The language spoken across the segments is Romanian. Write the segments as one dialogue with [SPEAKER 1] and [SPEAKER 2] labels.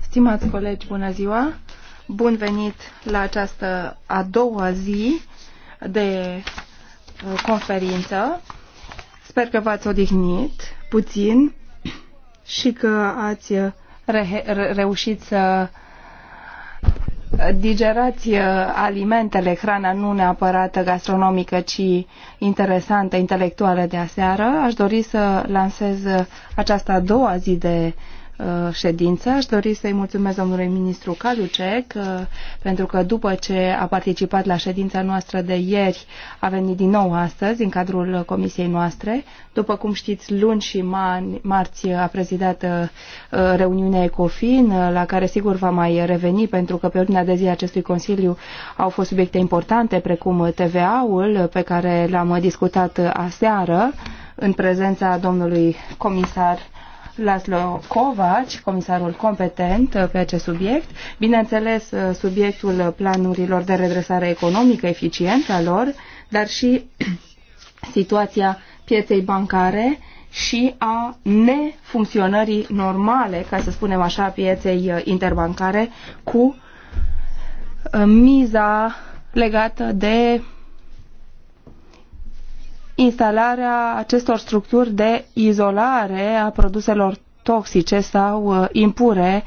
[SPEAKER 1] Stimați colegi, bună ziua. Bun venit la această a doua zi de uh, conferință. Sper că v-ați odihnit puțin și că ați re- re- reușit să digerați uh, alimentele, hrana nu neapărat gastronomică, ci interesantă, intelectuală de aseară. Aș dori să lansez uh, această a doua zi de Uh, ședință. Aș dori să-i mulțumesc domnului ministru Calucec uh, pentru că după ce a participat la ședința noastră de ieri a venit din nou astăzi în cadrul comisiei noastre. După cum știți, luni și marți a prezidat uh, reuniunea ECOFIN la care sigur va mai reveni pentru că pe ordinea de zi acestui Consiliu au fost subiecte importante precum TVA-ul pe care l-am discutat aseară în prezența domnului comisar Laszlo Kovaci, comisarul competent uh, pe acest subiect, bineînțeles uh, subiectul planurilor de redresare economică, eficientă lor, dar și situația pieței bancare și a nefuncționării normale, ca să spunem așa, pieței uh, interbancare cu miza legată de instalarea acestor structuri de izolare a produselor toxice sau uh, impure,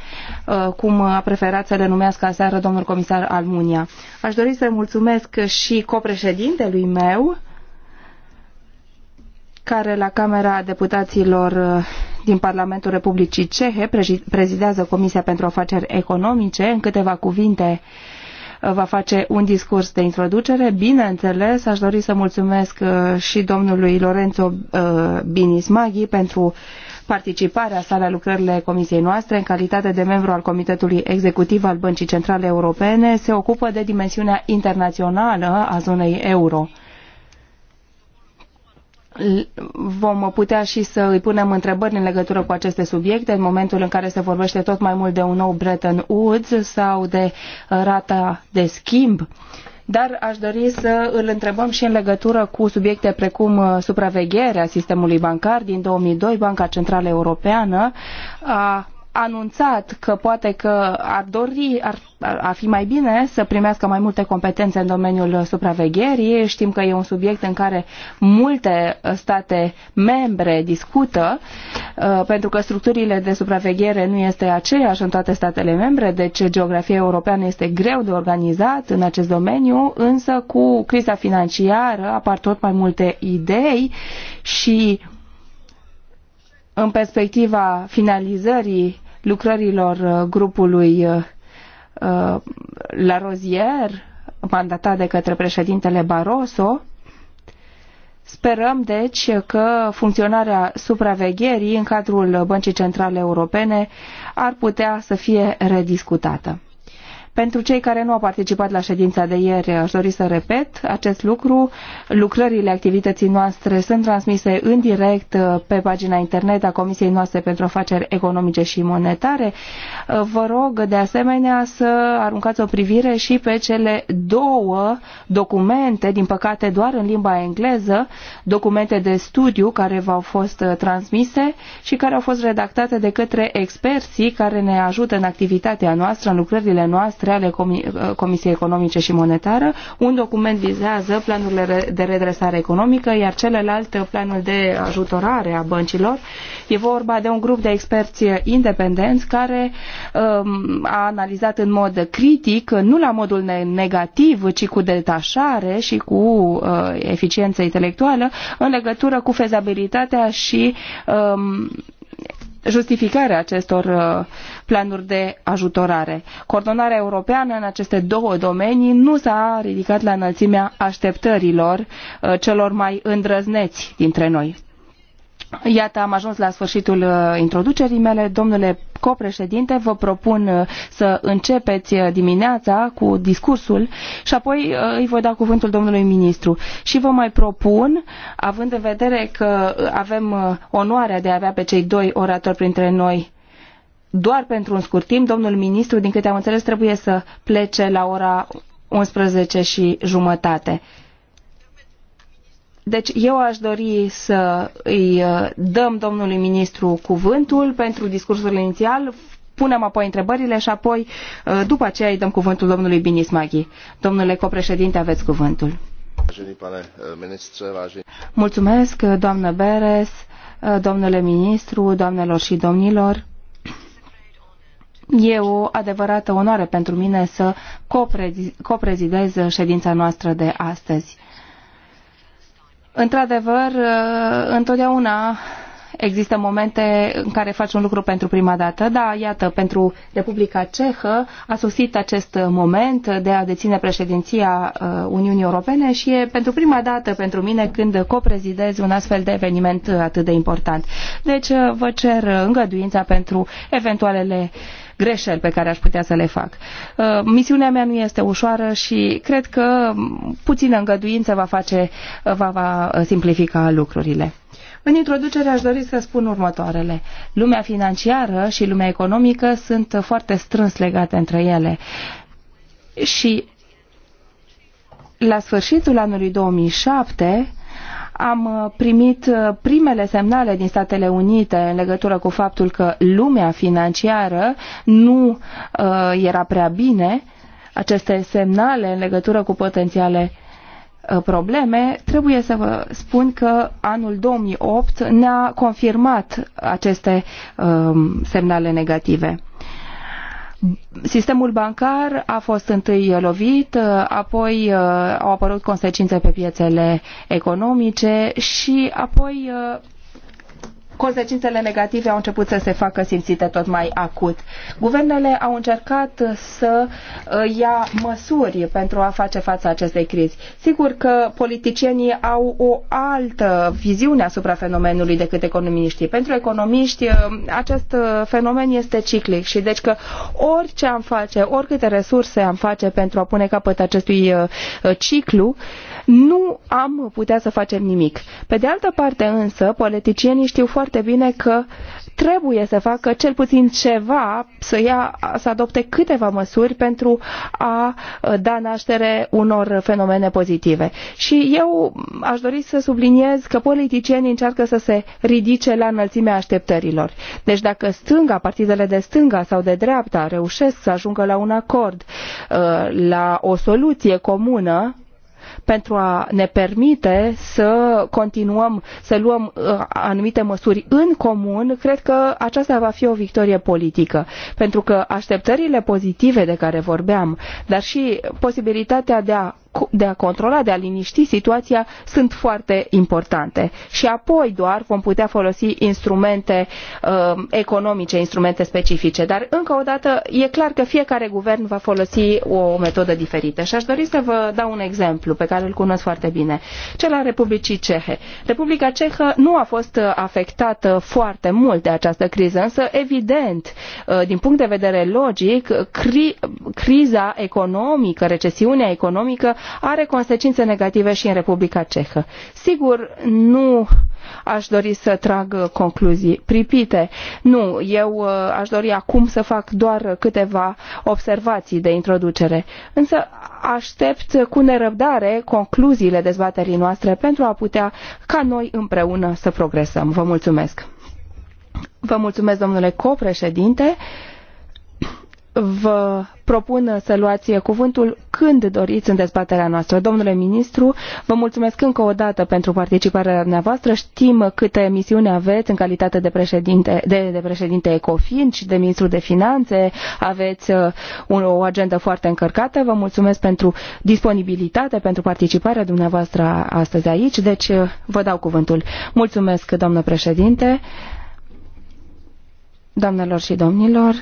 [SPEAKER 1] uh, cum a preferat să le numească aseară domnul comisar Almunia. Aș dori să mulțumesc și copreședintelui meu, care la Camera Deputaților uh, din Parlamentul Republicii Cehe prezidează Comisia pentru Afaceri Economice. În câteva cuvinte uh, va face un discurs de introducere. Bineînțeles, aș dori să mulțumesc uh, și domnului Lorenzo uh, Binismaghi pentru participarea sa la lucrările comisiei noastre în calitate de membru al Comitetului Executiv al Băncii Centrale Europene se ocupă de dimensiunea internațională a zonei euro vom putea și să îi punem întrebări în legătură cu aceste subiecte în momentul în care se vorbește tot mai mult de un nou Bretton Woods sau de uh, rata de schimb. Dar aș dori să îl întrebăm și în legătură cu subiecte precum uh, supravegherea sistemului bancar. Din 2002, Banca Centrală Europeană a anunțat că poate că ar dori, ar, ar fi mai bine să primească mai multe competențe în domeniul supravegherii. Știm că e un subiect în care multe state membre discută, uh, pentru că structurile de supraveghere nu este aceeași în toate statele membre, deci geografia europeană este greu de organizat în acest domeniu, însă cu criza financiară apar tot mai multe idei și în perspectiva finalizării lucrărilor uh, grupului uh, uh, la rozier, mandatat de către președintele Barroso, Sperăm, deci, că funcționarea supravegherii în cadrul Băncii Centrale Europene ar putea să fie rediscutată. Pentru cei care nu au participat la ședința de ieri, aș dori să repet acest lucru. Lucrările activității noastre sunt transmise în direct uh, pe pagina internet a Comisiei noastre pentru afaceri economice și monetare. Uh, vă rog de asemenea să aruncați o privire și pe cele două documente, din păcate doar în limba engleză, documente de studiu care v-au fost uh, transmise și care au fost redactate de către experții care ne ajută în activitatea noastră, în lucrările noastre între ale Comisiei Economice și Monetară. Un document vizează planurile de redresare economică, iar celălalt planul de ajutorare a băncilor. E vorba de un grup de experți independenți care um, a analizat în mod critic, nu la modul negativ, ci cu detașare și cu uh, eficiență intelectuală în legătură cu fezabilitatea și um, Justificarea acestor uh, planuri de ajutorare. Coordonarea europeană în aceste două domenii nu s-a ridicat la înălțimea așteptărilor uh, celor mai îndrăzneți dintre noi. Iată, am ajuns la sfârșitul uh, introducerii mele. Domnule copreședinte, vă propun uh, să începeți uh, dimineața cu discursul și apoi îi voi da cuvântul domnului ministru. Și vă mai propun, având în vedere că avem onoarea de a avea pe cei doi oratori printre noi doar pentru un scurt timp, domnul ministru, din câte am înțeles, trebuie să plece la ora 11 și jumătate. Deci eu aș dori să îi uh, dăm domnului ministru cuvântul pentru discursul inițial, punem apoi întrebările și apoi uh, după aceea îi dăm cuvântul domnului Binis Maghi. Domnule copreședinte, aveți cuvântul.
[SPEAKER 2] Eh,
[SPEAKER 1] Mulțumesc, doamnă Beres, eh, domnule ministru, doamnelor și domnilor. E o adevărată onoare pentru mine să coprezidez ședința noastră de astăzi. Într-adevăr, uh, întotdeauna există momente în care faci un lucru pentru prima dată, dar iată, pentru Republica Cehă a sosit acest moment de a deține președinția uh, Uniunii Europene și e pentru prima dată pentru mine când coprezidez un astfel de eveniment atât de important. Deci uh, vă cer îngăduința pentru eventualele uh, greșeli pe care aș putea să le fac. Uh, misiunea mea nu este ușoară și cred că puțină îngăduință va face, uh, va, va uh, simplifica lucrurile. În introducere aș dori să spun următoarele. Lumea financiară și lumea economică sunt foarte strâns legate între ele. Și la sfârșitul anului 2007, am uh, primit uh, primele semnale din Statele Unite în legătură cu faptul că lumea financiară nu uh, era prea bine, aceste semnale în legătură cu potențiale uh, probleme, trebuie să vă spun că anul 2008 ne-a confirmat aceste um, semnale negative. Sistemul bancar a fost întâi lovit, apoi uh, au apărut consecințe pe piețele economice și apoi uh, consecințele negative au început să se facă simțite tot mai acut. Guvernele au încercat să uh, ia măsuri pentru a face față acestei crizi. Sigur că politicienii au o altă viziune asupra fenomenului decât economiștii. Pentru economiști, uh, acest uh, fenomen este ciclic și deci că orice am face, oricâte resurse am face pentru a pune capăt acestui ciclu, nu am putea să facem nimic. Pe de altă parte însă, politicienii știu foarte bine că trebuie să facă cel puțin ceva, să, ia, să adopte câteva măsuri pentru a uh, da naștere unor fenomene pozitive. Și eu aș dori să subliniez că politicienii încearcă să se ridice la înălțimea așteptărilor. Deci dacă stânga, partidele de stânga sau de dreapta reușesc să ajungă la un acord, uh, la o soluție comună, pentru a ne permite să continuăm să luăm uh, anumite măsuri în comun, cred că aceasta va fi o victorie politică, pentru că așteptările pozitive de care vorbeam, dar și posibilitatea de a de a controla, de a liniști situația sunt foarte importante. Și apoi doar vom putea folosi instrumente uh, economice, instrumente specifice. Dar încă o dată e clar că fiecare guvern va folosi o metodă diferită. Și aș dori să vă dau un exemplu pe care îl cunosc foarte bine. Cel al Republicii Cehe. Republica Cehă nu a fost afectată foarte mult de această criză, însă evident, uh, din punct de vedere logic, cri criza economică, recesiunea economică are consecințe negative și în Republica Cehă. Sigur, nu aș dori să trag concluzii pripite. Nu, eu uh, aș dori acum să fac doar câteva observații de introducere. Însă aștept cu nerăbdare concluziile dezbaterii noastre pentru a putea ca noi împreună să progresăm. Vă mulțumesc! Vă mulțumesc, domnule copreședinte vă propun să luați cuvântul când doriți în dezbaterea noastră. Domnule ministru, vă mulțumesc încă o dată pentru participarea dumneavoastră. Știm câte misiuni aveți în calitate de președinte, de, de președinte ECOFIN și de ministru de finanțe. Aveți uh, un, o agendă foarte încărcată. Vă mulțumesc pentru disponibilitate, pentru participarea dumneavoastră astăzi aici. Deci uh, vă dau cuvântul. Mulțumesc, doamnă președinte. Doamnelor și domnilor,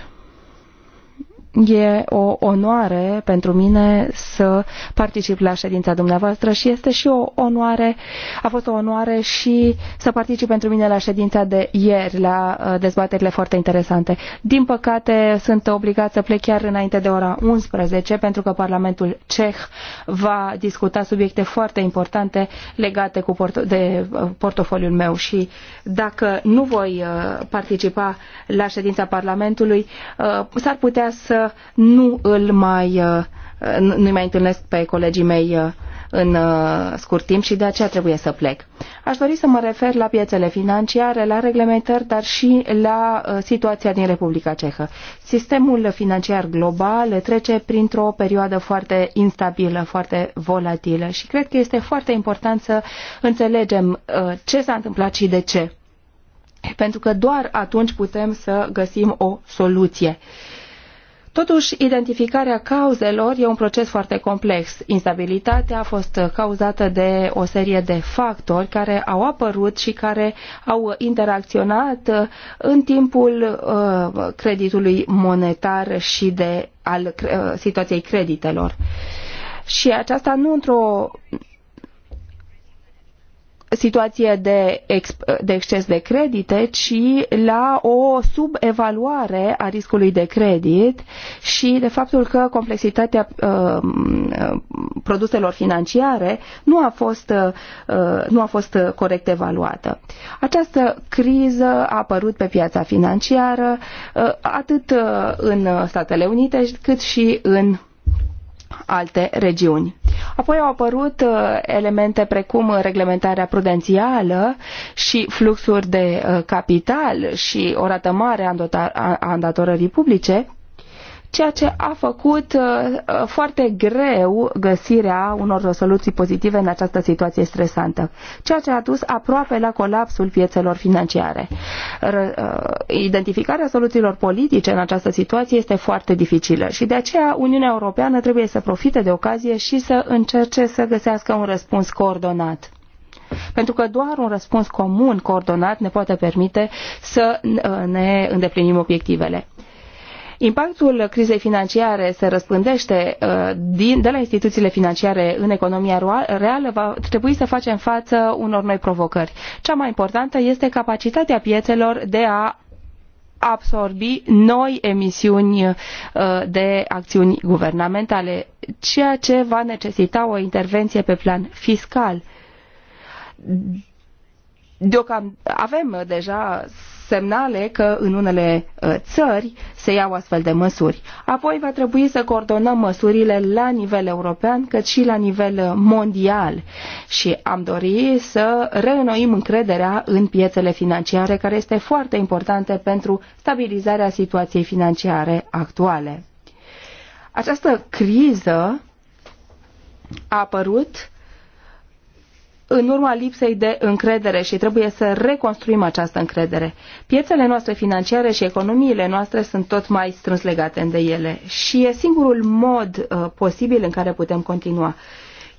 [SPEAKER 1] E o onoare pentru mine să particip la ședința dumneavoastră și este și o onoare, a fost o onoare și să particip pentru mine la ședința de ieri, la uh, dezbaterile foarte interesante. Din păcate, sunt obligat să plec chiar înainte de ora 11, pentru că Parlamentul Ceh va discuta subiecte foarte importante legate cu port- de uh, portofoliul meu și dacă nu voi uh, participa la ședința Parlamentului, s-ar putea să nu îl mai, uh, nu mai întâlnesc pe colegii mei uh, în uh, scurt timp și de aceea trebuie să plec. Aș dori să mă refer la piețele financiare, la reglementări, dar și la situația din Republica Cehă. Sistemul financiar global trece printr-o perioadă foarte instabilă, foarte volatilă și cred că este foarte important să înțelegem ce s-a întâmplat și de ce. Pentru că doar atunci putem să găsim o soluție. Uh, Totuși, identificarea cauzelor e un proces foarte complex. Instabilitatea a fost cauzată de o serie de factori care au apărut și care au interacționat uh, în timpul uh, creditului monetar și de al uh, situației creditelor. Și aceasta nu într-o situație de, de exces de credite, ci la o subevaluare a riscului de credit și de faptul că complexitatea uh, uh produselor financiare nu a fost, uh, uh, nu a fost corect evaluată. Această criză a apărut pe piața financiară uh, atât uh, în Statele Unite cât și în alte regiuni. Apoi au apărut uh, elemente precum reglementarea prudențială și fluxuri de uh, capital și o rată mare a îndatorării publice, ceea ce a făcut uh, uh, foarte greu găsirea unor soluții pozitive în această situație stresantă, ceea ce a dus aproape la colapsul piețelor financiare. Uh, identificarea soluțiilor politice în această situație este foarte dificilă și de aceea Uniunea Europeană trebuie să profite de ocazie și să încerce să găsească un răspuns coordonat pentru că doar un răspuns comun, coordonat, ne poate permite să ne îndeplinim obiectivele. Impactul crizei financiare se răspândește uh, din, de la instituțiile financiare în economia reală, va trebui să facem față unor noi provocări. Cea mai importantă este capacitatea piețelor de a absorbi noi emisiuni uh, de acțiuni guvernamentale, ceea ce va necesita o intervenție pe plan fiscal. Deocam avem deja semnale că în unele uh, țări se iau astfel de măsuri. Apoi va trebui să coordonăm măsurile la nivel european, cât și la nivel uh, mondial și am dori să reînnoim încrederea în piețele financiare, care este foarte importantă pentru stabilizarea situației financiare actuale. Această criză a apărut în urma lipsei de încredere și trebuie să reconstruim această încredere. Piețele noastre financiare și economiile noastre sunt tot mai strâns legate de ele și e singurul mod uh, posibil în care putem continua.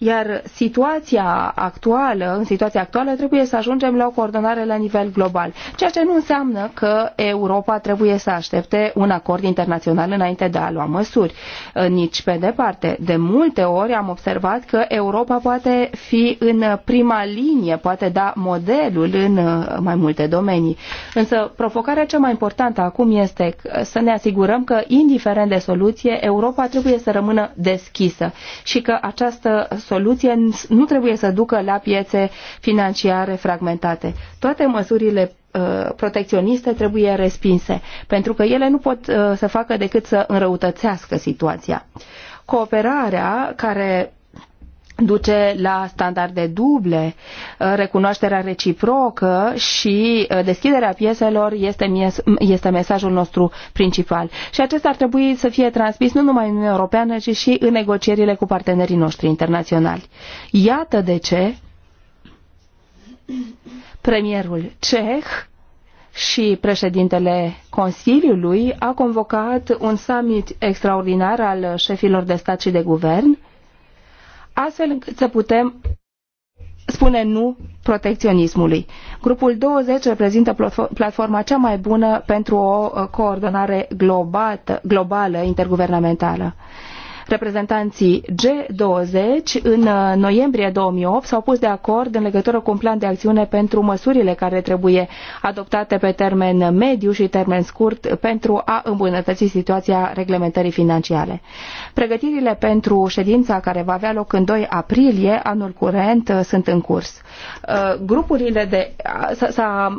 [SPEAKER 1] Iar situația actuală, în situația actuală trebuie să ajungem la o coordonare la nivel global, ceea ce nu înseamnă că Europa trebuie să aștepte un acord internațional înainte de a lua măsuri, ă, nici pe departe. De multe ori am observat că Europa poate fi în prima linie, poate da modelul în ă, mai multe domenii. Însă provocarea cea mai importantă acum este să ne asigurăm că, indiferent de soluție, Europa trebuie să rămână deschisă și că această soluție nu trebuie să ducă la piețe financiare fragmentate. Toate măsurile uh, protecționiste trebuie respinse, pentru că ele nu pot uh, să facă decât să înrăutățească situația. Cooperarea care duce la standarde duble, uh, recunoașterea reciprocă și uh, deschiderea pieselor este, este mesajul nostru principal. Și acesta ar trebui să fie transmis nu numai în Uniunea Europeană, ci și în negocierile cu partenerii noștri internaționali. Iată de ce premierul ceh și președintele Consiliului a convocat un summit extraordinar al șefilor de stat și de guvern astfel încât să putem spune nu protecționismului. Grupul 20 reprezintă platforma cea mai bună pentru o uh, coordonare globală, globală interguvernamentală. Reprezentanții G20 în uh, noiembrie 2008 s-au pus de acord în legătură cu un plan de acțiune pentru măsurile care trebuie adoptate pe termen mediu și termen scurt pentru a îmbunătăți situația reglementării financiare. Pregătirile pentru ședința care va avea loc în 2 aprilie anul curent uh, sunt în curs. Uh, grupurile de s-a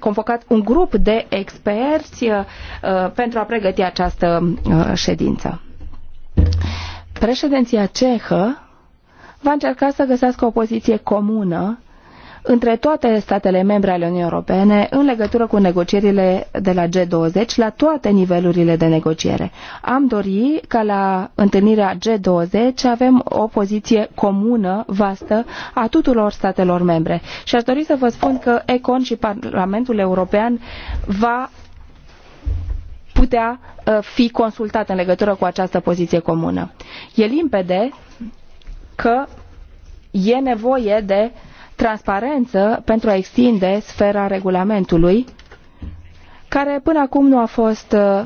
[SPEAKER 1] convocat un grup de experți pentru a pregăti această ședință. Președinția cehă va încerca să găsească o poziție comună între toate statele membre ale Uniunii Europene în legătură cu negocierile de la G20 la toate nivelurile de negociere. Am dori ca la întâlnirea G20 avem o poziție comună, vastă, a tuturor statelor membre. Și aș dori să vă spun că ECON și Parlamentul European va putea uh, fi consultat în legătură cu această poziție comună. E limpede că e nevoie de transparență pentru a extinde sfera regulamentului, care până acum nu a fost uh,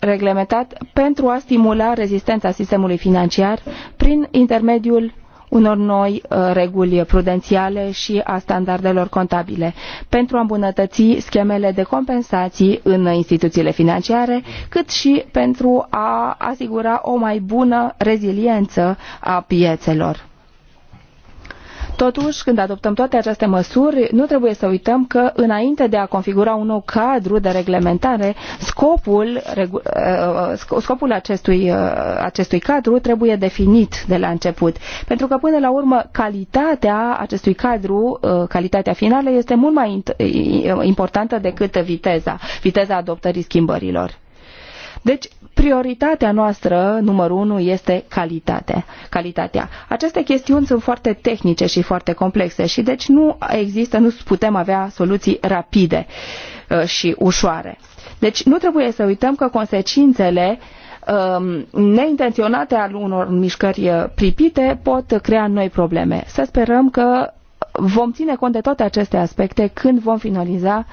[SPEAKER 1] reglementat pentru a stimula rezistența sistemului financiar prin intermediul unor noi uh, reguli prudențiale și a standardelor contabile pentru a îmbunătăți schemele de compensații în instituțiile financiare, cât și pentru a asigura o mai bună reziliență a piețelor. Totuși, când adoptăm toate aceste măsuri, nu trebuie să uităm că înainte de a configura un nou cadru de reglementare, scopul, uh, scopul acestui, uh, acestui cadru trebuie definit de la început. Pentru că, până la urmă, calitatea acestui cadru, uh, calitatea finală, este mult mai importantă decât viteza, viteza adoptării schimbărilor. Deci, prioritatea noastră, numărul unu, este calitatea. calitatea. Aceste chestiuni sunt foarte tehnice și foarte complexe și deci nu există, nu putem avea soluții rapide uh, și ușoare. Deci nu trebuie să uităm că consecințele um, neintenționate al unor mișcări uh, pripite pot crea noi probleme. Să sperăm că vom ține cont de toate aceste aspecte când vom finaliza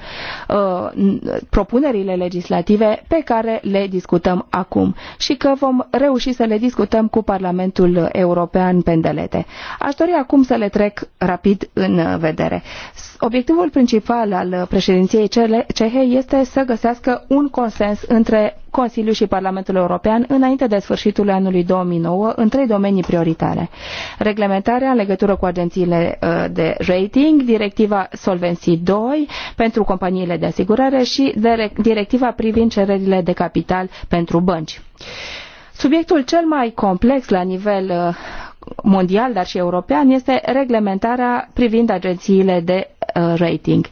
[SPEAKER 1] uh, propunerile legislative pe care le discutăm acum și că vom reuși să le discutăm cu Parlamentul European pendelete. Aș dori acum să le trec rapid în vedere. Obiectivul principal al președinției cehe este să găsească un consens între Consiliul și Parlamentul European înainte de sfârșitul anului 2009 în trei domenii prioritare. Reglementarea în legătură cu agențiile uh, de rating, directiva Solvency 2 pentru companiile de asigurare și directiva privind cererile de capital pentru bănci. Subiectul cel mai complex la nivel uh, mondial, dar și european, este reglementarea privind agențiile de Uh, rating.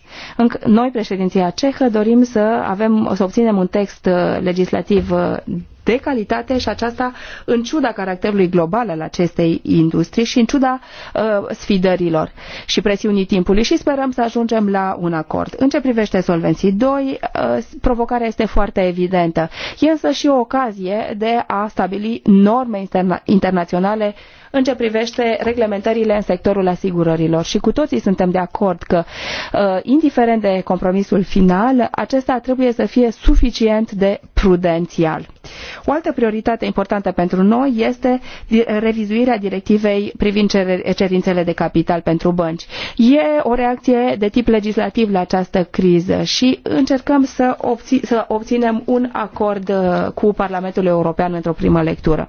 [SPEAKER 1] Noi, președinția cehă, dorim să, avem, să obținem un text uh, legislativ uh, de calitate și aceasta în ciuda caracterului global al acestei industrii și în ciuda uh, sfidărilor și presiunii timpului și sperăm să ajungem la un acord. În ce privește Solvenții 2, uh, provocarea este foarte evidentă. E însă și o ocazie de a stabili norme interna internaționale uh, în ce privește reglementările în sectorul asigurărilor. Și cu toții suntem de acord că, uh, indiferent de compromisul final, acesta trebuie să fie suficient de prudențial. O altă prioritate importantă pentru noi este revizuirea directivei privind cerințele de capital pentru bănci. E o reacție de tip legislativ la această criză și încercăm să, obți să obținem un acord uh, cu Parlamentul European într-o primă lectură.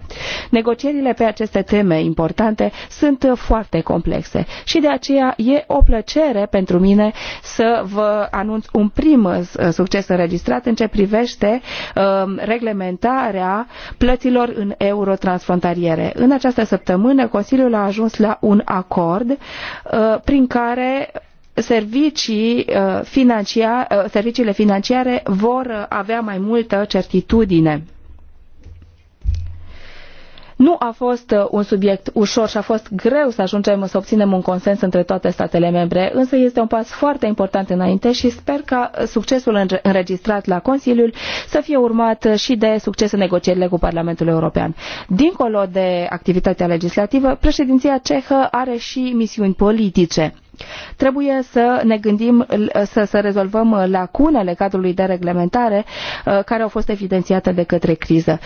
[SPEAKER 1] Negocierile pe aceste teme importante sunt foarte complexe și de aceea e o plăcere pentru mine să vă anunț un prim uh, succes înregistrat în ce privește um, reglementarea plăților în euro transfrontaliere. În această săptămână Consiliul a ajuns la un acord uh, prin care servicii uh, financiar, serviciile financiare vor avea mai multă certitudine nu a fost uh, un subiect ușor și a fost greu să ajungem să obținem un consens între toate statele membre, însă este un pas foarte important înainte și sper ca succesul înregistrat la Consiliul să fie urmat și de succes în negocierile cu Parlamentul European. Dincolo de activitatea legislativă, președinția cehă are și misiuni politice Trebuie să ne gândim să, să rezolvăm lacunele cadrului de reglementare uh, care au fost evidențiate de către criză.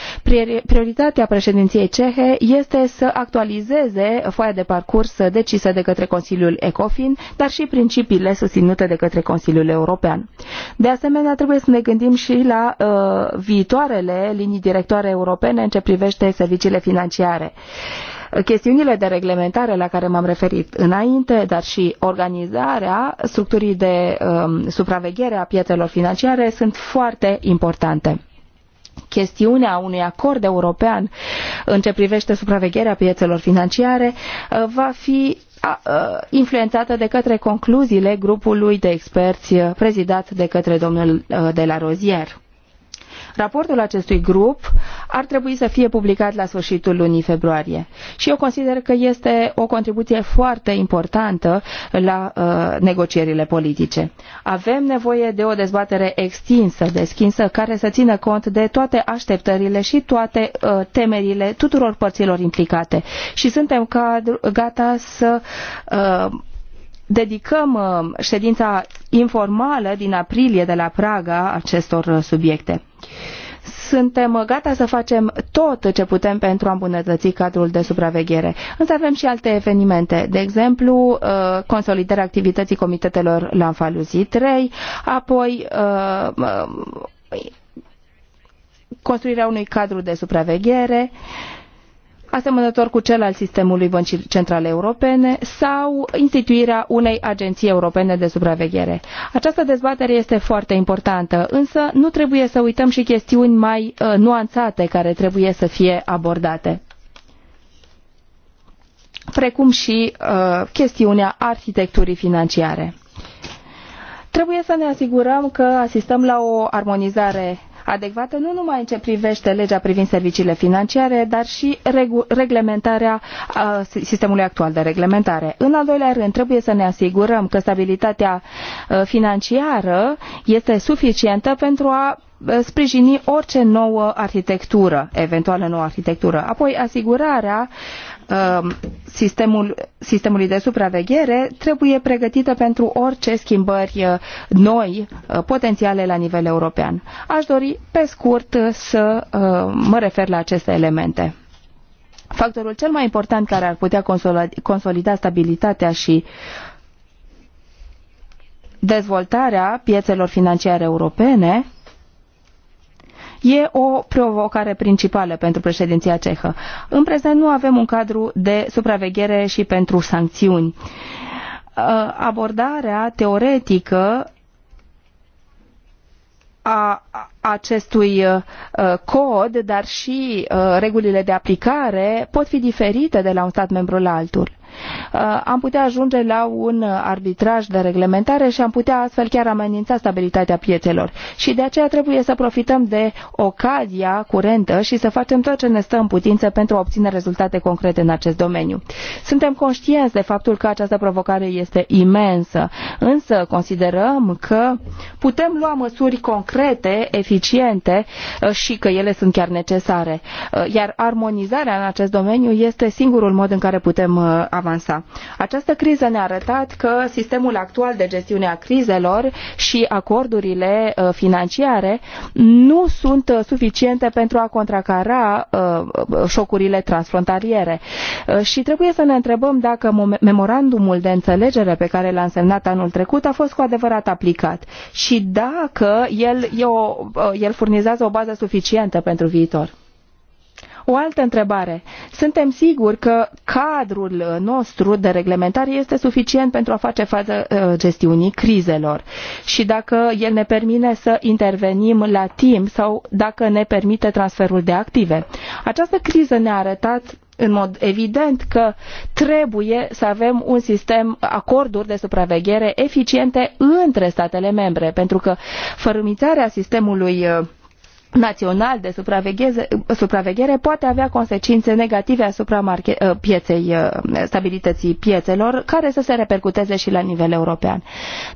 [SPEAKER 1] Prioritatea președinției cehe este să actualizeze foaia de parcurs decisă de către Consiliul ECOFIN, dar și principiile susținute de către Consiliul European. De asemenea, trebuie să ne gândim și la uh, viitoarele linii directoare europene în ce privește serviciile financiare. Uh, chestiunile de reglementare la care m-am referit înainte, dar și organizarea structurii de um, supraveghere a piețelor financiare sunt foarte importante chestiunea unui acord european în ce privește supravegherea piețelor financiare uh, va fi uh, influențată de către concluziile grupului de experți uh, prezidat de către domnul de la Rozier. Raportul acestui grup ar trebui să fie publicat la sfârșitul lunii februarie. Și eu consider că este o contribuție foarte importantă la uh, negocierile politice. Avem nevoie de o dezbatere extinsă, deschinsă, care să țină cont de toate așteptările și toate uh, temerile tuturor părților implicate. Și suntem cadru, gata să uh, dedicăm uh, ședința informală din aprilie de la Praga acestor uh, subiecte. Suntem gata să facem tot ce putem pentru a îmbunătăți cadrul de supraveghere. Însă avem și alte evenimente, de exemplu, uh, consolidarea activității comitetelor la Faluzii 3, apoi uh, uh, construirea unui cadru de supraveghere, asemănător cu cel al sistemului băncii centrale europene sau instituirea unei agenții europene de supraveghere. Această dezbatere este foarte importantă, însă nu trebuie să uităm și chestiuni mai uh, nuanțate care trebuie să fie abordate precum și uh, chestiunea arhitecturii financiare. Trebuie să ne asigurăm că asistăm la o armonizare adecvată nu numai în ce privește legea privind serviciile financiare, dar și reglementarea sistemului actual de reglementare. În al doilea rând, trebuie să ne asigurăm că stabilitatea financiară este suficientă pentru a sprijini orice nouă arhitectură, eventuală nouă arhitectură. Apoi, asigurarea Um, sistemul, sistemului de supraveghere trebuie pregătită pentru orice schimbări uh, noi, uh, potențiale la nivel european. Aș dori, pe scurt, uh, să mă refer la aceste elemente. Factorul cel mai important care ar putea consolida stabilitatea și dezvoltarea piețelor financiare europene e o provocare principală pentru președinția cehă. În prezent nu avem un cadru de supraveghere și pentru sancțiuni. Uh, abordarea teoretică a acestui uh, cod, dar și uh, regulile de aplicare pot fi diferite de la un stat membru la altul. Uh, am putea ajunge la un arbitraj de reglementare și am putea astfel chiar amenința stabilitatea piețelor. Și de aceea trebuie să profităm de ocazia curentă și să facem tot ce ne stă în putință pentru a obține rezultate concrete în acest domeniu. Suntem conștienți de faptul că această provocare este imensă, însă considerăm că putem lua măsuri concrete, eficiente uh, și că ele sunt chiar necesare. Uh, iar armonizarea în acest domeniu este singurul mod în care putem avansa avansa. Această criză ne-a arătat că sistemul actual de gestiune a crizelor și acordurile uh, financiare nu sunt uh, suficiente pentru a contracara uh, șocurile transfrontaliere. Și trebuie să ne întrebăm dacă memorandumul de înțelegere pe care l-a însemnat anul trecut a fost cu adevărat aplicat și dacă el, e o, el furnizează o bază suficientă pentru viitor. O altă întrebare. Suntem siguri că cadrul uh, nostru de reglementare este suficient pentru a face față uh, gestiunii crizelor și dacă el ne permite să intervenim la timp sau dacă ne permite transferul de active. Această criză ne-a arătat în mod evident că trebuie să avem un sistem acorduri de supraveghere eficiente între statele membre, pentru că fărâmițarea sistemului uh, național de supraveghere poate avea consecințe negative asupra uh, pieței, uh, stabilității piețelor, care să se repercuteze și la nivel european.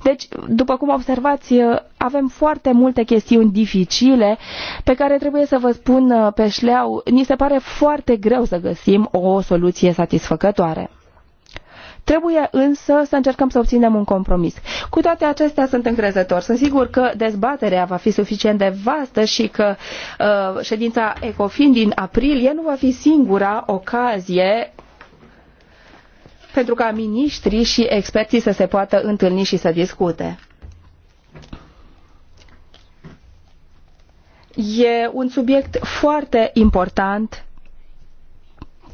[SPEAKER 1] Deci, după cum observați, uh, avem foarte multe chestiuni dificile pe care trebuie să vă spun pe șleau, ni se pare foarte greu să găsim o soluție satisfăcătoare. Trebuie însă să încercăm să obținem un compromis. Cu toate acestea sunt încrezător. Sunt sigur că dezbaterea va fi suficient de vastă și că uh, ședința ECOFIN din aprilie nu va fi singura ocazie pentru ca miniștrii și experții să se poată întâlni și să discute. E un subiect foarte important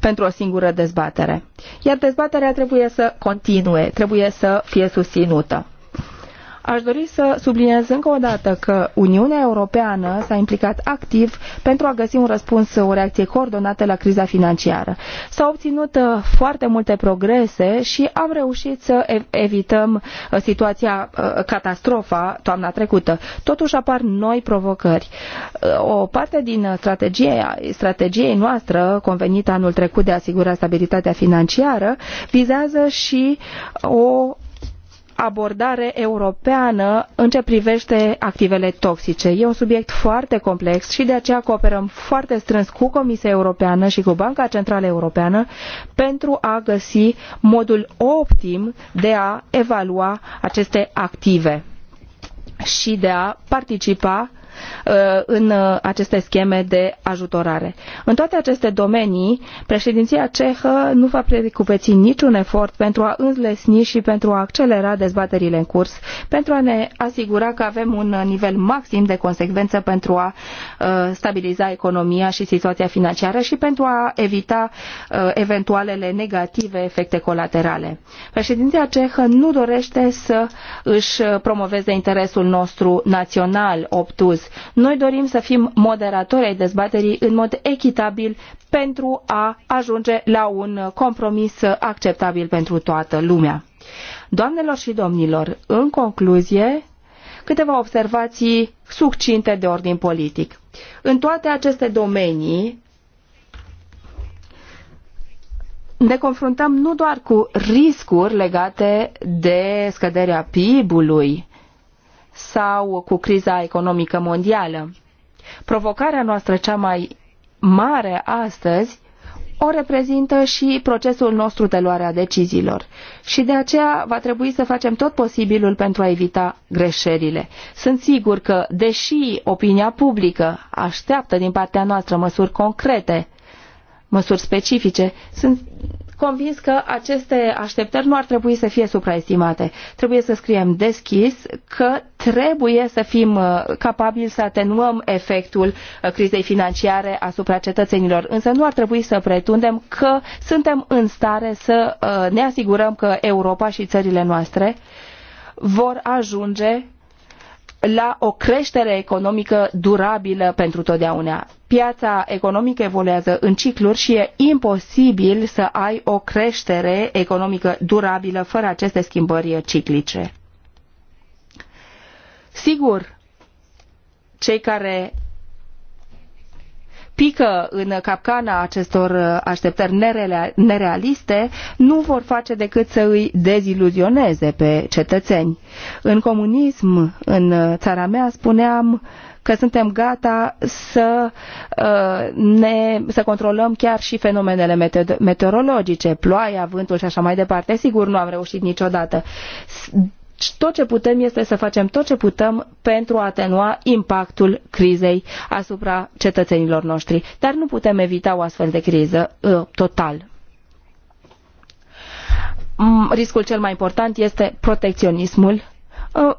[SPEAKER 1] pentru o singură dezbatere. Iar dezbaterea trebuie să continue, trebuie să fie susținută. Aș dori să subliniez încă o dată că Uniunea Europeană s-a implicat activ pentru a găsi un răspuns, o reacție coordonată la criza financiară. S-au obținut uh, foarte multe progrese și am reușit să evităm uh, situația, uh, catastrofa toamna trecută. Totuși apar noi provocări. O parte din strategia, strategiei noastră, convenită anul trecut de a asigura stabilitatea financiară, vizează și o abordare europeană în ce privește activele toxice. E un subiect foarte complex și de aceea cooperăm foarte strâns cu Comisia Europeană și cu Banca Centrală Europeană pentru a găsi modul optim de a evalua aceste active și de a participa Uh, în uh, aceste scheme de ajutorare. În toate aceste domenii, președinția cehă nu va precupeți niciun efort pentru a înlesni și pentru a accelera dezbaterile în curs, pentru a ne asigura că avem un uh, nivel maxim de consecvență pentru a stabiliza economia și situația financiară și pentru a evita eventualele negative efecte colaterale. Președinția cehă nu dorește să își promoveze interesul nostru național obtuz, noi dorim să fim moderatori ai dezbaterii în mod echitabil pentru a ajunge la un compromis acceptabil pentru toată lumea. Doamnelor și domnilor, în concluzie, câteva observații succinte de ordin politic. În toate aceste domenii ne confruntăm nu doar cu riscuri legate de scăderea PIB-ului, sau cu criza economică mondială. Provocarea noastră cea mai mare astăzi o reprezintă și procesul nostru de luare a deciziilor. Și de aceea va trebui să facem tot posibilul pentru a evita greșelile. Sunt sigur că, deși opinia publică așteaptă din partea noastră măsuri concrete, măsuri specifice, sunt convins că aceste așteptări nu ar trebui să fie supraestimate. Trebuie să scriem deschis că trebuie să fim uh, capabili să atenuăm efectul uh, crizei financiare asupra cetățenilor, însă nu ar trebui să pretundem că suntem în stare să uh, ne asigurăm că Europa și țările noastre vor ajunge la o creștere economică durabilă pentru totdeauna. Piața economică evoluează în cicluri și e imposibil să ai o creștere economică durabilă fără aceste schimbări ciclice. Sigur, cei care pică în capcana acestor așteptări nerealiste, nu vor face decât să îi deziluzioneze pe cetățeni. În comunism, în țara mea, spuneam că suntem gata să, uh, ne, să controlăm chiar și fenomenele meteorologice, ploaia, vântul și așa mai departe. Sigur, nu am reușit niciodată. Deci tot ce putem este să facem tot ce putem pentru a atenua impactul crizei asupra cetățenilor noștri. Dar nu putem evita o astfel de criză ă, total. Mm, riscul cel mai important este protecționismul ă,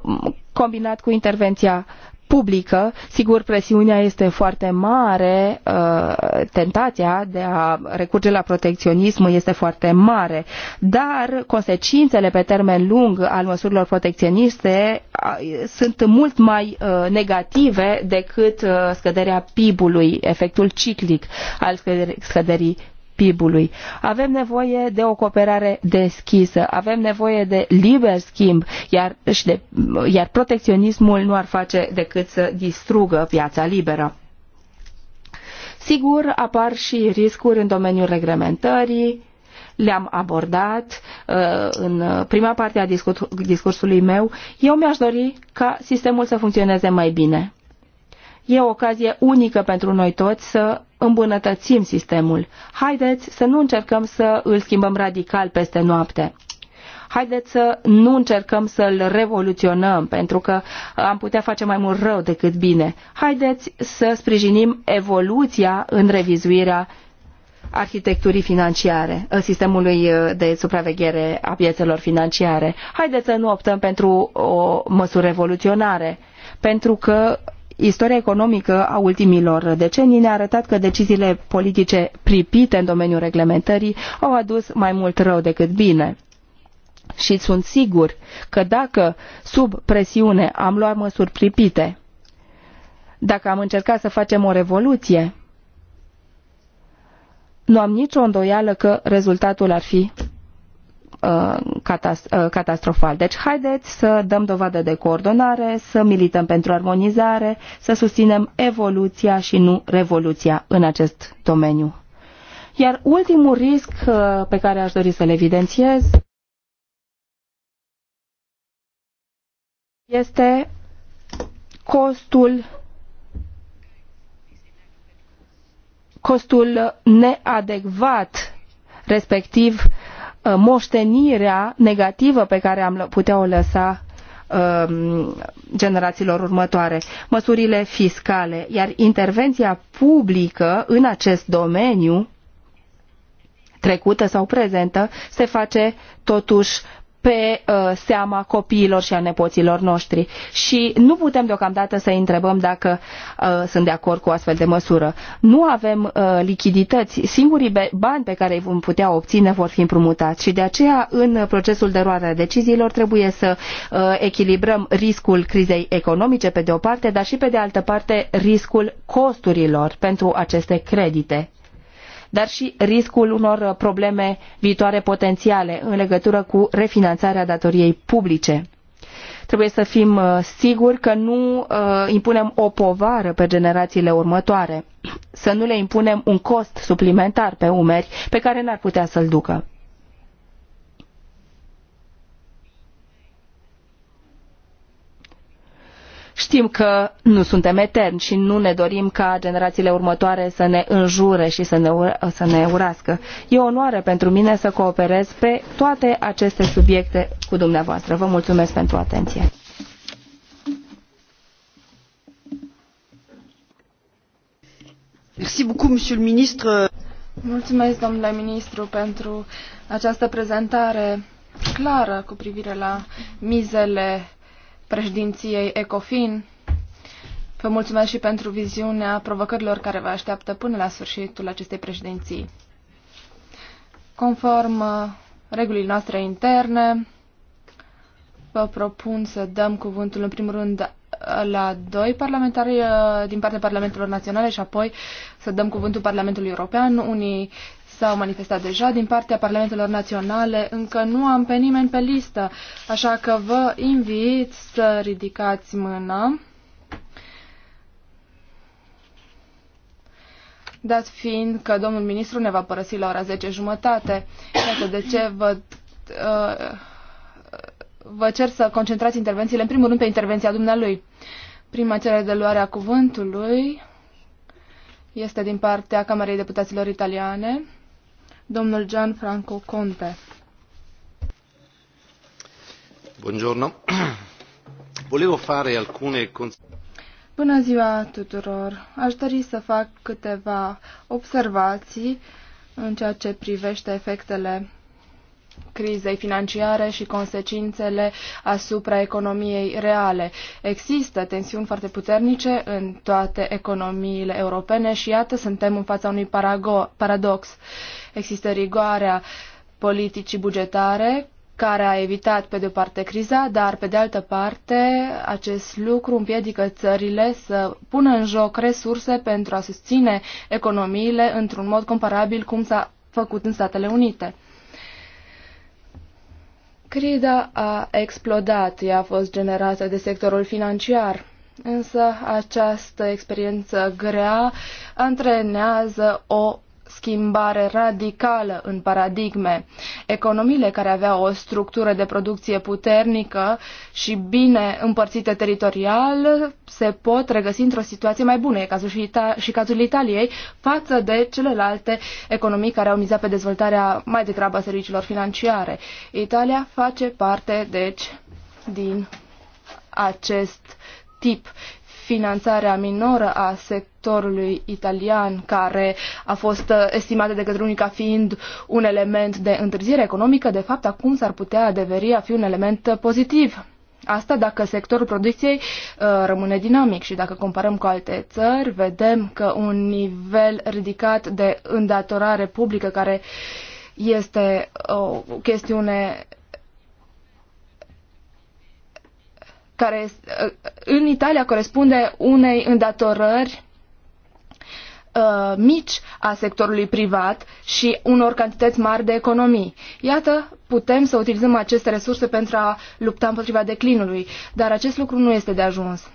[SPEAKER 1] combinat cu intervenția publică. Sigur, presiunea este foarte mare, uh, tentația de a recurge la protecționism este foarte mare, dar consecințele pe termen lung al măsurilor protecționiste uh, sunt mult mai uh, negative decât scăderea PIB-ului, efectul ciclic al scăderii PIB-ului. Avem nevoie de o cooperare deschisă, avem nevoie de liber schimb, iar, și de, iar protecționismul nu ar face decât să distrugă piața liberă. Sigur, apar și riscuri în domeniul reglementării, le-am abordat uh, în prima parte a discursului meu. Eu mi-aș dori ca sistemul să funcționeze mai bine. E o ocazie unică pentru noi toți să îmbunătățim sistemul. Haideți să nu încercăm să îl schimbăm radical peste noapte. Haideți să nu încercăm să-l revoluționăm, pentru că am putea face mai mult rău decât bine. Haideți să sprijinim evoluția în revizuirea arhitecturii financiare, sistemului uh, de supraveghere a piețelor financiare. Haideți să nu optăm pentru o măsură revoluționare, pentru că Istoria economică a ultimilor decenii ne-a arătat că deciziile politice pripite în domeniul reglementării au adus mai mult rău decât bine. Și sunt sigur că dacă, sub presiune, am luat măsuri pripite, dacă am încercat să facem o revoluție, nu am nicio îndoială că rezultatul ar fi Uh, uh, catastrofal. Deci haideți să dăm dovadă de coordonare, să milităm pentru armonizare, să susținem evoluția și nu revoluția în acest domeniu. Iar ultimul risc uh, pe care aș dori să-l evidențiez este costul costul neadecvat respectiv uh, Uh, moștenirea negativă pe care am putea o lăsa um, generațiilor următoare, măsurile fiscale, iar intervenția publică în acest domeniu trecută sau prezentă se face totuși pe uh, seama copiilor și a nepoților noștri. Și nu putem deocamdată să întrebăm dacă uh, sunt de acord cu o astfel de măsură. Nu avem uh, lichidități. Singurii bani pe care îi vom putea obține vor fi împrumutați și de aceea în procesul de luare a deciziilor trebuie să uh, echilibrăm riscul crizei economice pe de o parte, dar și pe de altă parte riscul costurilor pentru aceste credite dar și riscul unor uh, probleme viitoare potențiale în legătură cu refinanțarea datoriei publice. Trebuie să fim uh, siguri că nu uh, impunem o povară pe generațiile următoare, să nu le impunem un cost suplimentar pe umeri pe care n-ar putea să-l ducă. Știm că nu suntem eterni și nu ne dorim ca generațiile următoare să ne înjure și să ne, să ne urască. E o onoare pentru mine să cooperez pe toate aceste subiecte cu dumneavoastră. Vă mulțumesc pentru atenție.
[SPEAKER 3] Mulțumesc, domnule ministru, pentru această prezentare clară cu privire la mizele președinției ECOFIN. Vă mulțumesc și pentru viziunea provocărilor care vă așteaptă până la sfârșitul acestei președinții. Conform uh, regulii noastre interne, vă propun să dăm cuvântul în primul rând la doi parlamentari uh, din partea Parlamentelor Naționale și apoi să dăm cuvântul Parlamentului European. Unii s-au manifestat deja din partea Parlamentelor Naționale. Încă nu am pe nimeni pe listă, așa că vă invit să ridicați mâna. dat fiind că domnul ministru ne va părăsi la ora 10 jumătate. Iată de ce vă, uh, vă cer să concentrați intervențiile, în primul rând, pe intervenția dumnealui. Prima cerere de luare a cuvântului este din partea Camerei Deputaților Italiane domnul Gianfranco Conte.
[SPEAKER 2] Buongiorno.
[SPEAKER 4] Volevo fare alcune
[SPEAKER 3] Bună ziua tuturor! Aș dori să fac câteva observații în ceea ce privește efectele crizei financiare și consecințele asupra economiei reale. Există tensiuni foarte puternice în toate economiile europene și iată, suntem în fața unui paradox. Există rigoarea politicii bugetare care a evitat pe de o parte criza, dar pe de altă parte acest lucru împiedică țările să pună în joc resurse pentru a susține economiile într-un mod comparabil cum s-a făcut în Statele Unite. Crida a explodat, ea a fost generată de sectorul financiar, însă această experiență grea antrenează o schimbare radicală în paradigme economiile care aveau o structură de producție puternică și bine împărțită teritorial se pot regăsi într-o situație mai bună, e cazul și, Ita- și cazul Italiei, față de celelalte economii care au mizat pe dezvoltarea mai degrabă a serviciilor financiare. Italia face parte, deci, din acest tip finanțarea minoră a sectorului italian, care a fost uh, estimată de către unii ca fiind un element de întârziere economică, de fapt acum s-ar putea adeveri a fi un element pozitiv. Asta dacă sectorul producției uh, rămâne dinamic și dacă comparăm cu alte țări, vedem că un nivel ridicat de îndatorare publică care este o chestiune care uh, în Italia corespunde unei îndatorări uh, mici a sectorului privat și unor cantități mari de economii. Iată, putem să utilizăm aceste resurse pentru a lupta împotriva declinului, dar acest lucru nu este de ajuns.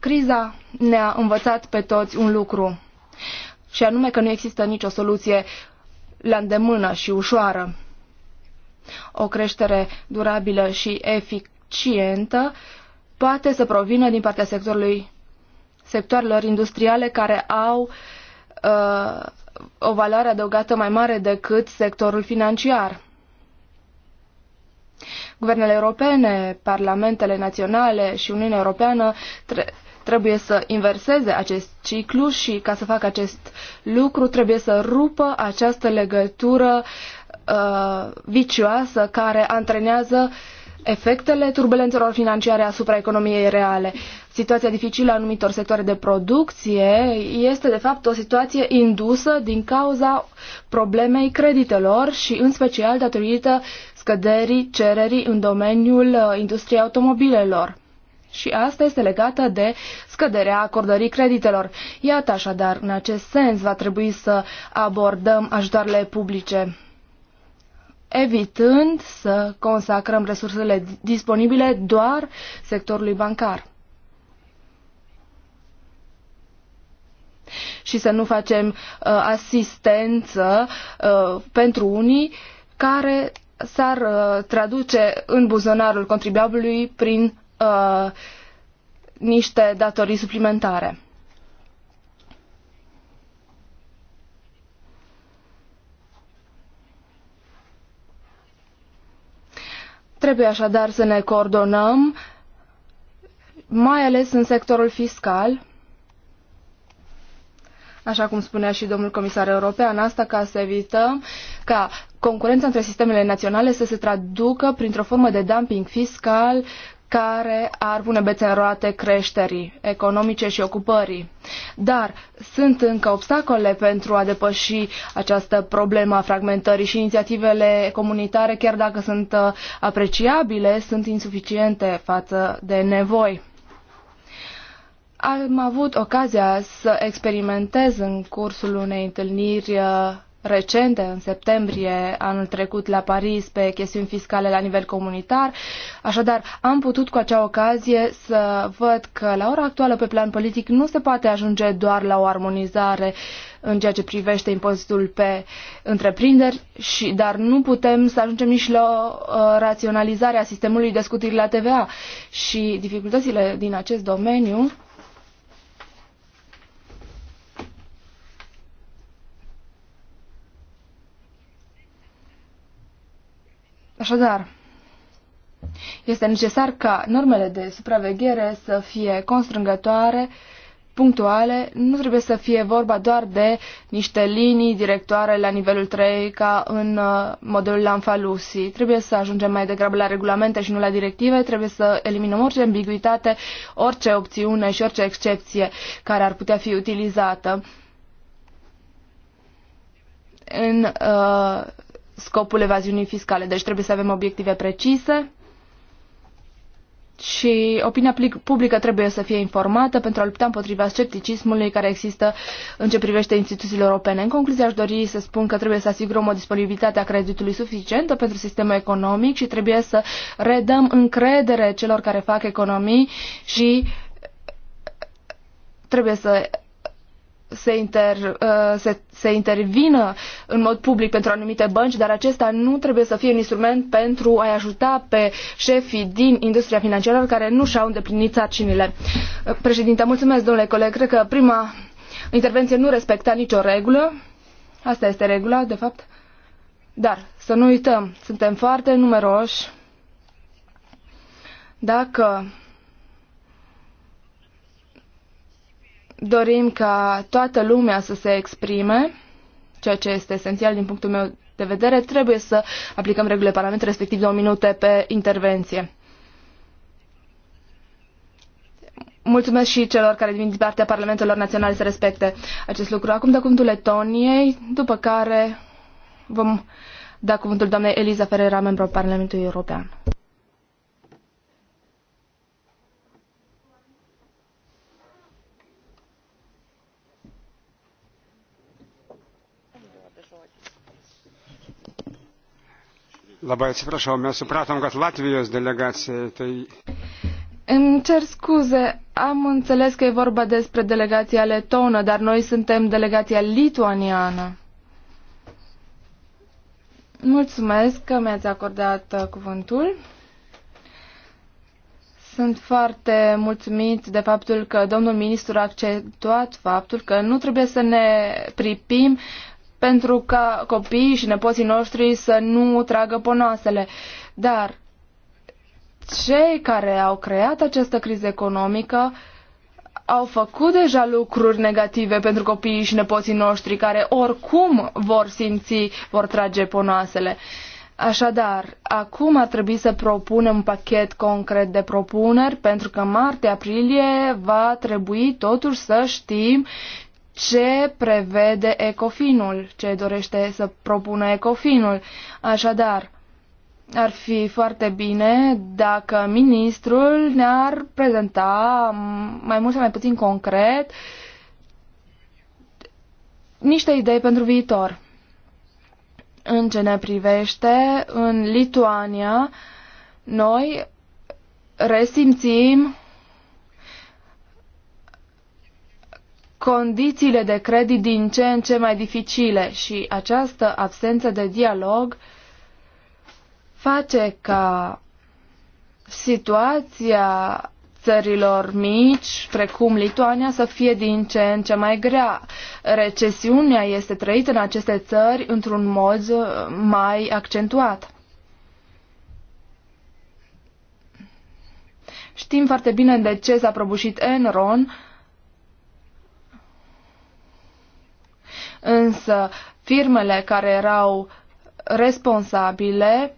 [SPEAKER 3] Criza ne-a învățat pe toți un lucru, și anume că nu există nicio soluție la îndemână și ușoară. O creștere durabilă și eficientă poate să provină din partea sectorului, sectoarelor industriale care au uh, o valoare adăugată mai mare decât sectorul financiar. Guvernele europene, parlamentele naționale și Uniunea Europeană tre trebuie să inverseze acest ciclu și ca să facă acest lucru trebuie să rupă această legătură uh, vicioasă care antrenează uh, efectele turbulențelor financiare asupra economiei reale. Situația dificilă a anumitor sectoare de producție este, de fapt, o situație indusă din cauza problemei creditelor și, în special, datorită scăderii cererii în domeniul uh, industriei automobilelor. Și asta este legată de scăderea acordării creditelor. Iată așadar, în acest sens va trebui să abordăm ajutoarele publice evitând să consacrăm resursele disponibile doar sectorului bancar. Și să nu facem uh, asistență uh, pentru unii care s-ar uh, traduce în buzonarul contribuabilului prin uh, niște datorii suplimentare. Trebuie așadar să ne coordonăm, mai ales în sectorul fiscal, așa cum spunea și domnul comisar european, asta ca să evităm ca concurența între sistemele naționale să se traducă printr-o formă de dumping fiscal care ar pune bețe în roate creșterii economice și ocupării. Dar sunt încă obstacole pentru a depăși această problemă a fragmentării și inițiativele comunitare, chiar dacă sunt uh, apreciabile, sunt insuficiente față de nevoi. Am avut ocazia să experimentez în cursul unei întâlniri uh, recente, în septembrie anul trecut la Paris, pe chestiuni fiscale la nivel comunitar. Așadar, am putut cu acea ocazie să văd că la ora actuală pe plan politic nu se poate ajunge doar la o armonizare în ceea ce privește impozitul pe întreprinderi, și, dar nu putem să ajungem nici la uh, raționalizarea sistemului de scutiri la TVA. Și dificultățile din acest domeniu Așadar, este necesar ca normele de supraveghere să fie constrângătoare, punctuale, nu trebuie să fie vorba doar de niște linii directoare la nivelul 3 ca în uh, modelul Lamfalusi. Trebuie să ajungem mai degrabă la regulamente și nu la directive, trebuie să eliminăm orice ambiguitate, orice opțiune și orice excepție care ar putea fi utilizată. În uh, scopul evaziunii fiscale. Deci trebuie să avem obiective precise și opinia publică trebuie să fie informată pentru a lupta împotriva scepticismului care există în ce privește instituțiile europene. În concluzie, aș dori să spun că trebuie să asigurăm o disponibilitate a creditului suficientă pentru sistemul economic și trebuie să redăm încredere celor care fac economii și trebuie să se, inter, uh, se, se intervină în mod public pentru anumite bănci, dar acesta nu trebuie să fie un instrument pentru a-i ajuta pe șefii din industria financiară care nu și-au îndeplinit sarcinile. Uh, președinte, mulțumesc, domnule coleg. Cred că prima intervenție nu respecta nicio regulă. Asta este regula, de fapt. Dar să nu uităm, suntem foarte numeroși. Dacă dorim ca toată lumea să se exprime, ceea ce este esențial din punctul meu de vedere, trebuie să aplicăm regulile Parlamentului, respectiv două minute pe intervenție. Mulțumesc și celor care din partea Parlamentelor Naționale să respecte acest lucru. Acum dă cuvântul Letoniei, după care vom da cuvântul doamnei Eliza Ferreira, membru al Parlamentului European.
[SPEAKER 2] Labai atsiprašau, mes supratom, kad Latvijos delegacija tai...
[SPEAKER 3] Îmi cer scuze, am înțeles că e vorba despre delegația letonă, dar noi suntem delegația lituaniană. Mulțumesc că mi-ați acordat uh, cuvântul. Sunt foarte mulțumit de faptul că domnul ministru a acceptat faptul că nu trebuie să ne pripim pentru ca copiii și nepoții noștri să nu tragă ponoasele. Dar cei care au creat această criză economică au făcut deja lucruri negative pentru copiii și nepoții noștri care oricum vor simți, vor trage ponoasele. Așadar, acum ar trebui să propunem un pachet concret de propuneri, pentru că martie-aprilie va trebui totuși să știm ce prevede ecofinul, ce dorește să propună ecofinul. Așadar, ar fi foarte bine dacă ministrul ne-ar prezenta mai mult sau mai puțin concret niște idei pentru viitor. În ce ne privește, în Lituania, noi resimțim condițiile de credit din ce în ce mai dificile și această absență de dialog face ca situația țărilor mici, precum Lituania, să fie din ce în ce mai grea. Recesiunea este trăită în aceste țări într-un mod mai accentuat. Știm foarte bine de ce s-a prăbușit Enron, însă firmele care erau responsabile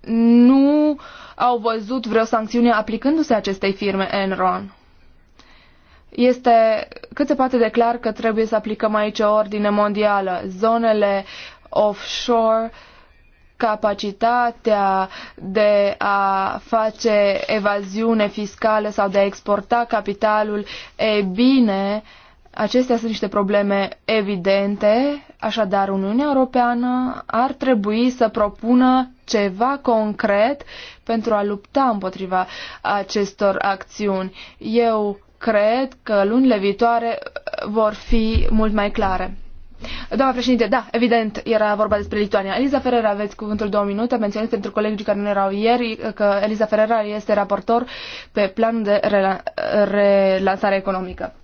[SPEAKER 3] nu au văzut vreo sancțiune aplicându-se acestei firme Enron. Este cât se poate de clar că trebuie să aplicăm aici o ordine mondială. Zonele offshore, capacitatea de a face evaziune fiscală sau de a exporta capitalul, e bine, uh, Acestea sunt niște probleme evidente, așadar Uniunea Europeană ar trebui să propună ceva concret pentru a lupta împotriva acestor acțiuni. Eu cred că lunile viitoare vor fi mult mai clare. Doamna președinte, da, evident, era vorba despre Lituania. Eliza Ferrera, aveți cuvântul două minute. Menționez pentru colegii care nu erau ieri că Eliza Ferrera este raportor pe planul de relansare economică.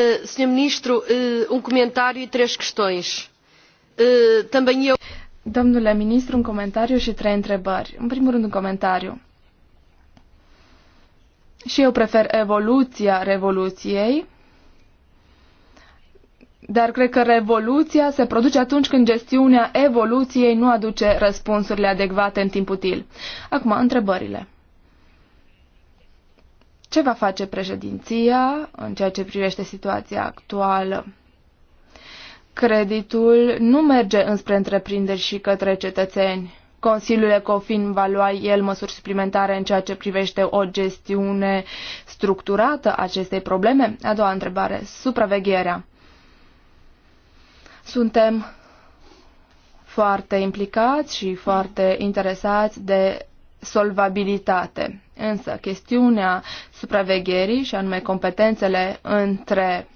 [SPEAKER 3] Eh, eh, um questões. Eh, também eu... Domnule ministru, un comentariu și trei întrebări. În primul rând, un comentariu. Și eu prefer evoluția revoluției, dar cred că revoluția se produce atunci când gestiunea evoluției nu aduce răspunsurile adecvate în timp util. Acum, întrebările. Ce va face președinția în ceea ce privește situația actuală? Creditul nu merge înspre întreprinderi și către cetățeni. Consiliul Ecofin va lua el măsuri suplimentare în ceea ce privește o gestiune structurată a acestei probleme? A doua întrebare, supravegherea. Suntem foarte implicați și foarte interesați de solvabilitate. Însă, chestiunea supravegherii și anume competențele între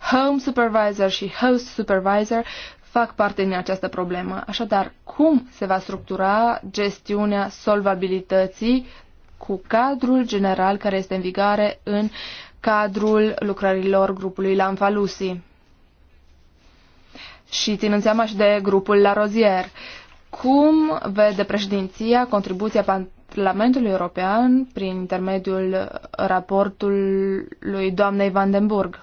[SPEAKER 3] home supervisor și host supervisor fac parte din această problemă. Așadar, cum se va structura gestiunea solvabilității cu cadrul general care este în vigare în cadrul lucrărilor grupului Lamfalusi? Și ținând seama și de grupul La Rozier. Uh, cum vede președinția contribuția Parlamentului European prin intermediul raportului doamnei Vandenburg?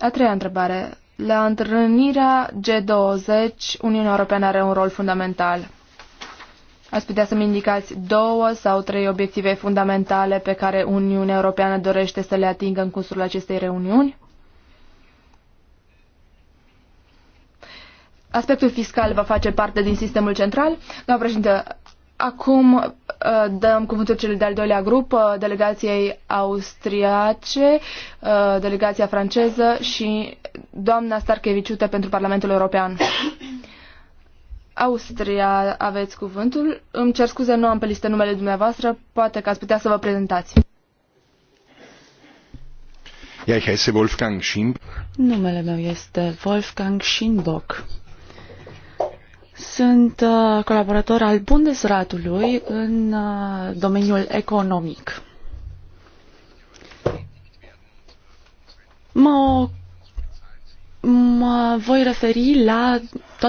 [SPEAKER 3] A treia întrebare. La întâlnirea G20, Uniunea Europeană are un rol fundamental. Ați putea să-mi indicați două sau trei obiective fundamentale pe care Uniunea Europeană dorește să le atingă în cursul acestei reuniuni? aspectul fiscal va face parte din sistemul central. Doamna președinte, acum uh, dăm cuvântul celui de-al doilea grup, uh, delegației austriace, uh, delegația franceză și doamna Starcheviciute pentru Parlamentul European. Austria aveți cuvântul. Îmi cer scuze, nu am pe listă numele dumneavoastră, poate că ați putea să vă prezentați.
[SPEAKER 2] Ja, ich heiße Wolfgang Schimb.
[SPEAKER 4] Numele meu este Wolfgang Schimbock. Sunt uh, colaborator al Bundesratului în uh, domeniul economic. Mă, mă voi referi la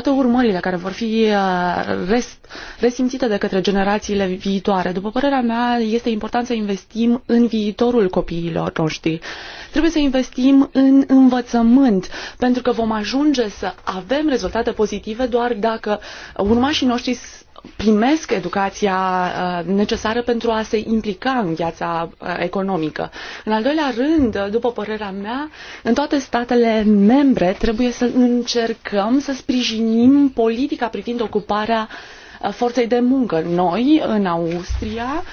[SPEAKER 4] toate urmările care vor fi uh, res, resimțite de către generațiile viitoare. După părerea mea, este important să investim în viitorul copiilor noștri. Trebuie să investim în învățământ, pentru că vom ajunge să avem rezultate pozitive doar dacă urmașii noștri primesc educația uh, necesară pentru a se implica în viața uh, economică. În al doilea rând, după părerea mea, în toate statele membre trebuie să încercăm să sprijinim sprijinim politica privind ocuparea uh, forței de muncă. Noi, în Austria,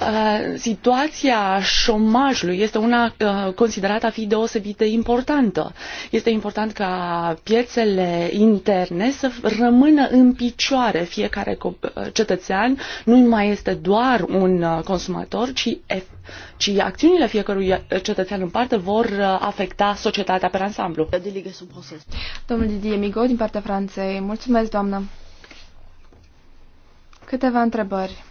[SPEAKER 4] Uh, situația șomajului este una uh, considerată a fi deosebit de importantă. Este important ca piețele interne să rămână în picioare. Fiecare uh, cetățean nu mai este doar un consumator, ci, ci acțiunile fiecărui cetățean în parte vor afecta societatea pe ansamblu.
[SPEAKER 3] Domnul Didier Migo, din partea Franței. Mulțumesc, doamnă. Câteva întrebări.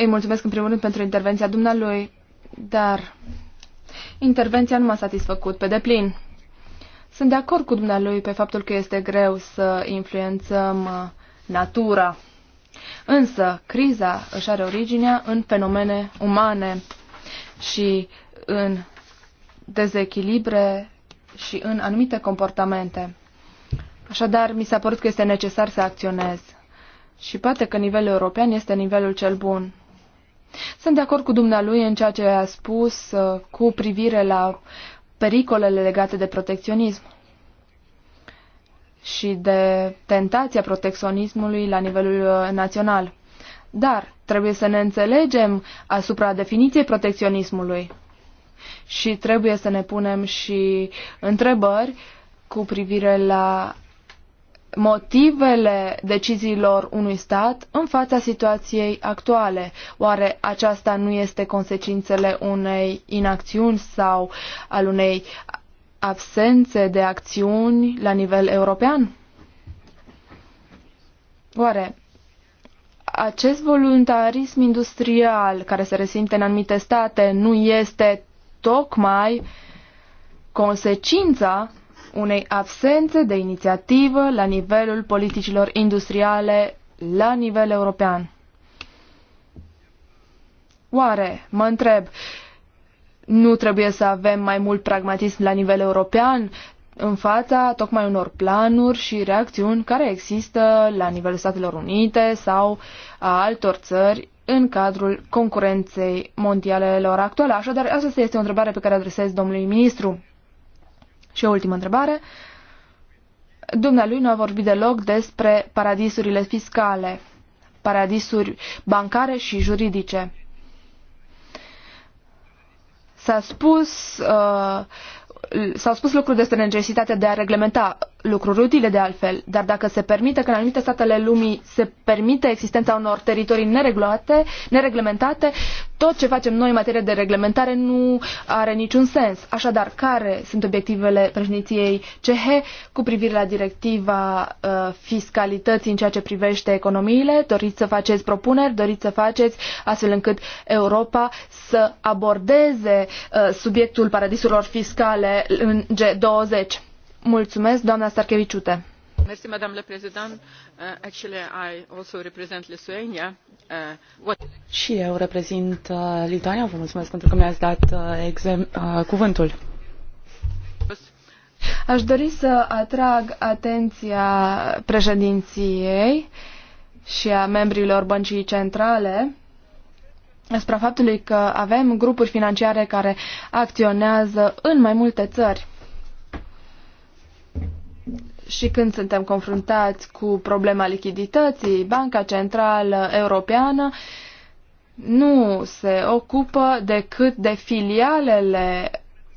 [SPEAKER 3] Îi mulțumesc în primul rând pentru intervenția dumnealui, dar intervenția nu m-a satisfăcut pe deplin. Sunt de acord cu dumnealui pe faptul că este greu să influențăm uh, natura. Însă, criza își are originea în fenomene umane și în dezechilibre și în anumite comportamente. Așadar, mi s-a părut că este necesar să acționez. Și poate că nivelul european este nivelul cel bun. Sunt de acord cu dumnealui în ceea ce a spus uh, cu privire la pericolele legate de protecționism și de tentația protecționismului la nivelul uh, național. Dar trebuie să ne înțelegem asupra definiției protecționismului și trebuie să ne punem și întrebări cu privire la motivele deciziilor unui stat în fața situației actuale. Oare aceasta nu este consecințele unei inacțiuni sau al unei absențe de acțiuni la nivel european? Oare acest voluntarism industrial care se resimte în anumite state nu este tocmai consecința unei absențe de inițiativă la nivelul politicilor industriale la nivel european. Oare, mă întreb, nu trebuie să avem mai mult pragmatism la nivel european în fața tocmai unor planuri și reacțiuni care există la nivelul Statelor Unite sau a altor țări în cadrul concurenței mondiale lor actuale. Așadar, aceasta este o întrebare pe care o adresez domnului ministru. Și o ultimă întrebare. Dumnealui nu a vorbit deloc despre paradisurile fiscale, paradisuri bancare și juridice. S-a spus, uh, s-au spus lucruri despre necesitatea de a reglementa lucruri utile de altfel, dar dacă se permite că în anumite statele lumii se permite existența unor teritorii neregulate, nereglementate, tot ce facem noi în materie de reglementare nu are niciun sens. Așadar, care sunt obiectivele președinției CH cu privire la directiva uh, fiscalității în ceea ce privește economiile? Doriți să faceți propuneri? Doriți să faceți astfel încât Europa să abordeze uh, subiectul paradisurilor fiscale în G20? Mulțumesc, doamna Starcheviciute doamnă președintă uh,
[SPEAKER 4] uh, și eu reprezint uh, lituania vă mulțumesc pentru că mi ați dat cuvântul.
[SPEAKER 3] aș dori să atrag atenția președinției și a membrilor băncii centrale asupra faptului că avem grupuri financiare care acționează în mai multe țări și când suntem confruntați cu problema lichidității, Banca Centrală Europeană nu se ocupă decât de filialele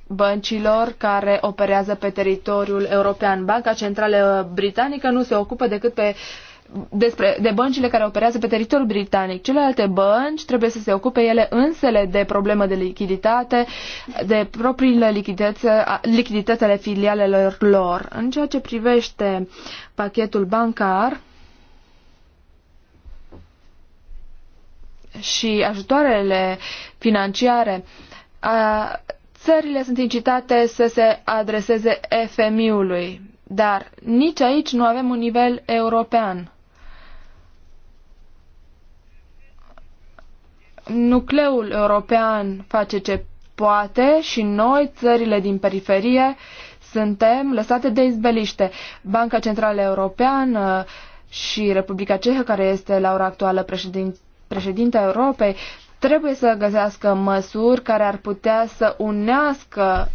[SPEAKER 3] băncilor care operează pe teritoriul european. Banca Centrală Britanică nu se ocupă decât pe uh, despre, de băncile care operează pe teritoriul britanic. Celelalte bănci trebuie să se ocupe ele însele de problemă de lichiditate, de propriile lichidități, ale filialelor lor. În ceea ce privește pachetul bancar și ajutoarele financiare, a, țările sunt incitate să se adreseze FMI-ului dar nici aici nu avem un nivel european. nucleul european face ce poate și noi, țările din periferie, suntem lăsate de izbeliște. Banca Centrală Europeană și Republica Cehă, care este la ora actuală președin președinta Europei, trebuie să găsească măsuri care ar putea să unească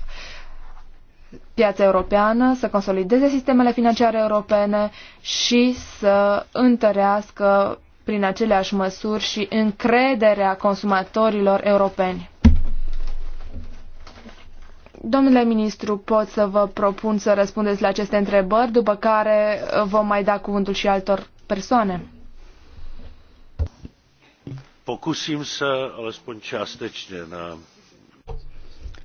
[SPEAKER 3] piața europeană, să consolideze sistemele financiare europene și să întărească prin aceleași măsuri și încrederea consumatorilor europeni. Domnule ministru, pot să vă propun să răspundeți la aceste întrebări, după care vom mai da cuvântul și altor persoane.
[SPEAKER 2] Pocusim să răspund částečně la...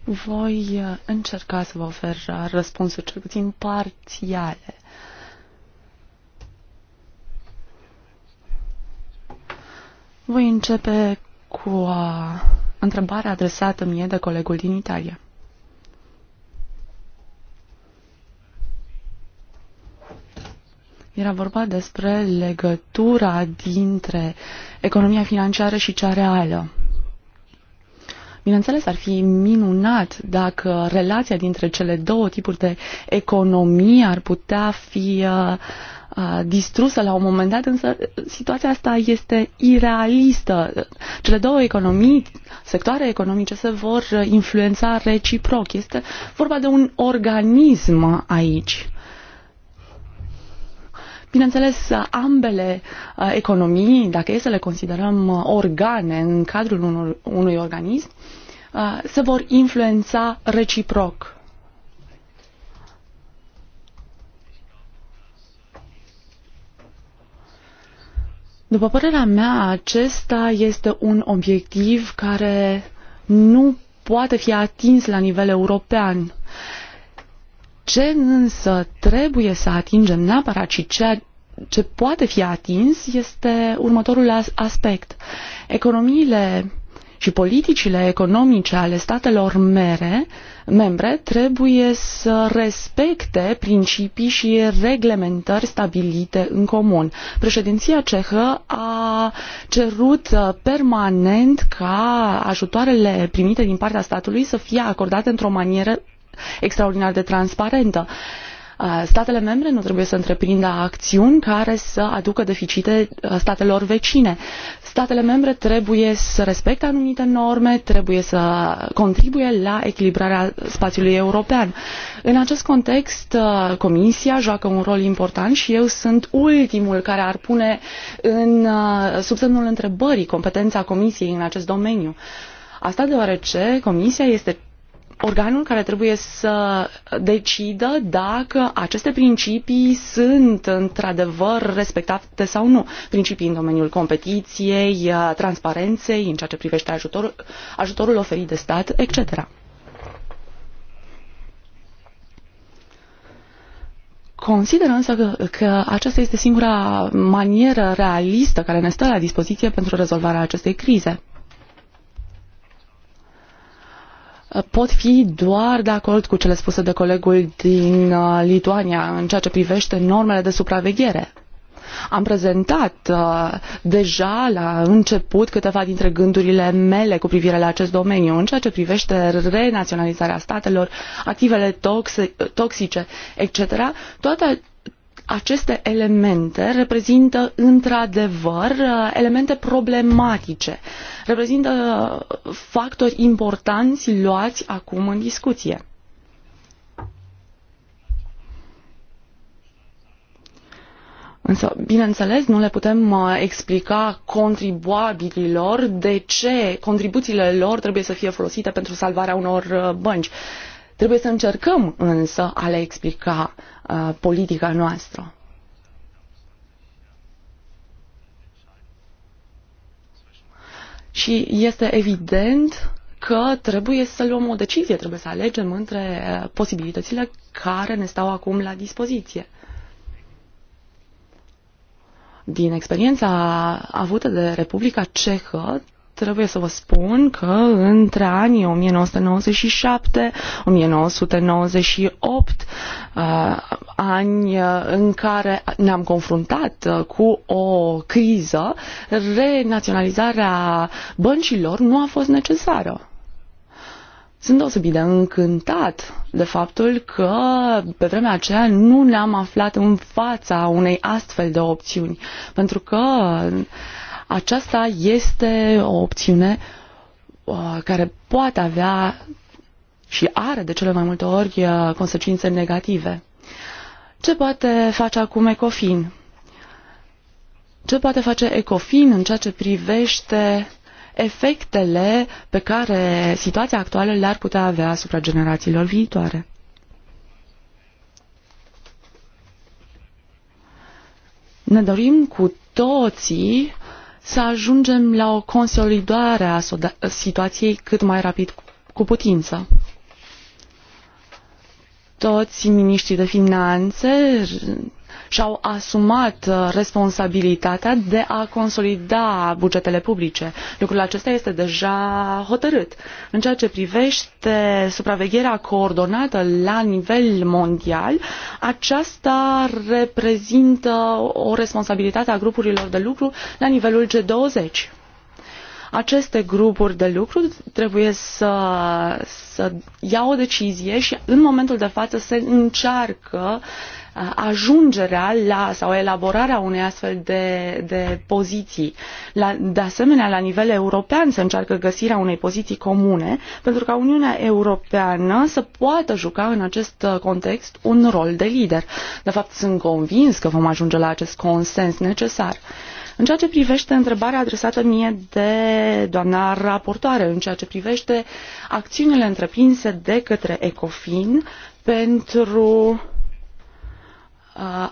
[SPEAKER 4] voi uh, încerca să vă ofer uh, răspunsuri cel puțin parțiale Voi începe cu o întrebarea adresată mie de colegul din Italia. Era vorba despre legătura dintre economia financiară și cea reală. Bineînțeles, ar fi minunat dacă relația dintre cele două tipuri de economie ar putea fi uh, Uh, distrusă la un moment dat, însă situația asta este irealistă. Cele două economii, sectoare economice, se vor influența reciproc. Este vorba de un organism aici. Bineînțeles, ambele uh, economii, dacă e să le considerăm uh, organe în cadrul unui organism, se vor influența reciproc. După părerea mea, acesta este un obiectiv care nu poate fi atins la nivel european. Ce însă trebuie să atingem neapărat și ceea ce poate fi atins este următorul aspect. Economiile și politicile economice ale statelor mere, membre trebuie să respecte principii și reglementări stabilite în comun. Președinția cehă a cerut uh, permanent ca ajutoarele primite din partea statului să fie acordate într-o manieră extraordinar de transparentă. Uh, Uh, statele membre nu trebuie să întreprindă acțiuni care să aducă deficite uh, statelor vecine. Statele membre trebuie să respecte anumite norme, trebuie să contribuie la echilibrarea spațiului european. În acest context, uh, Comisia joacă un rol important și eu sunt ultimul care ar pune în subsemnul întrebării competența Comisiei în acest domeniu. Asta deoarece Comisia este organul care trebuie să decidă dacă aceste principii sunt într-adevăr respectate sau nu. Principii în domeniul competiției, transparenței, în ceea ce privește ajutor, ajutorul oferit de stat, etc. Consider însă că, că aceasta este singura manieră realistă care ne stă la dispoziție pentru rezolvarea acestei crize. pot fi doar de acord cu cele spuse de colegul din uh, Lituania în ceea ce privește normele de supraveghere. Am prezentat uh, deja la început câteva dintre gândurile mele cu privire la acest domeniu în ceea ce privește renaționalizarea statelor, activele toxice, etc. Toate aceste elemente reprezintă într-adevăr uh, elemente problematice, reprezintă uh, factori importanți luați acum în discuție. Însă, bineînțeles, nu le putem uh, explica contribuabililor de ce contribuțiile lor trebuie să fie folosite pentru salvarea unor bănci. Trebuie să încercăm însă a le explica Uh, politica noastră. Și este evident că trebuie să luăm o decizie, trebuie să alegem între uh, posibilitățile care ne stau acum la dispoziție. Din experiența avută de Republica Cehă, trebuie să vă spun că între anii 1997, 1998, uh, ani uh, în care ne-am confruntat uh, cu o criză, renaționalizarea băncilor nu a fost necesară. Sunt deosebit de încântat de faptul că pe vremea aceea nu ne-am aflat în fața unei astfel de opțiuni, pentru că aceasta este o opțiune uh, care poate avea și are de cele mai multe ori uh, consecințe negative. Ce poate face acum Ecofin? Ce poate face Ecofin în ceea ce privește efectele pe care situația actuală le-ar putea avea asupra generațiilor viitoare? Ne dorim cu toții să ajungem la o consolidare a situației cât mai rapid cu putință. Toți miniștrii de finanțe și-au asumat uh, responsabilitatea de a consolida bugetele publice. Lucrul acesta este deja hotărât. În ceea ce privește supravegherea coordonată la nivel mondial, aceasta reprezintă o responsabilitate a grupurilor de lucru la nivelul G20 aceste grupuri de lucru trebuie să, să ia o decizie și în momentul de față se încearcă ajungerea la sau elaborarea unei astfel de, de poziții. La, de asemenea, la nivel european se încearcă găsirea unei poziții comune pentru ca Uniunea Europeană să poată juca în acest uh, context un rol de lider. De fapt, sunt convins că vom ajunge la acest consens necesar. În ceea ce privește întrebarea adresată mie de doamna raportoare, în ceea ce privește acțiunile întreprinse de către ECOFIN pentru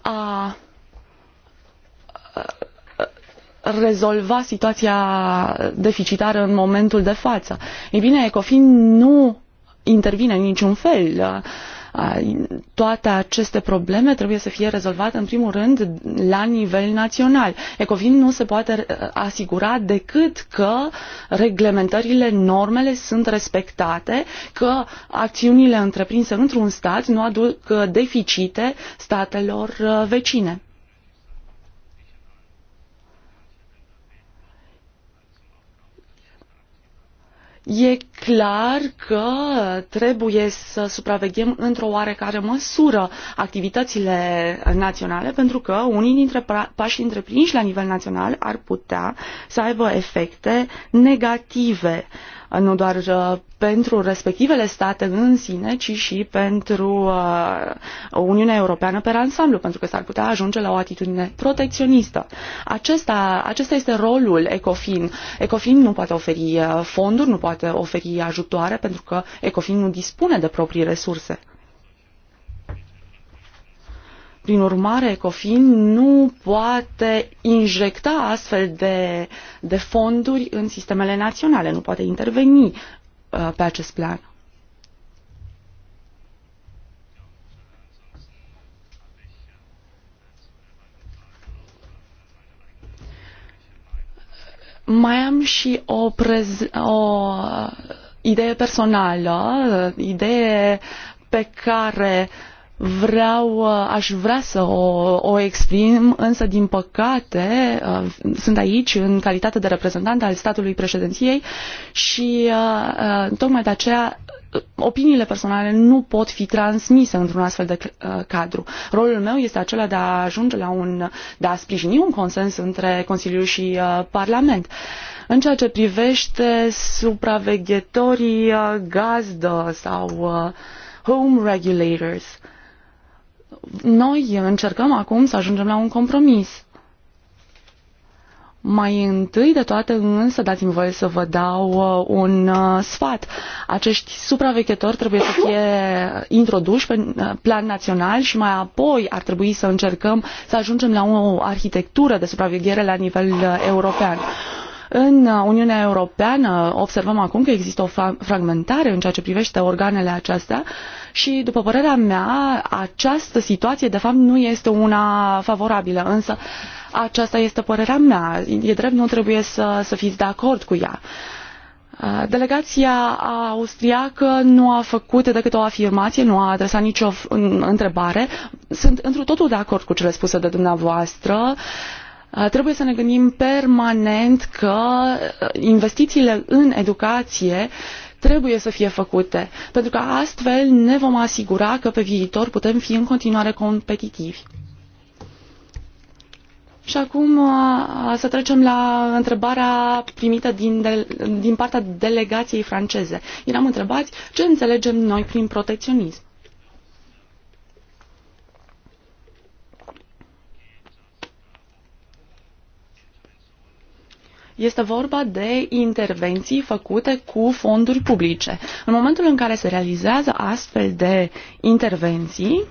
[SPEAKER 4] a rezolva situația deficitară în momentul de față. Ei bine, Ecofin nu intervine în niciun fel. Uh, toate aceste probleme trebuie să fie rezolvate în primul rând la nivel național. Ecovin nu se poate uh, asigura decât că reglementările, normele sunt respectate, că acțiunile întreprinse într-un stat nu aduc uh, deficite statelor uh, vecine. E clar că trebuie să supraveghem într-o oarecare măsură activitățile naționale, pentru că unii dintre pașii întreprinși la nivel național ar putea să aibă efecte negative uh, nu doar uh, pentru respectivele state în sine, ci și pentru uh, Uniunea Europeană pe ansamblu, pentru că s-ar putea ajunge la o atitudine protecționistă. Acesta, acesta este rolul ECOFIN. ECOFIN nu poate oferi uh, fonduri, nu poate oferi ajutoare, pentru că ECOFIN nu dispune de proprii resurse. Prin urmare, COFIN nu poate injecta astfel de, de fonduri în sistemele naționale, nu poate interveni uh, pe acest plan. Mai am și o, prez- o idee personală, idee pe care uh, vreau, uh, aș vrea să o, o exprim, însă din păcate uh, sunt aici în calitate de reprezentant al statului președinției și uh, tocmai de aceea opiniile personale nu pot fi transmise într-un astfel de cadru. Rolul meu este acela de a ajunge la un, de a sprijini un consens între Consiliu și Parlament. În ceea ce privește supraveghetorii gazdă sau home regulators, uh, noi încercăm acum să ajungem la un compromis. Mai întâi de toate însă dați-mi voie să vă dau uh, un uh, sfat. Acești supraveghetori trebuie să fie introduși pe uh, plan național și mai apoi ar trebui să încercăm să ajungem la o arhitectură de supraveghere la nivel uh, european. Uh, în Uniunea Europeană observăm acum că există o fragmentare în ceea ce privește organele acestea și, după părerea mea, această situație, de fapt, nu este una favorabilă, însă aceasta este părerea mea. E drept, nu trebuie să, să fiți de acord cu ea. Delegația austriacă nu a făcut decât o afirmație, nu a adresat nicio întrebare. Sunt întru totul de acord cu cele spuse de dumneavoastră. Uh, Trebuie să ne gândim permanent că investițiile în educație trebuie să fie făcute, pentru că astfel ne vom asigura că pe viitor putem fi în continuare competitivi. Și acum să trecem la întrebarea primită din, de, din partea delegației franceze. Eram întrebați ce înțelegem noi prin protecționism. Este vorba de intervenții făcute cu fonduri publice. În momentul în care se realizează astfel de intervenții,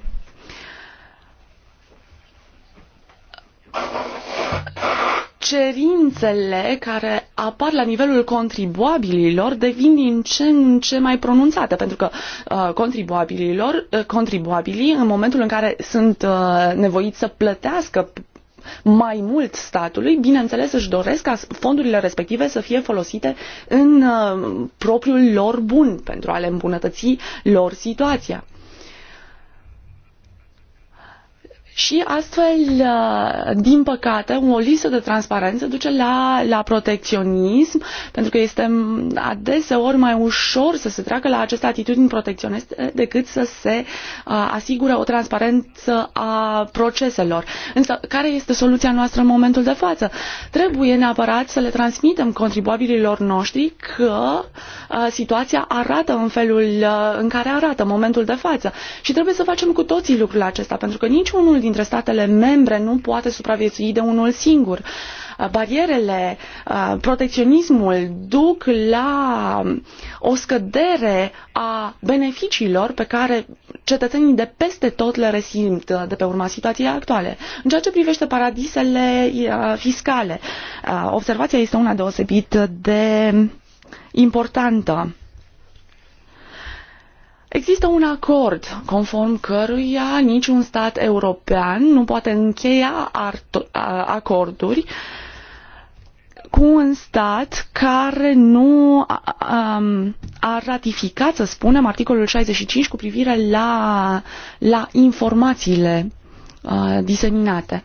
[SPEAKER 4] cerințele care apar la nivelul contribuabililor devin din ce în ce mai pronunțate, pentru că uh, contribuabililor, uh, contribuabilii, în momentul în care sunt uh, nevoiți să plătească mai mult statului, bineînțeles își doresc ca fondurile respective să fie folosite în uh, propriul lor bun pentru a le îmbunătăți lor situația. Și astfel, uh, din păcate, o lipsă de transparență duce la, la protecționism, pentru că este mm, adeseori mai ușor să se treacă la aceste atitudini protecționiste decât să se uh, asigure o transparență a proceselor. Însă, care este soluția noastră în momentul de față? Trebuie neapărat să le transmitem contribuabililor noștri că uh, situația arată în felul în care arată momentul de față. Și trebuie să facem cu toții lucrul acesta, pentru că niciunul din dintre statele membre nu poate supraviețui de unul singur. Uh, barierele, uh, protecționismul duc la um, o scădere a beneficiilor pe care cetățenii de peste tot le resimt uh, de pe urma situației actuale. În ceea ce privește paradisele fiscale, observația este una deosebit de importantă. Există un acord conform căruia niciun stat european nu poate încheia acorduri cu un stat care nu a ratificat, să spunem, articolul 65 cu privire la, la informațiile diseminate.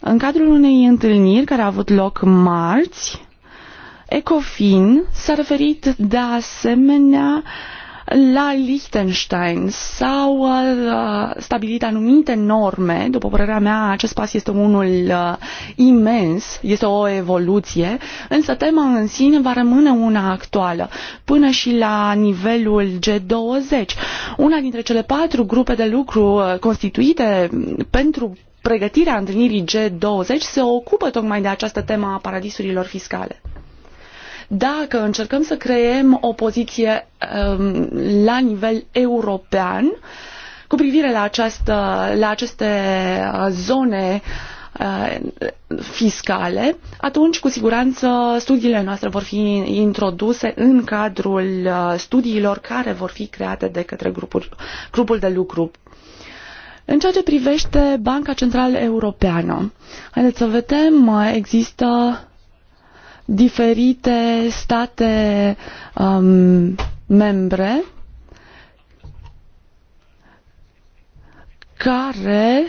[SPEAKER 4] În cadrul unei întâlniri care a avut loc marți, Ecofin s-a referit de asemenea la Liechtenstein s-au uh, stabilit anumite norme. După părerea mea, acest pas este unul uh, imens, este o evoluție, însă tema în sine va rămâne una actuală, până și la nivelul G20. Una dintre cele patru grupe de lucru uh, constituite pentru pregătirea întâlnirii G20 se ocupă tocmai de această temă a paradisurilor fiscale. Dacă încercăm să creăm o poziție um, la nivel european cu privire la, această, la aceste uh, zone uh, fiscale, atunci cu siguranță studiile noastre vor fi introduse în cadrul uh, studiilor care vor fi create de către grupul, grupul de lucru în ceea ce privește Banca Centrală Europeană, haideți să vedem, există diferite state um, membre care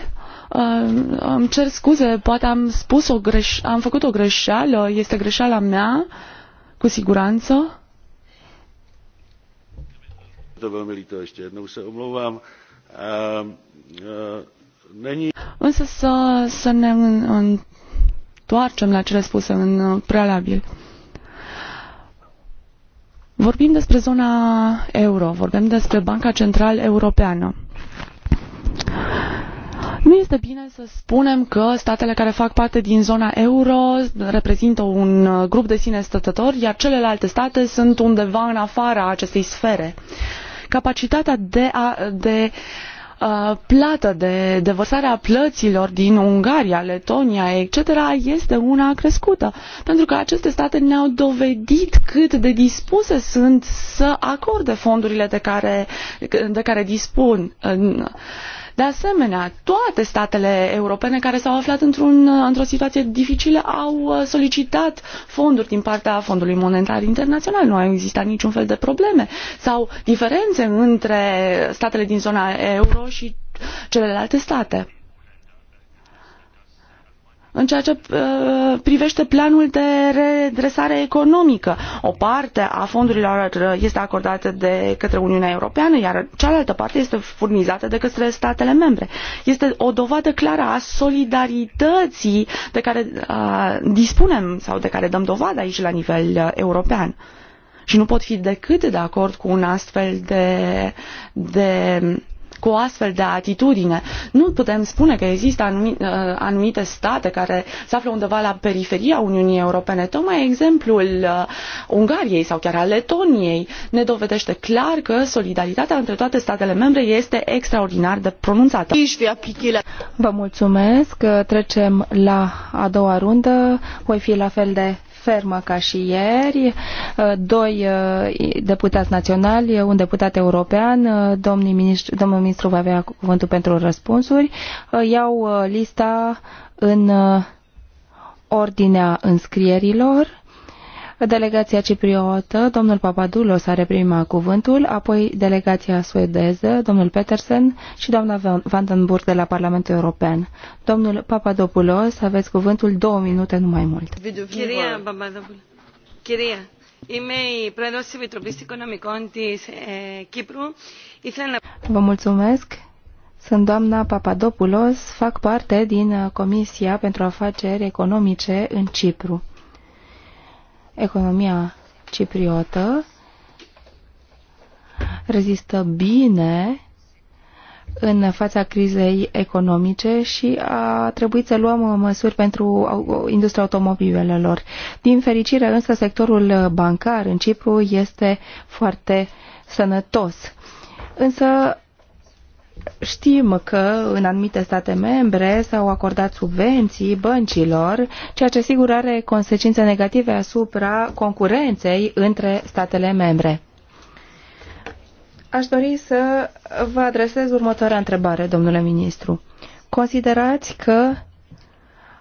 [SPEAKER 4] uh, îmi cer scuze, poate am spus o greș- am făcut o greșeală, este greșeala mea, cu siguranță.
[SPEAKER 2] To velmi líto, ještě jednou se omlouvám. Uh, uh,
[SPEAKER 4] není... Însă să, să ne întoarcem la cele spuse în uh, prealabil. Vorbim despre zona euro, vorbim despre Banca Central Europeană. Nu este bine să spunem că statele care fac parte din zona euro reprezintă un uh, grup de sine stătători, iar celelalte state sunt undeva în afara acestei sfere. Capacitatea de a, de uh, Uh, plată, de a plăților din Ungaria, Letonia, etc., este una crescută. Pentru că aceste state ne-au dovedit cât de dispuse sunt să acorde fondurile de care, de care dispun. De asemenea, toate statele europene care s-au aflat într-un, într-o situație dificilă au uh, solicitat fonduri din partea Fondului Monetar Internațional. Nu au existat niciun fel de probleme sau diferențe între statele din zona euro și celelalte state în ceea ce uh, privește planul de redresare economică. O parte a fondurilor uh, este acordată de către Uniunea Europeană, iar cealaltă parte este furnizată de către statele membre. Este o dovadă clară a solidarității de care uh, dispunem sau de care dăm dovadă aici la nivel european. Și nu pot fi decât de acord cu un astfel de, de cu o astfel de atitudine. Nu putem spune că există uh, anumite state care se află undeva la periferia Uniunii Europene. Tocmai exemplul uh, Ungariei sau chiar al Letoniei ne dovedește clar că solidaritatea între toate statele membre este extraordinar de pronunțată. Vă mulțumesc.
[SPEAKER 1] Trecem la
[SPEAKER 4] a doua rundă. Voi fi la fel de
[SPEAKER 1] fermă ca și ieri. Uh, doi uh, deputați naționali, uh, un deputat european, domnul ministru, domnul ministru va avea cuvântul pentru răspunsuri. Iau lista în ordinea înscrierilor Delegația cipriotă, domnul Papadulos are prima cuvântul, apoi delegația suedeză, domnul Petersen și doamna Vandenburg de la Parlamentul European. Domnul Papadopoulos, aveți cuvântul două minute, nu mai mult. Chiria, Papadopoulos. Chiria. Είμαι η πρόεδρος της Επιτροπής Οικονομικών της ε,
[SPEAKER 4] Κύπρου. Ήθελα να...
[SPEAKER 1] Vă mulțumesc. Sunt doamna Papadopoulos, fac parte din Comisia pentru Afaceri Economice în Cipru economia cipriotă rezistă bine în fața crizei economice și a trebuit să luăm măsuri pentru industria automobilelor. Din fericire, însă, sectorul bancar în Cipru este foarte sănătos. Însă, Știm că în anumite state membre s-au acordat subvenții băncilor, ceea ce sigur are consecințe negative asupra concurenței între statele membre. Aș dori să vă adresez următoarea întrebare, domnule ministru. Considerați că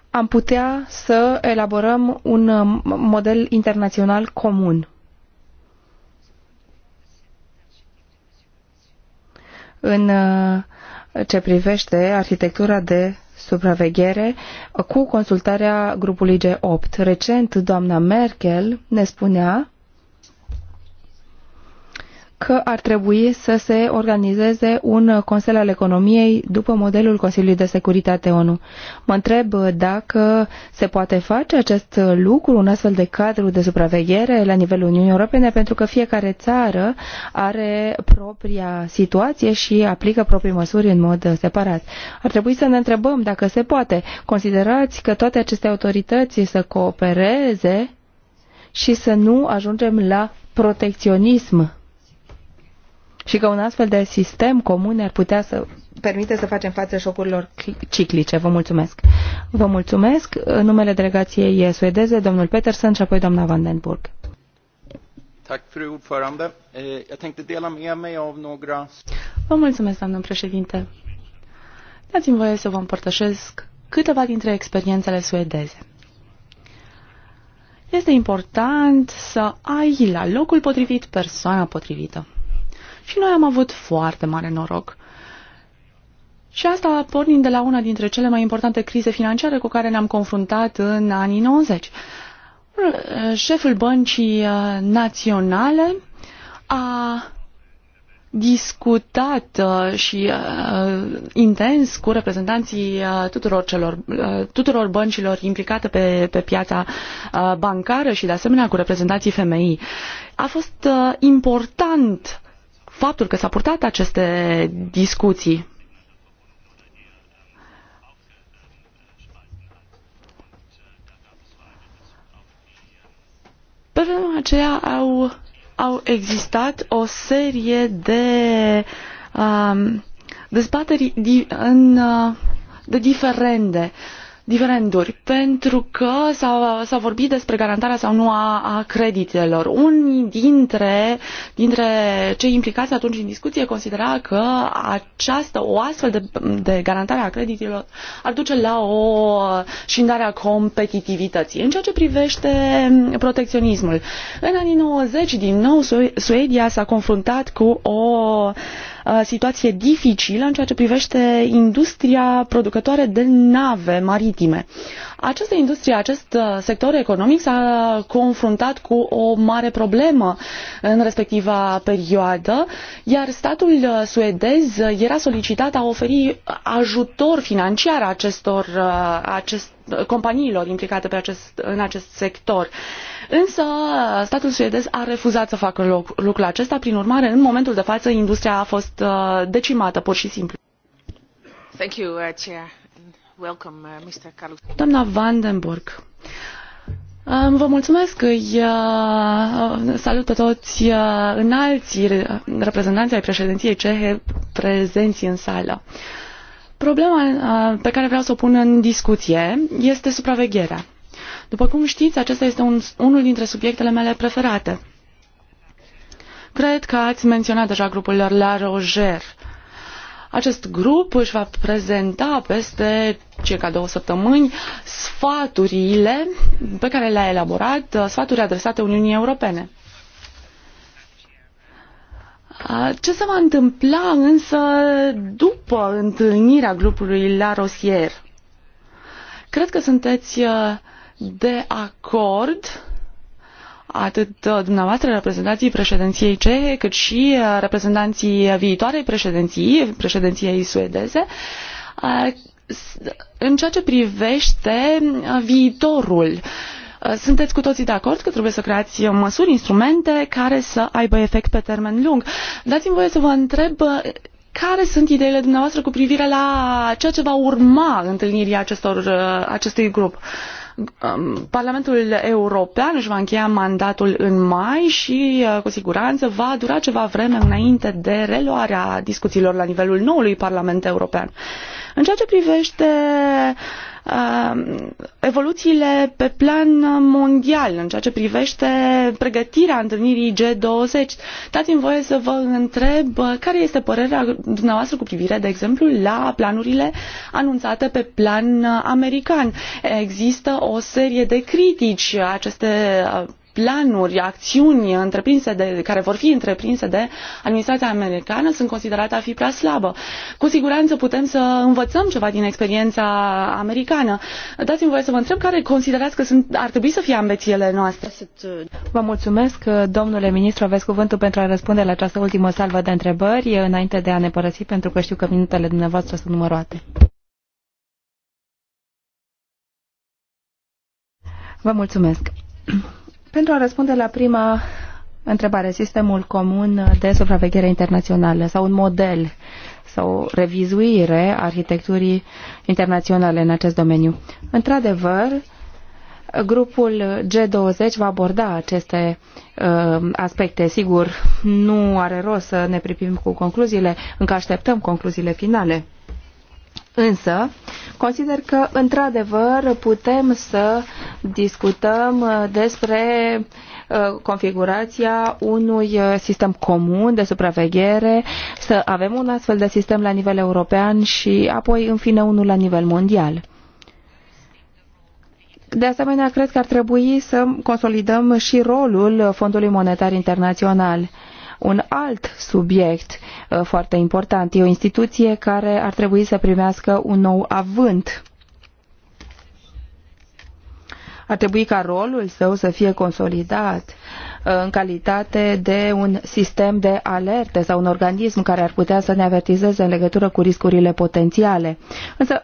[SPEAKER 1] am putea să elaborăm un model internațional comun în uh, ce privește arhitectura de supraveghere cu consultarea grupului G8. Recent, doamna Merkel ne spunea că ar trebui să se organizeze un Consel al Economiei după modelul Consiliului de Securitate ONU. Mă întreb dacă se poate face acest lucru, un astfel de cadru de supraveghere la nivelul Uniunii Europene, pentru că fiecare țară are propria situație și aplică proprii măsuri în mod separat. Ar trebui să ne întrebăm dacă se poate. Considerați că toate aceste autorități să coopereze și să nu ajungem la protecționism și că un astfel de sistem comun ar putea să permite să facem față șocurilor ciclice. Vă mulțumesc. Vă mulțumesc. În numele delegației suedeze, domnul Peterson și apoi doamna Vandenburg.
[SPEAKER 2] Eh,
[SPEAKER 4] vă mulțumesc, doamnă președinte. Dați-mi voie să vă împărtășesc câteva dintre experiențele suedeze. Este important să ai la locul potrivit persoana potrivită și noi am avut foarte mare noroc. Și asta pornind de la una dintre cele mai importante crize financiare cu care ne-am confruntat în anii 90. Șeful băncii uh, naționale a discutat uh, și uh, intens cu reprezentanții tuturor, celor, tuturor băncilor implicate pe, pe piața bancară și de asemenea cu reprezentanții femeii. A fost important faptul că s-a purtat aceste discuții Pe vremea aceea au, au existat o serie de um, dezbateri di, în, uh, de diferende uh, diferenduri, pentru că s-a, vorbit despre garantarea sau nu a, a creditelor. Unii dintre, dintre cei implicați atunci în discuție considera că această, o astfel de, de garantare a creditelor ar duce la o șindare a competitivității. În ceea ce privește protecționismul, în anii 90, din nou, Suedia s-a confruntat cu o Uh, situație dificilă în ceea ce privește industria producătoare de nave maritime. Această industrie, acest uh, sector economic s-a confruntat cu o mare problemă în respectiva perioadă, iar statul uh, suedez era solicitat a oferi ajutor financiar acestor acest, companiilor implicate pe acest, în acest sector. Uh, Însă statul suedez a refuzat să facă lucrul acesta, prin urmare, în momentul de față, industria a fost uh, decimată pur și simplu. Thank you, uh, Chair.
[SPEAKER 2] Welcome, uh, Mr. Carlos.
[SPEAKER 4] Doamna Vandenburg, uh, Vă mulțumesc, îi uh, salut pe toți înalți reprezentanții ai președinției cehe prezenți în sală. Problema pe care vreau să o pun în discuție este supravegherea. După cum știți, acesta este un, unul dintre subiectele mele preferate. Cred că ați menționat deja grupul La Roger. Acest grup își va prezenta peste circa două săptămâni sfaturile pe care le-a elaborat, sfaturi adresate Uniunii Europene. Ce se va întâmpla însă după întâlnirea grupului La Rosier? Cred că sunteți uh, de acord atât uh, dumneavoastră reprezentanții președinției cehe, cât și uh, reprezentanții viitoarei președinții, președinției suedeze, uh, în ceea ce privește viitorul. Sunteți cu toții de acord că trebuie să creați măsuri, instrumente care să aibă efect pe termen lung. Dați-mi voie să vă întreb care sunt ideile dumneavoastră cu privire la ceea ce va urma întâlnirii acestor, acestui grup. Uh, Um, Parlamentul European își va încheia mandatul în mai și uh, cu siguranță va dura ceva vreme înainte de reluarea discuțiilor la nivelul noului Parlament European. În ceea ce privește evoluțiile pe plan mondial în ceea ce privește pregătirea întâlnirii G20. Dați-mi voie să vă întreb care este părerea dumneavoastră cu privire, de exemplu, la planurile anunțate pe plan american. Există o serie de critici aceste planuri, acțiuni întreprinse de, care vor fi întreprinse de administrația americană sunt considerate a fi prea slabă. Cu siguranță putem să învățăm ceva din experiența americană. Dați-mi voie să vă întreb care considerați că sunt, ar trebui să fie ambițiile noastre.
[SPEAKER 1] Vă mulțumesc, domnule ministru, aveți cuvântul pentru a răspunde la această ultimă salvă de întrebări înainte de a ne părăsi, pentru că știu că minutele dumneavoastră sunt numărate. Vă mulțumesc. Pentru a răspunde la prima întrebare, sistemul comun de supraveghere internațională sau un model sau revizuire a arhitecturii internaționale în acest domeniu. Într-adevăr, grupul G20 va aborda aceste uh, aspecte. Sigur, nu are rost să ne pripim cu concluziile, încă așteptăm concluziile finale. Însă, consider că, într-adevăr, putem să discutăm uh, despre uh, configurația unui uh, sistem comun de supraveghere, să avem un astfel de sistem la nivel european și apoi, în fine, unul la nivel mondial. De asemenea, cred că ar trebui să consolidăm și rolul Fondului Monetar Internațional un alt subiect uh, foarte important. E o instituție care ar trebui să primească un nou avânt ar trebui ca rolul său să fie consolidat uh, în calitate de un sistem de alerte sau un organism care ar putea să ne avertizeze în legătură cu riscurile potențiale. Însă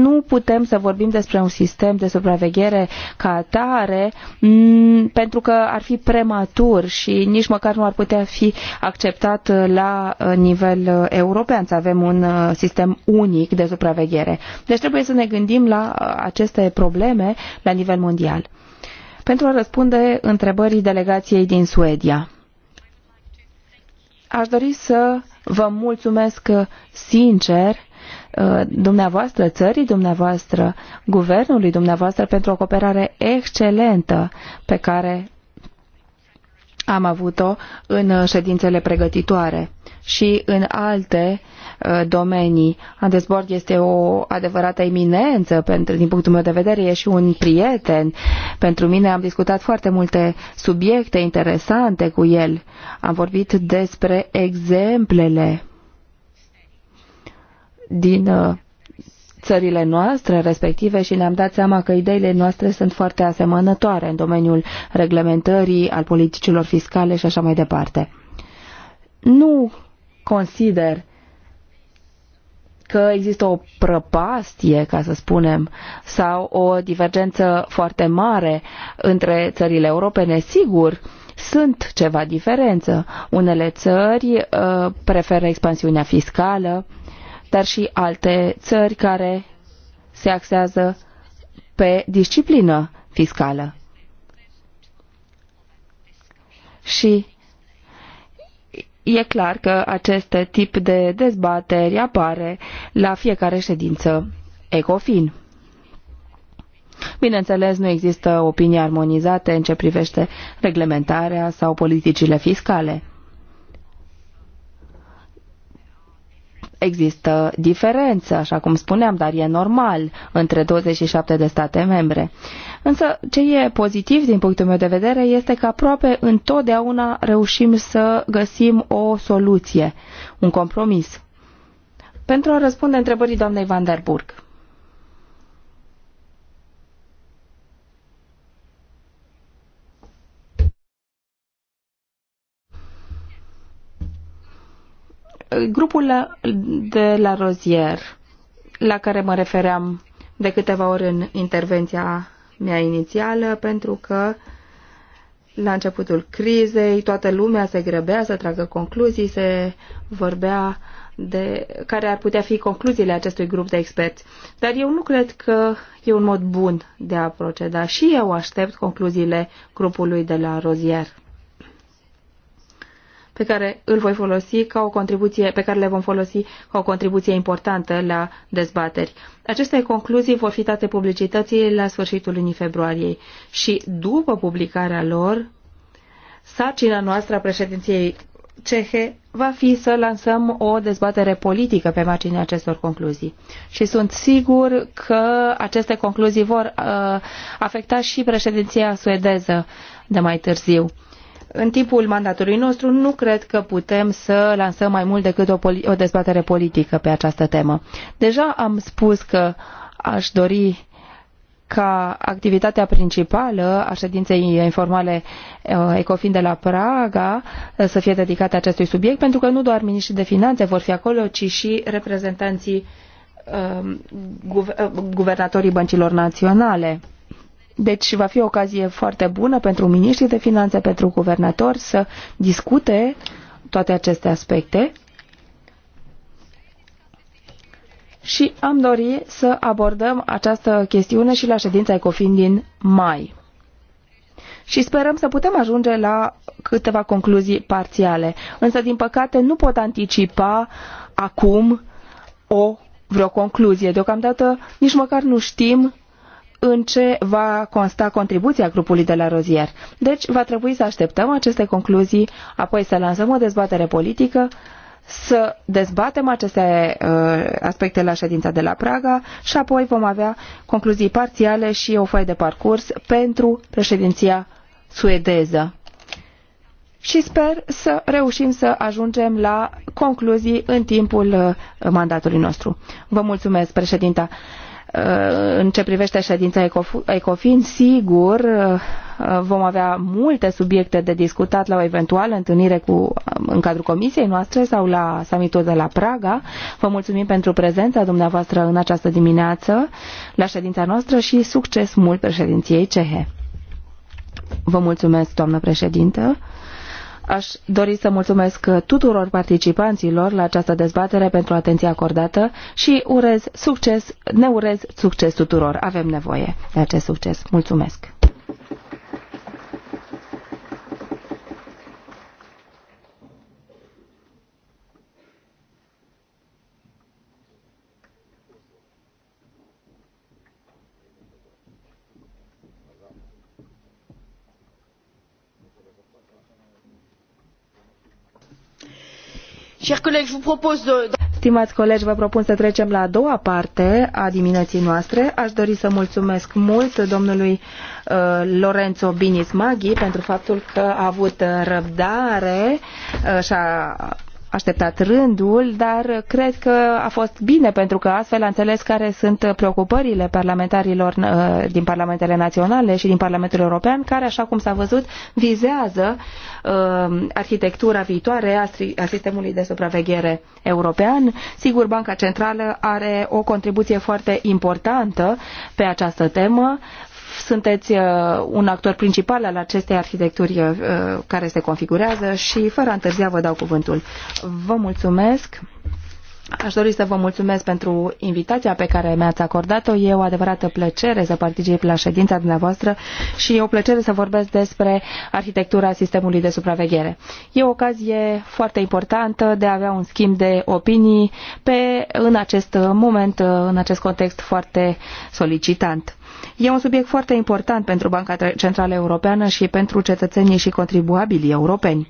[SPEAKER 1] nu putem să vorbim despre un sistem de supraveghere ca atare mm, pentru că ar fi prematur și nici măcar nu ar putea fi acceptat la uh, nivel uh, european să avem un sistem unic de supraveghere. Deci trebuie să ne gândim la aceste probleme la nivel mondial mondial. Pentru a răspunde întrebării delegației din Suedia, aș dori să vă mulțumesc sincer uh, dumneavoastră țării, dumneavoastră guvernului, dumneavoastră pentru o cooperare excelentă pe care am avut-o în ședințele pregătitoare și în alte Uh, domenii. Borg este o adevărată eminență pentru, din punctul meu de vedere, e și un prieten. Pentru mine am discutat foarte multe subiecte interesante cu el. Am vorbit despre exemplele din uh, țările noastre respective și ne-am dat seama că ideile noastre sunt foarte asemănătoare în domeniul reglementării, al politicilor fiscale și așa mai departe. Nu consider că există o prăpastie, ca să spunem, sau o divergență foarte mare între țările europene, sigur, sunt ceva diferență. Unele țări uh, preferă expansiunea fiscală, dar și alte țări care se axează pe disciplină fiscală. Și e clar că acest tip de dezbateri apare la fiecare ședință ECOFIN. Bineînțeles, nu există opinii armonizate în ce privește reglementarea sau politicile fiscale. există diferențe, așa cum spuneam, dar e normal între 27 de state membre. Însă ce e pozitiv din punctul meu de vedere este că aproape întotdeauna reușim să găsim o soluție, un compromis. Pentru a răspunde întrebării doamnei Van der Burg. Grupul de la Rozier, la care mă refeream de câteva ori în intervenția mea inițială, pentru că la începutul crizei toată lumea se grăbea să tragă concluzii, se vorbea de care ar putea fi concluziile acestui grup de experți. Dar eu nu cred că e un mod bun de a proceda și eu aștept concluziile grupului de la Rozier pe care îl voi folosi ca o contribuție, pe care le vom folosi ca o contribuție importantă la dezbateri. Aceste concluzii vor fi date publicității la sfârșitul lunii februarie și după publicarea lor, sarcina noastră a președinției cehe va fi să lansăm o dezbatere politică pe marginea acestor concluzii. Și sunt sigur că aceste concluzii vor uh, afecta și președinția suedeză de mai târziu. În timpul mandatului nostru nu cred că putem să lansăm mai mult decât o, o dezbatere politică pe această temă. Deja am spus că aș dori ca activitatea principală a ședinței informale uh, ECOFIN de la Praga uh, să fie dedicată acestui subiect, pentru că nu doar miniștrii de finanțe vor fi acolo, ci și reprezentanții uh, guvernatorii băncilor naționale. Deci va fi o ocazie foarte bună pentru miniștrii de finanțe, pentru guvernatori să discute toate aceste aspecte și am dori să abordăm această chestiune și la ședința ECOFIN din mai. Și sperăm să putem ajunge la câteva concluzii parțiale. Însă, din păcate, nu pot anticipa acum o vreo concluzie. Deocamdată nici măcar nu știm în ce va consta contribuția grupului de la Rozier. Deci va trebui să așteptăm aceste concluzii, apoi să lansăm o dezbatere politică, să dezbatem aceste uh, aspecte la ședința de la Praga și apoi vom avea concluzii parțiale și o foaie de parcurs pentru președinția suedeză. Și sper să reușim să ajungem la concluzii în timpul uh, mandatului nostru. Vă mulțumesc, președinta. În ce privește ședința ECOFIN, sigur, uh, vom avea multe subiecte de discutat la o eventuală întâlnire cu, uh, în cadrul comisiei noastre sau la summitul de la Praga. Vă mulțumim pentru prezența dumneavoastră în această dimineață la ședința noastră și succes mult președinției cehe. Vă mulțumesc, doamnă președintă. Aș dori să mulțumesc tuturor participanților la această dezbatere pentru atenția acordată și urez succes, ne urez succes tuturor. Avem nevoie de acest succes. Mulțumesc! Stimați colegi, vă propun să trecem la a doua parte a dimineții noastre. Aș dori să mulțumesc mult domnului uh, Lorenzo Binis Maghi pentru faptul că a avut răbdare uh, și a așteptat rândul, dar cred că a fost bine pentru că astfel a înțeles care sunt preocupările parlamentarilor uh, din parlamentele naționale și din Parlamentul European, care, așa cum s-a văzut, vizează uh, arhitectura viitoare a sistemului de supraveghere european. Sigur, Banca Centrală are o contribuție foarte importantă pe această temă sunteți uh, un actor principal al acestei arhitecturi uh, care se configurează și fără a întârzia vă dau cuvântul. Vă mulțumesc. Aș dori să vă mulțumesc pentru invitația pe care mi-ați acordat-o. E o adevărată plăcere să particip la ședința dumneavoastră și e o plăcere să vorbesc despre arhitectura sistemului de supraveghere. E o ocazie foarte importantă de a avea un schimb de opinii pe, în acest moment, în acest context foarte solicitant. E un subiect foarte important pentru Banca Centrală Europeană și pentru cetățenii și contribuabilii europeni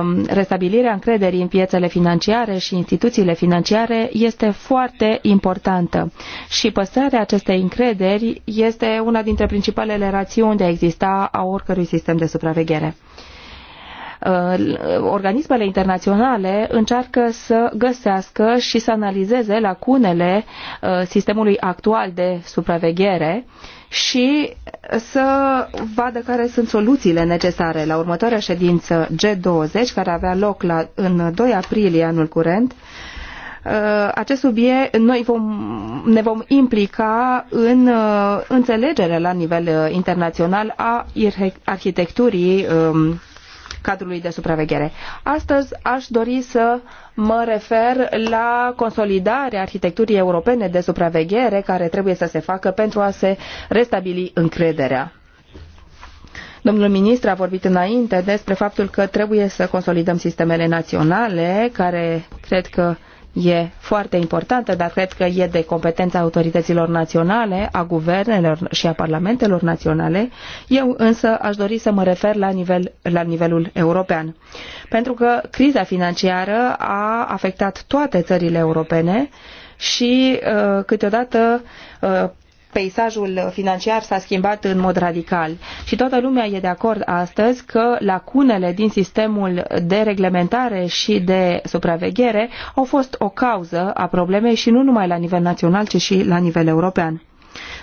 [SPEAKER 1] um, restabilirea încrederii în piețele financiare și instituțiile financiare este foarte importantă și păstrarea acestei încrederi este una dintre principalele rațiuni de a exista a oricărui sistem de supraveghere. Uh, organismele internaționale încearcă să găsească și să analizeze lacunele uh, sistemului actual de supraveghere și să vadă care sunt soluțiile necesare. La următoarea ședință G20, care avea loc la, în 2 aprilie anul curent, uh, acest subiect, noi vom, ne vom implica în înțelegerea la nivel internațional a arhitecturii um, cadrului de supraveghere. Astăzi aș dori să mă refer la consolidarea arhitecturii europene de supraveghere care trebuie să se facă pentru a se restabili încrederea. Domnul ministru a vorbit înainte despre faptul că trebuie să consolidăm sistemele naționale, care cred că e foarte importantă, dar cred că e de competența autorităților naționale, a guvernelor și a parlamentelor naționale. Eu însă aș dori să mă refer la, nivel, la nivelul european. Pentru că criza financiară a afectat toate țările europene și uh, câteodată uh, peisajul financiar s-a schimbat în mod radical și toată lumea e de acord astăzi că lacunele din sistemul de reglementare și de supraveghere au fost o cauză a problemei și nu numai la nivel național, ci și la nivel european.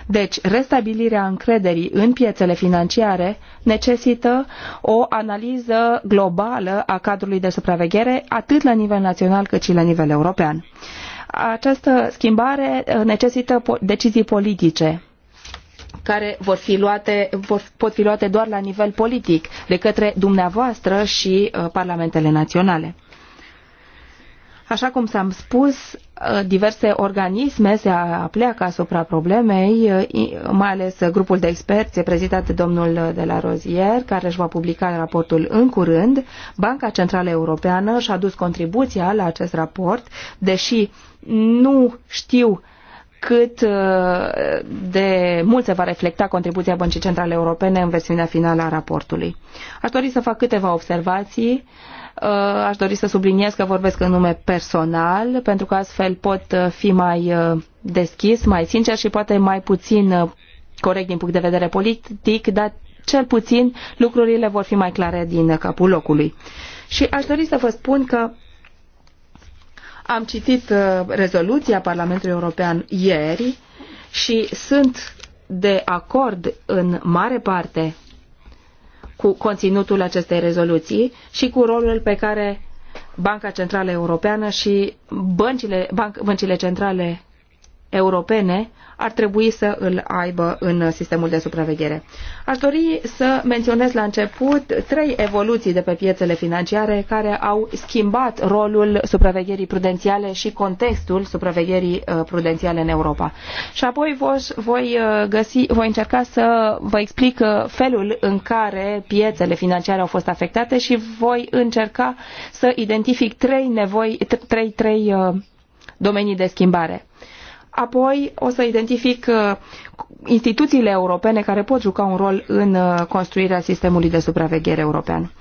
[SPEAKER 1] Deci, restabilirea încrederii în piețele financiare necesită o analiză globală a cadrului de supraveghere, atât la nivel național cât și la nivel european. Această schimbare uh, necesită decizii politice care vor fi luate, vor, pot fi luate doar la nivel politic de către dumneavoastră și uh, parlamentele naționale. Așa cum s-am spus, uh, diverse organisme se apleacă asupra problemei, mai ales grupul de experți prezidat de domnul de la Rozier, care își va publica raportul în curând. Banca Centrală Europeană și-a dus contribuția la acest raport, deși nu știu cât uh, de mult se va reflecta contribuția Băncii Centrale Europene în versiunea finală a raportului. Aș dori să fac câteva observații. Uh, aș dori să subliniez că vorbesc în nume personal, pentru că astfel pot uh, fi mai deschis, mai sincer și poate mai puțin corect din punct de vedere politic, dar cel puțin lucrurile vor fi mai clare din capul locului. Și aș dori să vă spun că am citit uh, rezoluția Parlamentului European ieri și sunt de acord în mare parte cu conținutul acestei rezoluții și cu rolul pe care Banca Centrală Europeană și băncile, banc, băncile centrale europene ar trebui să îl aibă în sistemul de supraveghere. Aș dori să menționez la început trei evoluții de pe piețele financiare care au schimbat rolul supravegherii prudențiale și contextul supravegherii uh, prudențiale în Europa. Și apoi voi, uh, găsi, voi încerca să vă explic uh, felul în care piețele financiare au fost afectate și voi încerca să identific trei nevoi, trei, trei domenii de schimbare. Apoi o să identific uh, instituțiile europene care pot juca un rol în uh, construirea sistemului de supraveghere european.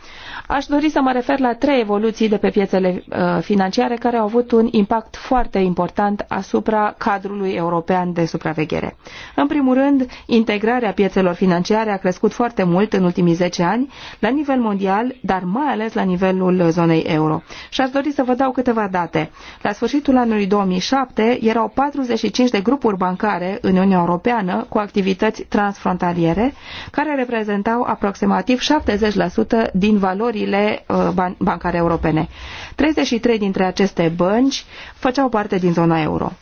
[SPEAKER 1] Aș dori să mă refer la trei evoluții de pe piețele uh, financiare care au avut un impact foarte important asupra cadrului european de supraveghere. În primul rând, integrarea piețelor financiare a crescut foarte mult în ultimii 10 ani, la nivel mondial, dar mai ales la nivelul zonei euro. Și aș dori să vă dau câteva date. La sfârșitul anului 2007 erau 45 de grupuri bancare în Uniunea Europeană cu activități transfrontaliere, care reprezentau aproximativ 70% din valori valorile uh, bancare europene. 33 dintre aceste bănci făceau parte din zona euro.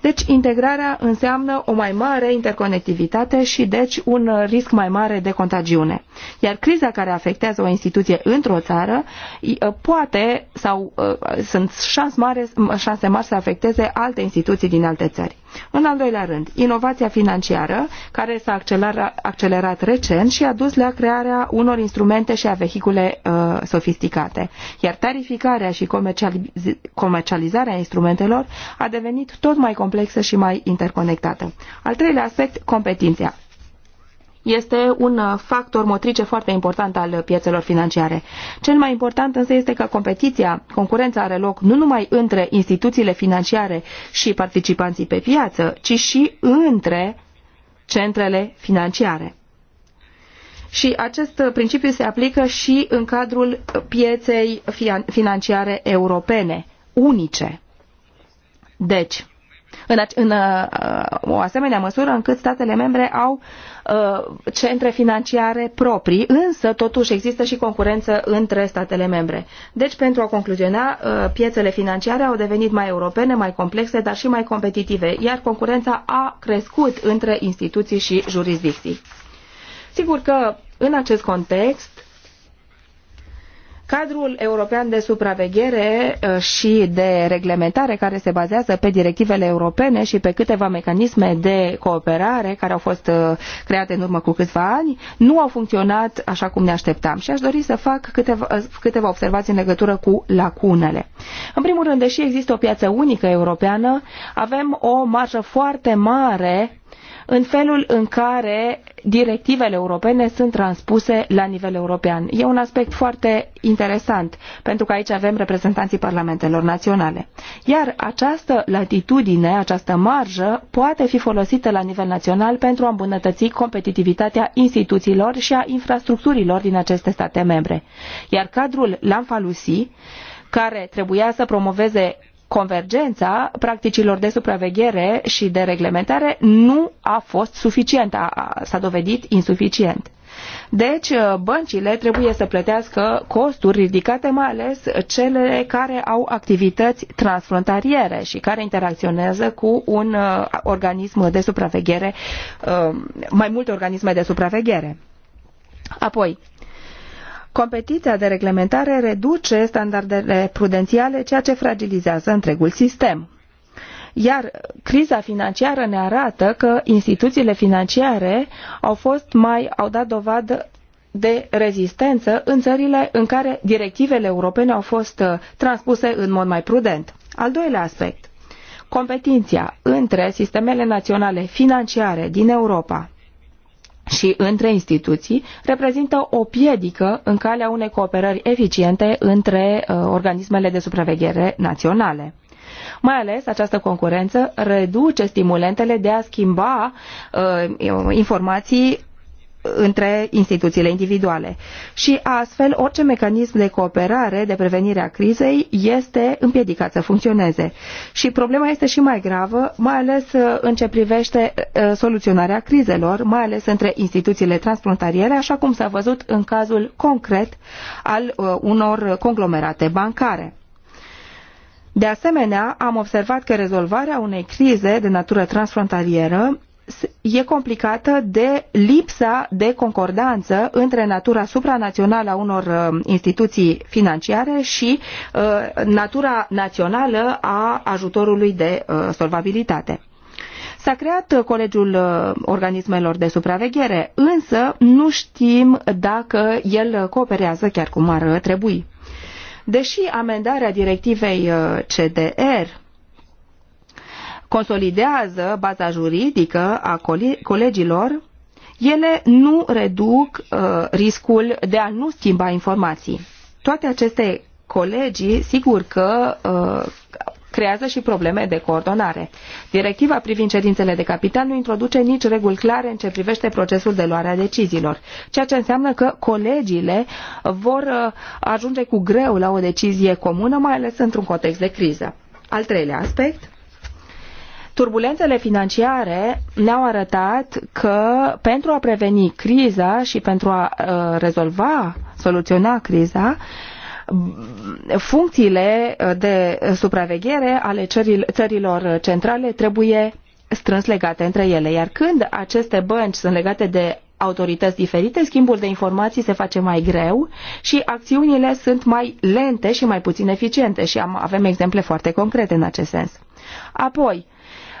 [SPEAKER 1] Deci integrarea înseamnă o mai mare interconectivitate și deci un risc mai mare de contagiune. Iar criza care afectează o instituție într-o țară uh, poate sau uh, sunt șanse mari, șanse mari să afecteze alte instituții din alte țări. În al doilea rând, inovația financiară, care s-a accelerat, recent și a dus la crearea unor instrumente și a vehicule uh, sofisticate. Iar tarificarea și comercializarea instrumentelor a devenit tot mai complexă și mai interconectată. Al treilea aspect, competiția este un factor motrice foarte important al piețelor financiare. Cel mai important însă este că competiția, concurența are loc nu numai între instituțiile financiare și participanții pe piață, ci și între centrele financiare. Și acest principiu se aplică și în cadrul pieței financiare europene, unice. Deci, în, în uh, o asemenea măsură încât statele membre au Uh, centre financiare proprii, însă totuși există și concurență între statele membre. Deci, pentru a concluziona, uh, piețele financiare au devenit mai europene, mai complexe, dar și mai competitive, iar concurența a crescut între instituții și jurisdicții. Sigur că, în acest context, Cadrul european de supraveghere uh, și de reglementare care se bazează pe directivele europene și pe câteva mecanisme de cooperare care au fost uh, create în urmă cu câțiva ani nu au funcționat așa cum ne așteptam și aș dori să fac câteva, uh, câteva observații în legătură cu lacunele. În primul rând, deși există o piață unică europeană, avem o marjă foarte mare în felul în care directivele europene sunt transpuse la nivel european. E un aspect foarte interesant, pentru că aici avem reprezentanții parlamentelor naționale. Iar această latitudine, această marjă, poate fi folosită la nivel național pentru a îmbunătăți competitivitatea instituțiilor și a infrastructurilor din aceste state membre. Iar cadrul Lamfalusi, care trebuia să promoveze convergența practicilor de supraveghere și de reglementare nu a fost suficientă, s-a dovedit insuficient. Deci, uh, băncile trebuie să plătească costuri ridicate, mai ales cele care au activități transfrontaliere și care interacționează cu un uh, organism de supraveghere, uh, mai multe organisme de supraveghere. Apoi, Competiția de reglementare reduce standardele prudențiale, ceea ce fragilizează întregul sistem. Iar criza financiară ne arată că instituțiile financiare au fost mai, au dat dovadă de rezistență în țările în care directivele europene au fost uh, transpuse în mod mai prudent. Al doilea aspect, competiția între sistemele naționale financiare din Europa și între instituții reprezintă o piedică în calea unei cooperări eficiente între uh, organismele de supraveghere naționale. Mai ales această concurență reduce stimulentele de a schimba uh, informații între instituțiile individuale. Și astfel, orice mecanism de cooperare, de prevenire a crizei, este împiedicat să funcționeze. Și problema este și mai gravă, mai ales uh, în ce privește uh, soluționarea crizelor, mai ales între instituțiile transfrontaliere, așa cum s-a văzut în cazul concret al uh, unor conglomerate bancare. De asemenea, am observat că rezolvarea unei crize de natură transfrontalieră e complicată de lipsa de concordanță între natura supranațională a unor uh, instituții financiare și uh, natura națională a ajutorului de uh, solvabilitate. S-a creat Colegiul Organismelor de Supraveghere, însă nu știm dacă el cooperează chiar cum ar trebui. Deși amendarea directivei CDR consolidează baza juridică a colegilor, ele nu reduc uh, riscul de a nu schimba informații. Toate aceste colegii, sigur că uh, creează și probleme de coordonare. Directiva privind cerințele de capital nu introduce nici reguli clare în ce privește procesul de luare a deciziilor, ceea ce înseamnă că colegiile vor uh, ajunge cu greu la o decizie comună, mai ales într-un context de criză. Al treilea aspect Turbulențele financiare ne-au arătat că pentru a preveni criza și pentru a uh, rezolva, soluționa criza, funcțiile uh, de supraveghere ale țărilor centrale trebuie strâns legate între ele, iar când aceste bănci sunt legate de autorități diferite, schimbul de informații se face mai greu și acțiunile sunt mai lente și mai puțin eficiente și am, avem exemple foarte concrete în acest sens. Apoi,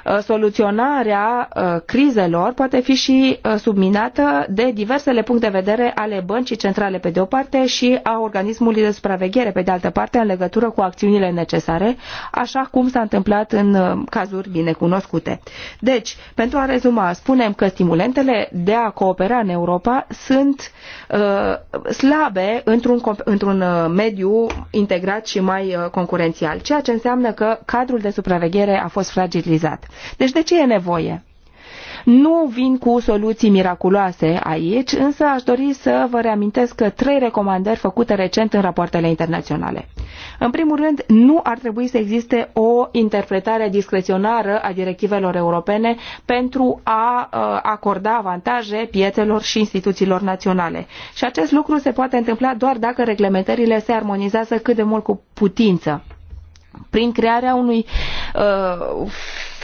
[SPEAKER 1] Uh, soluționarea uh, crizelor poate fi și uh, subminată de diversele puncte de vedere ale băncii centrale pe de o parte și a organismului de supraveghere pe de altă parte în legătură cu acțiunile necesare, așa cum s-a întâmplat în cazuri binecunoscute. Deci, pentru a rezuma, spunem că stimulentele de a coopera în Europa sunt uh, slabe într-un, într-un mediu integrat și mai concurențial, ceea ce înseamnă că cadrul de supraveghere a fost fragilizat. Deci de ce e nevoie? Nu vin cu soluții miraculoase aici, însă aș dori să vă reamintesc că trei recomandări făcute recent în rapoartele internaționale. În primul rând, nu ar trebui să existe o interpretare discreționară a directivelor europene pentru a uh, acorda avantaje piețelor și instituțiilor naționale. Și acest lucru se poate întâmpla doar dacă reglementările se armonizează cât de mult cu putință prin crearea unui uh,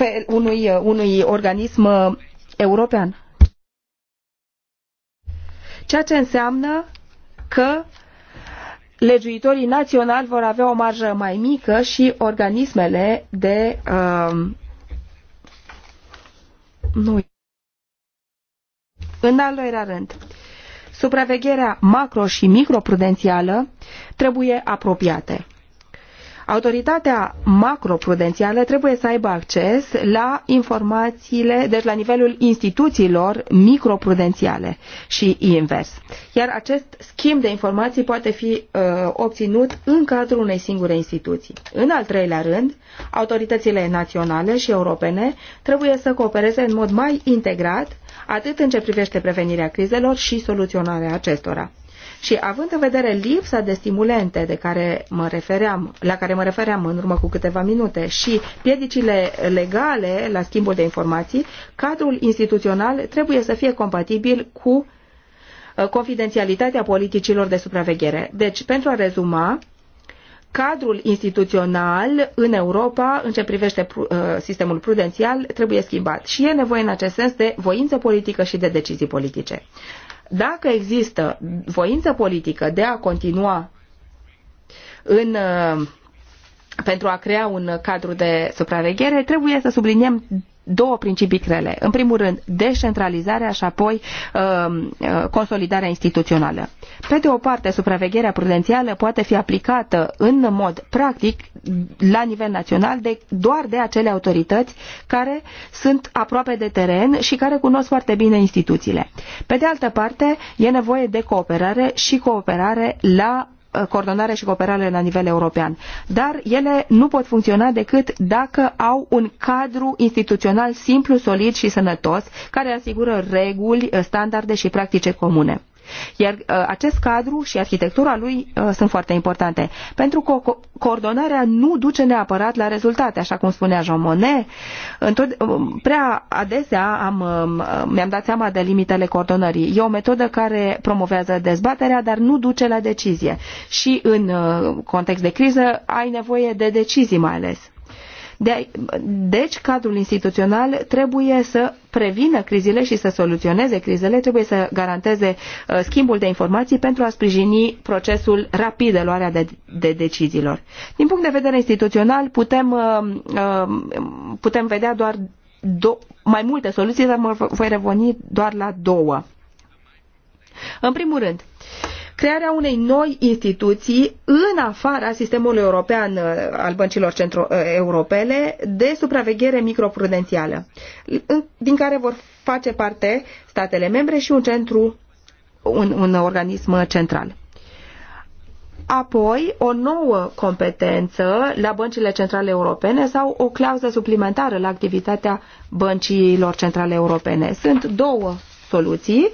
[SPEAKER 1] fel, unui, uh, unui organism uh, european. Ceea ce înseamnă că legiuitorii naționali vor avea o marjă mai mică și organismele de uh, nu. În al doilea rând, supravegherea macro și microprudențială trebuie apropiate. Autoritatea macroprudențială trebuie să aibă acces la informațiile, deci la nivelul instituțiilor microprudențiale și invers. Iar acest schimb de informații poate fi uh, obținut în cadrul unei singure instituții. În al treilea rând, autoritățile naționale și europene trebuie să coopereze în mod mai integrat atât în ce privește prevenirea crizelor și soluționarea acestora. Și având în vedere lipsa de stimulente de care mă refeream, la care mă refeream în urmă cu câteva minute și piedicile legale la schimbul de informații, cadrul instituțional trebuie să fie compatibil cu uh, confidențialitatea politicilor de supraveghere. Deci, pentru a rezuma, cadrul instituțional în Europa, în ce privește uh, sistemul prudențial, trebuie schimbat și e nevoie în acest sens de voință politică și de decizii politice. Dacă există voință politică de a continua în, uh, pentru a crea un cadru de supraveghere, trebuie să subliniem două principii grele. În primul rând, descentralizarea și apoi um, uh, consolidarea instituțională. Pe de o parte, supravegherea prudențială poate fi aplicată în mod practic la nivel național de, doar de acele autorități care sunt aproape de teren și care cunosc foarte bine instituțiile. Pe de altă parte, e nevoie de cooperare și cooperare la Uh, coordonare și cooperare la nivel european. Dar ele nu pot funcționa decât dacă au un cadru instituțional simplu, solid și sănătos, care asigură reguli, uh, standarde și practice comune. Iar uh, acest cadru și arhitectura lui uh, sunt foarte importante, pentru că coordonarea nu duce neapărat la rezultate, așa cum spunea Jean Monnet. Um, prea adesea am, um, uh, mi-am dat seama de limitele coordonării. E o metodă care promovează dezbaterea, dar nu duce la decizie. Și în context de criză ai nevoie de decizii mai ales. De, deci, cadrul instituțional trebuie să prevină crizele și să soluționeze crizele, trebuie să garanteze uh, schimbul de informații pentru a sprijini procesul rapid de luarea de, de deciziilor. Din punct de vedere instituțional, putem, uh, uh, putem vedea doar do mai multe soluții, dar mă voi reveni doar la două. În primul rând, crearea unei noi instituții în afara sistemului european uh, al băncilor centro-europene uh, de supraveghere microprudențială, din care vor face parte statele membre și un centru, un, un organism central. Apoi, o nouă competență la băncile centrale europene sau o clauză suplimentară la activitatea băncilor centrale europene. Sunt două soluții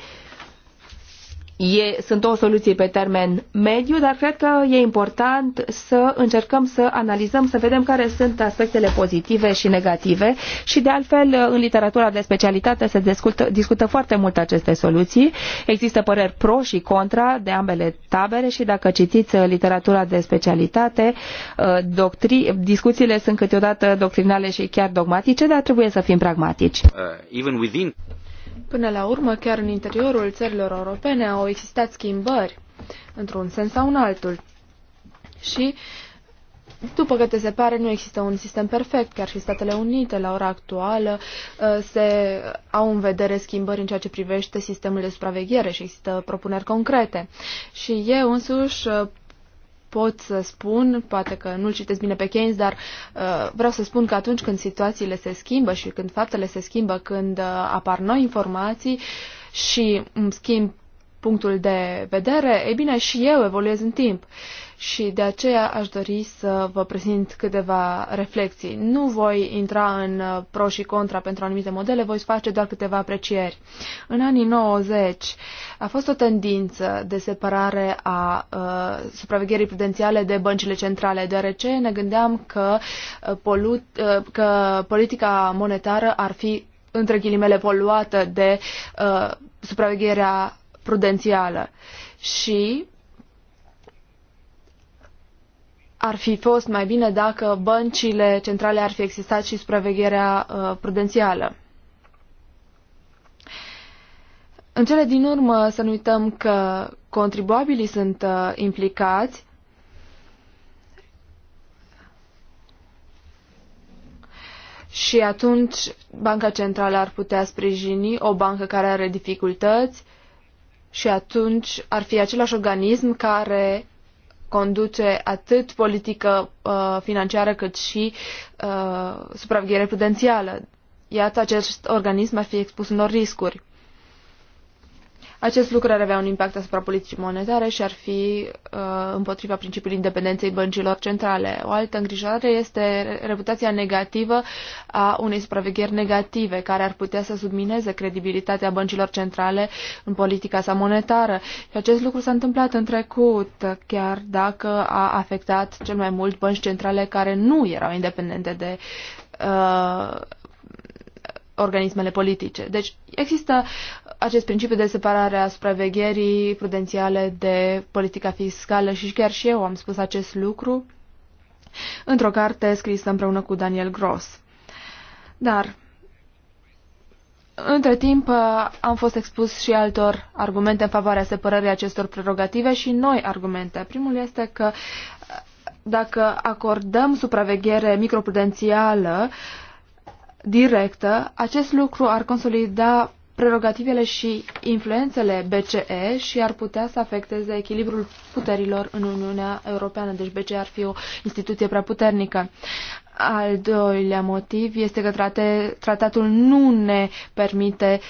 [SPEAKER 1] E, sunt o soluție pe termen mediu, dar cred că e important să încercăm să analizăm, să vedem care sunt aspectele pozitive și negative și de altfel în literatura de specialitate se discută, discută foarte mult aceste soluții. Există păreri pro și contra de ambele tabere și dacă citiți literatura de specialitate, uh, doctri, discuțiile sunt câteodată doctrinale și chiar dogmatice, dar trebuie să fim pragmatici. Uh,
[SPEAKER 2] even within...
[SPEAKER 3] Până la urmă, chiar în interiorul țărilor europene au existat schimbări, într-un sens sau în altul. Și, după câte se pare, nu există un sistem perfect. Chiar și Statele Unite, la ora actuală, uh, se au în vedere schimbări în ceea ce privește sistemul de supraveghere și există propuneri concrete. Și eu însuși uh, pot să spun, poate că nu-l citesc bine pe Keynes, dar uh, vreau să spun că atunci când situațiile se schimbă și când faptele se schimbă, când uh, apar noi informații și, îmi schimb, punctul de vedere, e bine, și eu evoluez în timp. Și de aceea aș dori să vă prezint câteva reflexii. Nu voi intra în uh, pro și contra pentru anumite modele, voi face doar câteva aprecieri. În anii 90 a fost o tendință de separare a uh, supravegherii prudențiale de băncile centrale, deoarece ne gândeam că, uh, polut, uh, că politica monetară ar fi între ghilimele poluată de uh, supravegherea prudențială și ar fi fost mai bine dacă băncile centrale ar fi existat și supravegherea uh, prudențială. În cele din urmă să nu uităm că contribuabilii sunt uh, implicați și atunci Banca Centrală ar putea sprijini o bancă care are dificultăți și atunci ar fi același organism care conduce atât politică uh, financiară cât și uh, supraveghere prudențială. Iată, acest organism ar fi expus unor riscuri. Acest lucru ar avea un impact asupra politicii monetare și ar fi uh, împotriva principiului independenței băncilor centrale. O altă îngrijorare este reputația negativă a unei supravegheri negative, care ar putea să submineze credibilitatea băncilor centrale în politica sa monetară. Și acest lucru s-a întâmplat în trecut, chiar dacă a afectat cel mai mult bănci centrale care nu erau independente de uh, organismele politice. Deci există acest principiu de separare a supravegherii prudențiale de politica fiscală și chiar și eu am spus acest lucru într-o carte scrisă împreună cu Daniel Gross. Dar, între timp, am fost expus și altor argumente în favoarea separării acestor prerogative și noi argumente. Primul este că dacă acordăm supraveghere microprudențială, uh, directă, acest lucru ar consolida prerogativele și influențele BCE și ar putea să afecteze echilibrul puterilor în Uniunea Europeană. Deci BCE ar fi o instituție prea puternică. Al doilea motiv este că trate, tratatul nu ne permite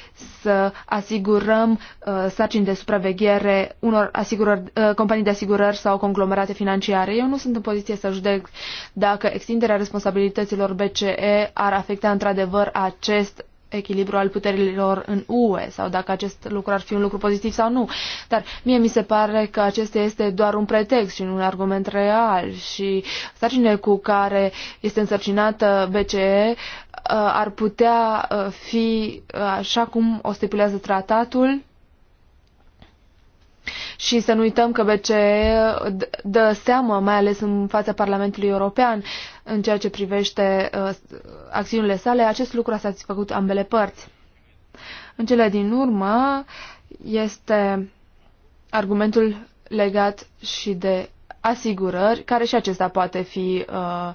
[SPEAKER 3] să asigurăm uh, sarcini de supraveghere unor asigurări, uh, companii de asigurări sau conglomerate financiare. Eu nu sunt în poziție să judec dacă extinderea responsabilităților BCE ar afecta într-adevăr acest echilibru al puterilor în UE sau dacă acest lucru ar fi un lucru pozitiv sau nu. Dar mie mi se pare că acesta este doar un pretext și un argument real și sarcinile cu care este însărcinată BCE uh, ar putea uh, fi uh, așa cum o stipulează tratatul și să nu uităm că BCE dă seamă, mai ales în fața Parlamentului European, uh, în ceea ce privește uh, acțiunile sale, acest lucru a satisfăcut ambele părți. În cele din urmă este argumentul legat și de asigurări, care și acesta poate fi uh,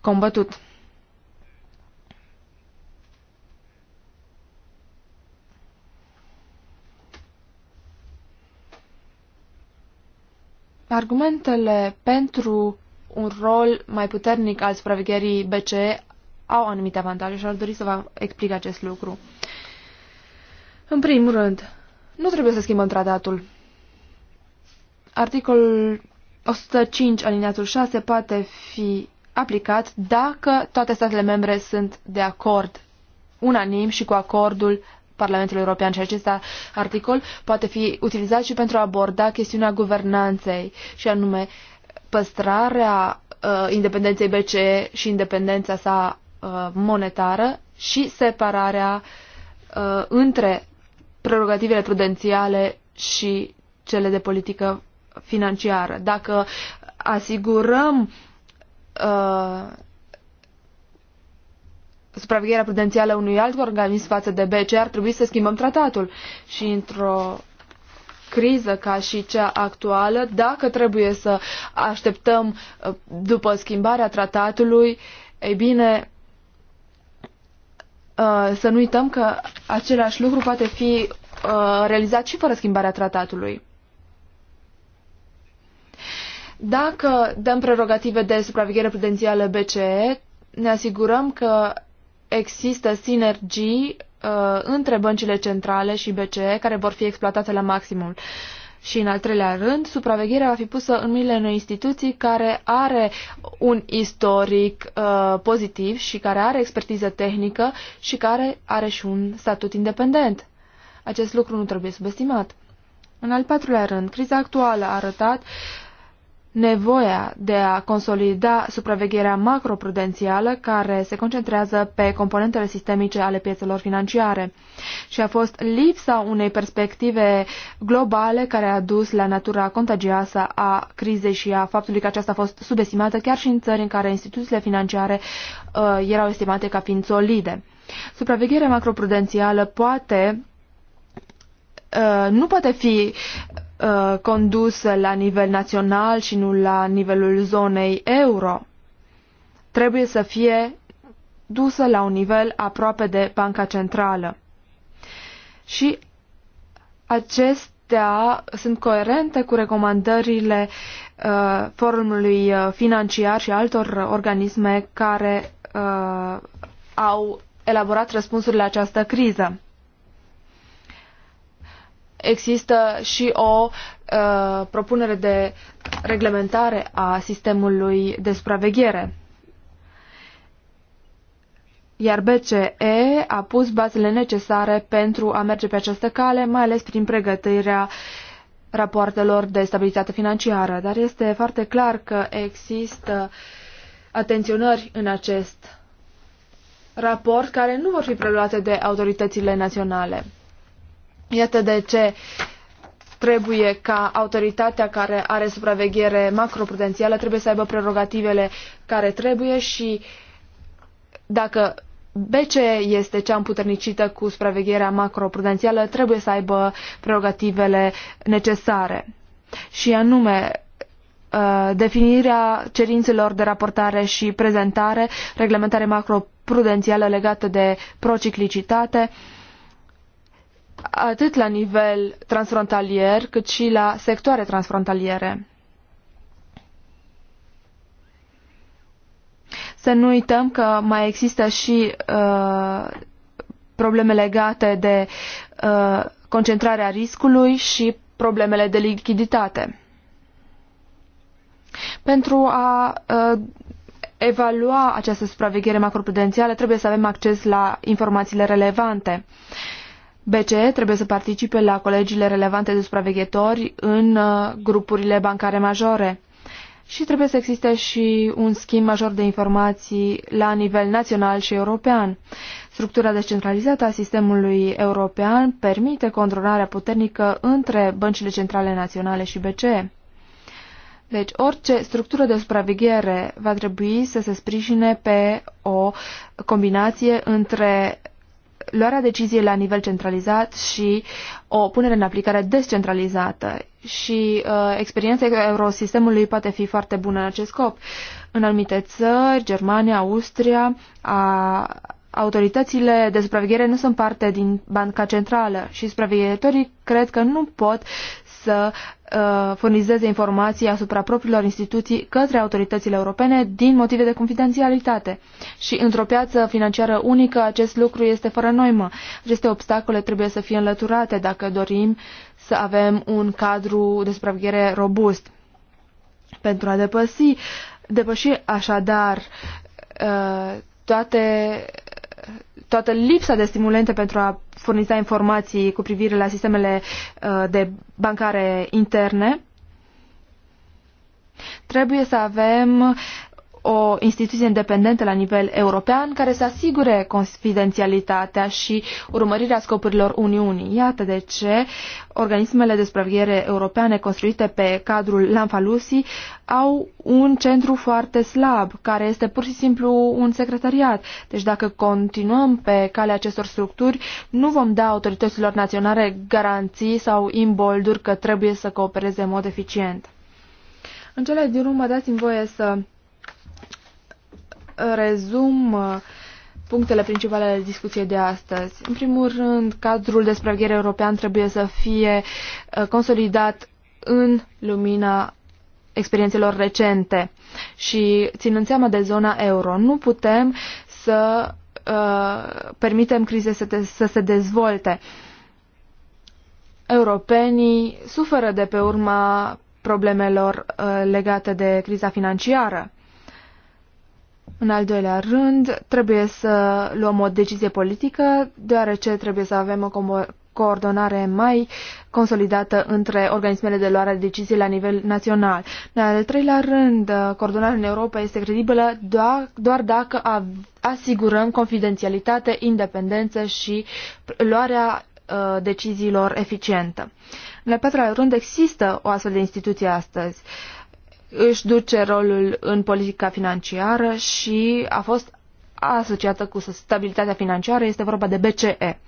[SPEAKER 3] combătut. Argumentele pentru un rol mai puternic al supravegherii BCE au anumite avantaje și ar dori să vă explic acest lucru. În primul rând, nu trebuie să schimbăm tratatul. Articolul 105 aliniatul 6 poate fi aplicat dacă toate statele membre sunt de acord unanim și cu acordul Parlamentului European și acest articol poate fi utilizat și pentru a aborda chestiunea guvernanței și anume uh, păstrarea uh, independenței BCE și independența sa uh, monetară și separarea uh, între prerogativele prudențiale și cele de politică financiară. Dacă asigurăm uh, supravegherea prudențială unui alt organism față de BCE, ar trebui să schimbăm tratatul și într-o criză ca și cea actuală, dacă trebuie să așteptăm uh, după schimbarea tratatului, ei bine, uh, să nu uităm că același lucru poate fi uh, realizat și fără schimbarea tratatului. Dacă dăm prerogative de supraveghere prudențială BCE, ne asigurăm că există sinergii uh, între băncile centrale și BCE, care vor fi exploatate la maximum. Și în al treilea rând, supravegherea va fi pusă în mâinile unei instituții care are un istoric uh, pozitiv și care are expertiză tehnică și care are și un statut independent. Acest lucru nu trebuie subestimat. În al patrulea rând, criza actuală a arătat uh, nevoia de a consolida supravegherea macroprudențială care se concentrează pe componentele sistemice ale piețelor financiare și a fost lipsa unei perspective globale care a dus la natura contagioasă a crizei și a faptului că aceasta a fost subestimată chiar și în țări în care instituțiile financiare uh, erau estimate ca fiind solide. Supravegherea macroprudențială poate uh, nu poate fi Uh, condusă la nivel național și nu la nivelul zonei euro, trebuie să fie dusă la un nivel aproape de Banca Centrală. Și acestea sunt coerente cu recomandările uh, forumului uh, financiar și altor organisme care uh, au elaborat răspunsuri la această criză există și o uh, propunere de reglementare a sistemului de supraveghere. Iar BCE a pus bazele necesare pentru a merge pe această cale, mai ales prin pregătirea rapoartelor de stabilitate financiară. Dar este foarte clar că există atenționări în acest raport care nu vor fi preluate de autoritățile naționale. Iată de ce trebuie ca autoritatea care are supraveghere macroprudențială trebuie să aibă prerogativele care trebuie și dacă BCE este cea împuternicită cu supravegherea macroprudențială, trebuie să aibă prerogativele necesare. Și anume, uh, definirea cerințelor de raportare și prezentare, reglementare macroprudențială legată de prociclicitate, uh, atât la nivel transfrontalier, cât și la sectoare transfrontaliere. Să nu uităm că mai există și uh, probleme legate de uh, concentrarea riscului și problemele de lichiditate. Pentru a uh, evalua această supraveghere macroprudențială trebuie să avem acces la informațiile relevante. Uh, BCE trebuie să participe la colegiile relevante de supraveghetori în uh, grupurile bancare majore și trebuie să existe și un schimb major de informații la nivel național și european. Structura descentralizată a sistemului european permite controlarea puternică între băncile centrale naționale și BCE. Deci orice structură de supraveghere va trebui să se sprijine pe o combinație între luarea deciziei la nivel centralizat și o punere în aplicare descentralizată. Și uh, experiența eurosistemului poate fi foarte bună în acest scop. În anumite țări, Germania, Austria, a, autoritățile de supraveghere nu sunt parte din banca centrală și supraveghetorii cred că nu pot să uh, furnizeze informații asupra propriilor instituții către autoritățile europene din motive de confidențialitate. Și într-o piață financiară unică acest lucru este fără noimă. Aceste obstacole trebuie să fie înlăturate dacă dorim să avem un cadru de supraveghere robust. Pentru a depăși, depăși așadar uh, toate toată lipsa de stimulente pentru a furniza informații cu privire la sistemele uh, de bancare interne. Trebuie să avem o instituție independentă la nivel european care să asigure confidențialitatea și urmărirea scopurilor Uniunii. Iată de ce organismele de supraveghere europeane construite pe cadrul Lamfalusi au un centru foarte slab, care este pur și simplu un secretariat. Deci dacă continuăm pe calea acestor structuri, nu vom da autorităților naționale garanții sau imbolduri că trebuie să coopereze în mod eficient. În cele din urmă dați-mi voie să rezum uh, punctele principale ale discuției de astăzi. În primul rând, cadrul de supraveghere european trebuie să fie uh, consolidat în lumina experiențelor recente și ținând seama de zona euro, nu putem să uh, permitem crize să, te, să se dezvolte. Europenii suferă de pe urma problemelor uh, legate de criza financiară. În al doilea rând, trebuie să luăm o decizie politică, deoarece trebuie să avem o coordonare mai consolidată între organismele de luare de decizii la nivel național. În al treilea rând, coordonarea în Europa este credibilă doar, doar dacă asigurăm confidențialitate, independență și luarea uh, deciziilor eficientă. În al patrulea rând, există o astfel de instituție astăzi. Uh, își duce rolul în politica financiară și a fost asociată cu stabilitatea financiară, este vorba de BCE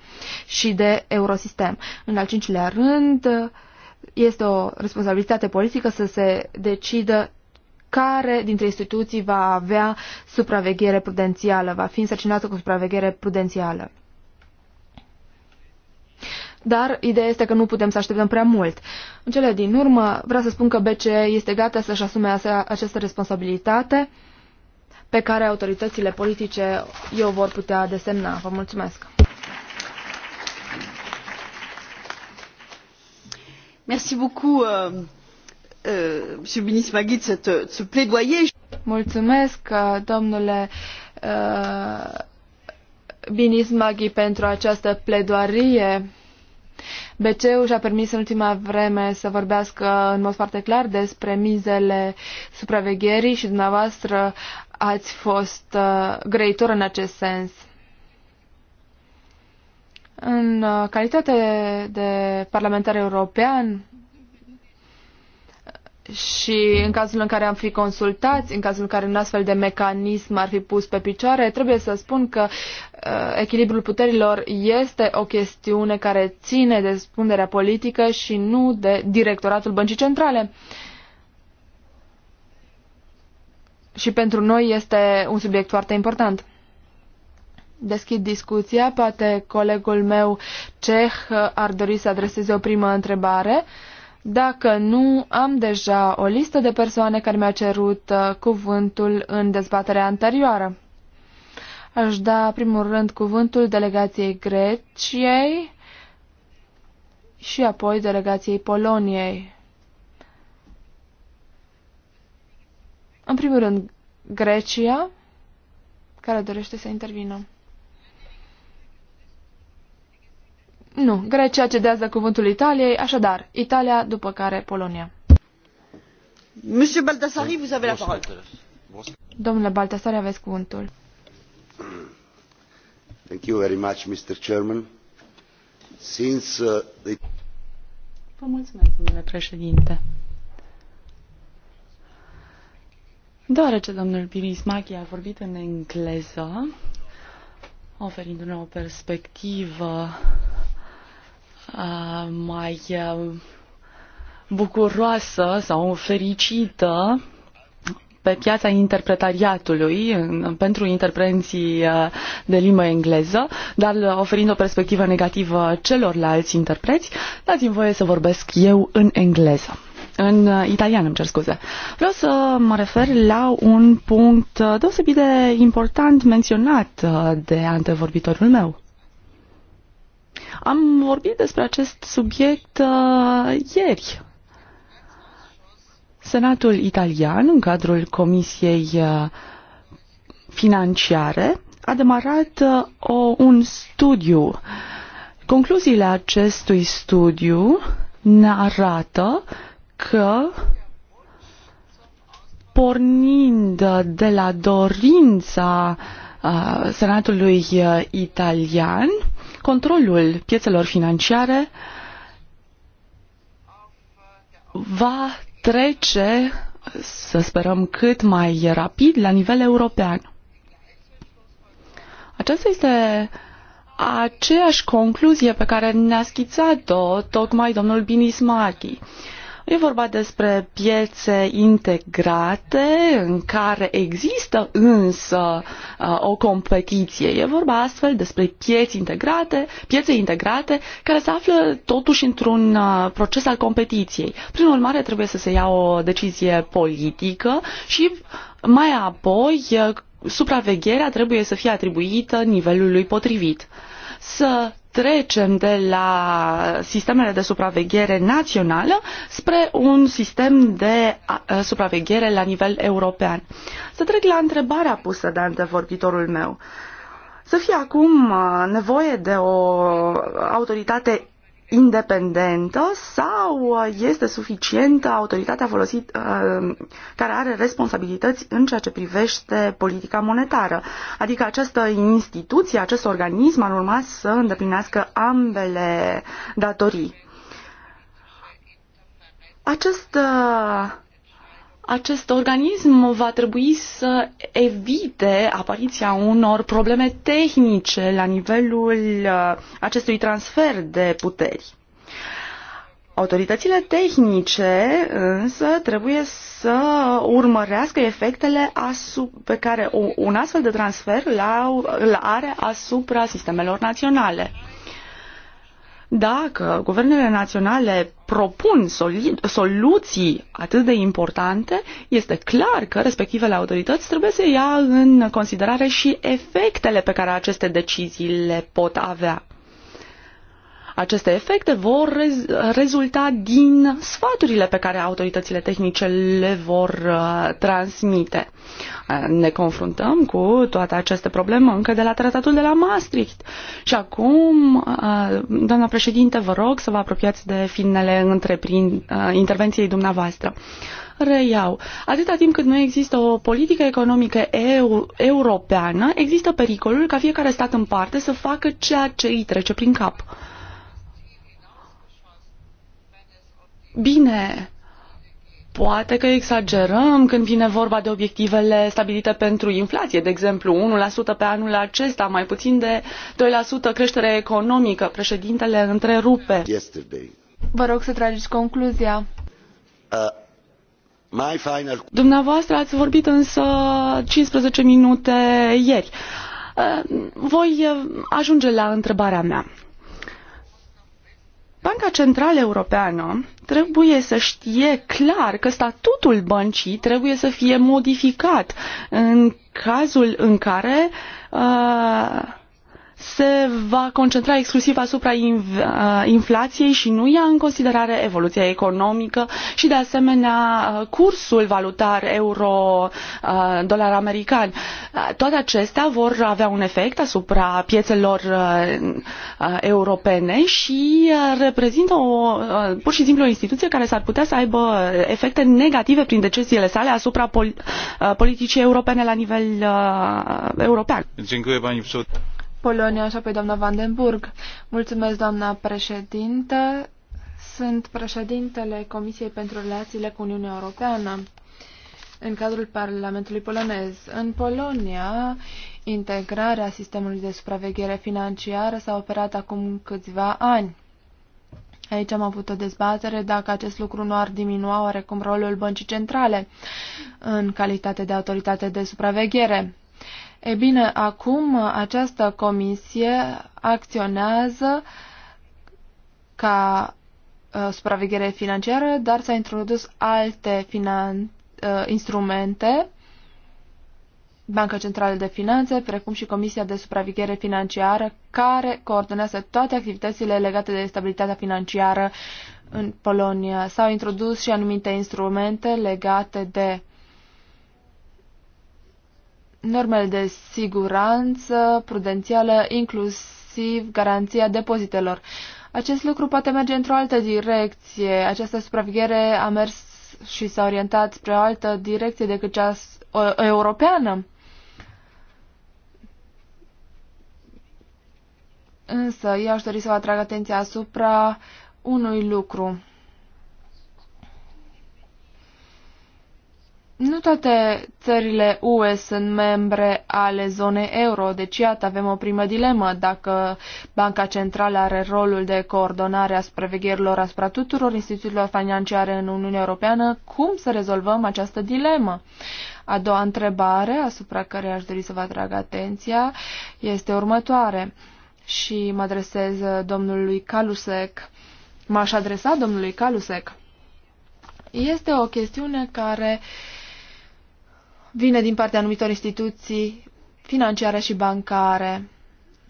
[SPEAKER 3] și de Eurosistem. În al cincilea rând, este o responsabilitate politică să se decidă care dintre instituții va avea supraveghere prudențială, va fi însărcinată cu supraveghere prudențială dar ideea este că nu putem să așteptăm prea mult. În cele din urmă, vreau să spun că BCE este gata să-și asume această responsabilitate pe care autoritățile politice eu vor putea desemna. Vă mulțumesc! Merci beaucoup, euh, euh, Monsieur ministre Magui, de cette, ce plaidoyer. Mulțumesc, uh, domnule uh, ministre Binis pentru această pledoarie. BCE-ul și-a permis în ultima vreme să vorbească în mod foarte clar despre mizele supravegherii și dumneavoastră ați fost uh, greitor în acest sens. În uh, calitate de parlamentar european, și în cazul în care am fi consultați, în cazul în care un astfel de mecanism ar fi pus pe picioare, trebuie să spun că uh, echilibrul puterilor este o chestiune care ține de spunderea politică și nu de directoratul băncii centrale. Și pentru noi este un subiect foarte important. Deschid discuția, poate colegul meu ceh ar dori să adreseze o primă întrebare. Uh, dacă nu, am deja o listă de persoane care mi-a cerut uh, cuvântul în dezbaterea anterioară. Aș da, primul rând, cuvântul delegației Greciei și apoi delegației Poloniei. În primul rând, Grecia, care dorește să intervină. Nu, Grecia cedează cuvântul Italiei, așadar, Italia, după care Polonia. Monsieur Baldassari, vous avez la parole. Domnule Baldassari, aveți cuvântul.
[SPEAKER 2] Thank you very much, Mr. Chairman. Since uh, the...
[SPEAKER 4] Vă mulțumesc, domnule președinte. Deoarece domnul Pirismachi a vorbit în engleză, oferindu-ne o perspectivă Uh, mai uh, bucuroasă sau fericită pe piața interpretariatului pentru interprenții uh, de limbă engleză, dar oferind o perspectivă negativă celorlalți interpreți, dați-mi voie să vorbesc eu în engleză. În italian, îmi cer scuze. Vreau să mă refer la un punct deosebit de important menționat de antevorbitorul meu. Am vorbit despre acest subiect uh, ieri. Senatul italian, în cadrul Comisiei uh, Financiare, a demarat uh, o, un studiu. Concluziile acestui studiu ne arată că pornind uh, de la dorința uh, Senatului uh, italian, Controlul piețelor financiare va trece, să sperăm cât mai rapid, la nivel european. Aceasta este aceeași concluzie pe care ne-a schițat-o tocmai domnul Binismaki. Uh, E vorba despre piețe integrate în care există însă o competiție. E vorba astfel despre piețe integrate, piețe integrate care se află totuși într-un proces al competiției. Prin urmare trebuie să se ia o decizie politică și mai apoi supravegherea trebuie să fie atribuită nivelului potrivit. Să trecem de la sistemele de supraveghere națională spre un sistem de supraveghere la nivel european. Să trec la întrebarea pusă de antevorbitorul meu. Să fie acum nevoie de o autoritate independentă sau uh, este suficientă autoritatea folosit, uh, care are responsabilități în ceea ce privește politica monetară? Adică această instituție, acest organism ar urma să îndeplinească ambele datorii. Acest uh, acest organism va trebui să evite apariția unor probleme tehnice la nivelul uh, acestui transfer de puteri. Autoritățile tehnice însă trebuie să urmărească efectele pe care un astfel de transfer l are asupra sistemelor naționale. Dacă guvernele naționale propun soluții atât de importante, este clar că respectivele autorități trebuie să ia în considerare și efectele pe care aceste decizii le pot avea. Aceste efecte vor rez rezulta din sfaturile pe care autoritățile tehnice le vor uh, transmite. Uh, ne confruntăm cu toate aceste probleme încă de la tratatul de la Maastricht. Și acum, uh, doamna președinte, vă rog să vă apropiați de finele întreprin, intervenției dumneavoastră reiau. Atâta timp cât nu există o politică economică eu, europeană, există pericolul ca fiecare stat în parte să facă ceea ce îi trece prin cap. Bine, Poate că exagerăm când vine vorba de obiectivele stabilite pentru inflație, de exemplu 1% pe anul acesta, mai puțin de 2% creștere economică. Președintele întrerupe. Yesterday. Vă rog să trageți concluzia. Uh, final... Dumneavoastră ați vorbit însă 15 minute ieri. Uh, voi uh, ajunge la întrebarea mea. Banca Centrală Europeană trebuie să știe clar că statutul băncii trebuie să fie modificat în cazul în care uh, se va concentra exclusiv asupra uh, inflației și nu ia în considerare evoluția economică și, de asemenea, uh, cursul valutar euro-dolar uh, american. Toate acestea vor avea un efect asupra piețelor europene și reprezintă o, pur și simplu o instituție care s-ar putea să aibă efecte negative prin deciziile sale asupra pol politicii europene la nivel european. Dziękuję Pani Przewodnicząca. Polonia și apoi doamna Vandenburg. Mulțumesc, doamna
[SPEAKER 3] președintă. Sunt președintele Comisiei pentru Relațiile cu Uniunea Europeană în cadrul Parlamentului polonez. În Polonia, integrarea sistemului de supraveghere financiară s-a operat acum câțiva ani. Aici am avut o dezbatere dacă acest lucru nu ar diminua oarecum rolul băncii centrale în calitate de autoritate de supraveghere. E bine, acum această comisie acționează ca uh, supraveghere financiară, dar s-au introdus alte finan uh, instrumente, Banca Centrală de Finanțe, precum și Comisia de Supraveghere Financiară, care coordonează toate activitățile legate de stabilitatea financiară în Polonia. S-au introdus și anumite instrumente legate de normele de siguranță prudențială, inclusiv garanția depozitelor. Acest lucru poate merge într-o altă direcție. Această supraveghere a mers și s-a orientat spre o altă direcție decât cea europeană. Însă, eu aș dori să vă atrag atenția asupra unui lucru. Nu toate țările UE sunt membre ale zonei euro, deci iată avem o primă dilemă dacă Banca Centrală are rolul de coordonare a supravegherilor asupra tuturor instituțiilor financiare în Uniunea Europeană, cum să rezolvăm această dilemă? A doua întrebare asupra care aș dori să vă atrag atenția este următoare și mă adresez domnului Calusec. M-aș adresa domnului Calusec. Este o chestiune care uh, vine din partea anumitor instituții financiare și bancare.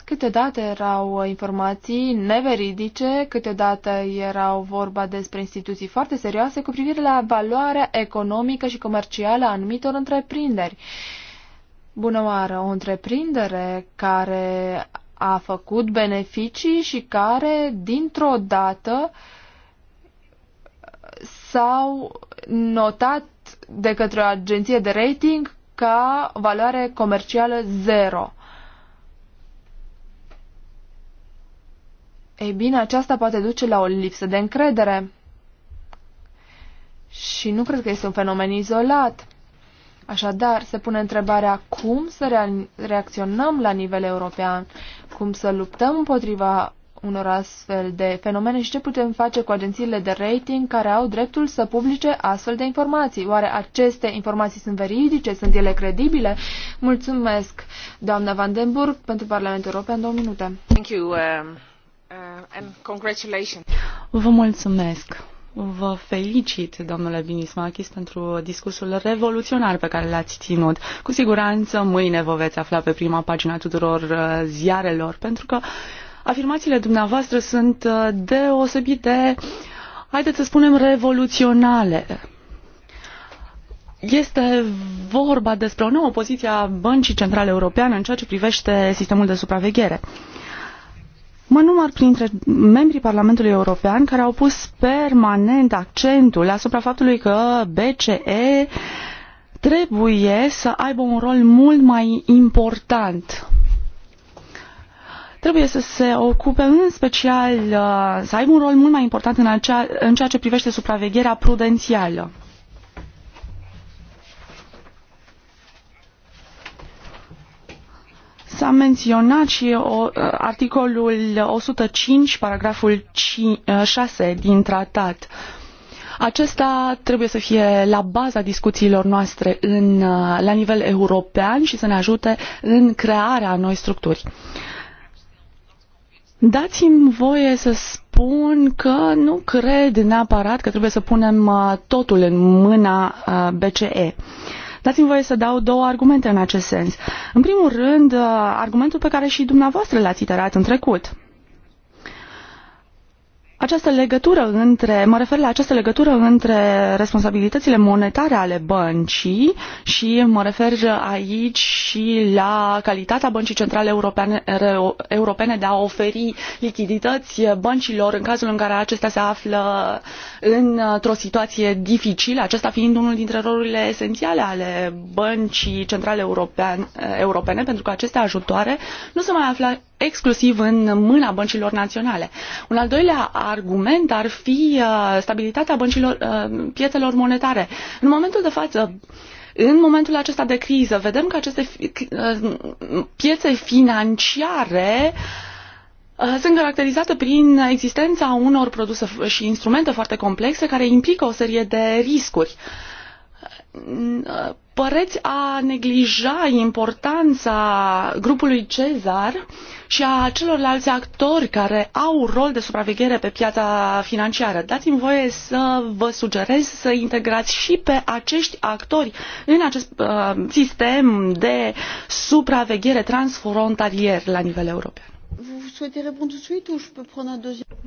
[SPEAKER 3] Câteodată erau informații neveridice, câteodată erau vorba despre instituții foarte serioase cu privire la valoarea economică și comercială a anumitor întreprinderi. Bună oară, o întreprindere care a făcut beneficii și care, dintr-o dată, s-au notat de către o agenție de rating ca valoare comercială zero. Ei bine, aceasta poate duce la o lipsă de încredere. Și nu cred că este un fenomen izolat. Așadar, se pune întrebarea cum să reacționăm la nivel european, cum să luptăm împotriva unor astfel de fenomene și ce putem face cu agențiile de rating care au dreptul să publice astfel de informații. Oare aceste informații sunt veridice? Sunt ele credibile? Mulțumesc, doamna Vandenburg, pentru Parlamentul European. Două minute. Thank you, um, uh, and
[SPEAKER 4] congratulations. Vă mulțumesc. Vă felicit, domnule Binismachis, pentru discursul revoluționar pe care l-ați ținut. Cu siguranță mâine vă veți afla pe prima pagina tuturor uh, ziarelor, pentru că uh, Afirmațiile dumneavoastră sunt uh, deosebit de, haideți să spunem, revoluționale. Este vorba despre o nouă poziție a Băncii Centrale Europeane în ceea ce privește sistemul de supraveghere. Mă număr printre membrii Parlamentului European care au pus permanent accentul asupra faptului că BCE trebuie să aibă un rol mult mai important trebuie să se ocupe în special, uh, să aibă un rol mult mai important în, acea, în ceea ce privește supravegherea prudențială. S-a menționat și o, uh, articolul 105, paragraful 5, 6 uh, din tratat. Acesta trebuie să fie la baza discuțiilor noastre în, la nivel european și să ne ajute în crearea noi structuri. Dați-mi voie să spun că nu cred neapărat că trebuie să punem uh, totul în mâna uh, BCE. Dați-mi voie să dau două argumente în acest sens. În primul rând, uh, argumentul pe care și dumneavoastră l-ați iterat în trecut această legătură între, mă refer la această legătură între responsabilitățile monetare ale băncii și mă refer aici și la calitatea Băncii Centrale Europene, Europene de a oferi lichidități băncilor în cazul în care acestea se află într-o situație dificilă, acesta fiind unul dintre rolurile esențiale ale Băncii Centrale europene, Europene, pentru că aceste ajutoare nu se mai află exclusiv în mâna băncilor naționale. Un al doilea argument ar fi uh, stabilitatea băncilor, uh, piețelor monetare. În momentul de față, în momentul acesta de criză, vedem că aceste uh, piețe financiare sunt caracterizate prin existența unor produse și instrumente foarte complexe care implică o serie de riscuri. Uh, păreți a neglija importanța grupului Cezar și a celorlalți actori care au rol de supraveghere pe piața financiară. Dați-mi voie să vă sugerez să integrați și pe acești actori în acest uh, sistem de supraveghere transfrontalier la nivel european.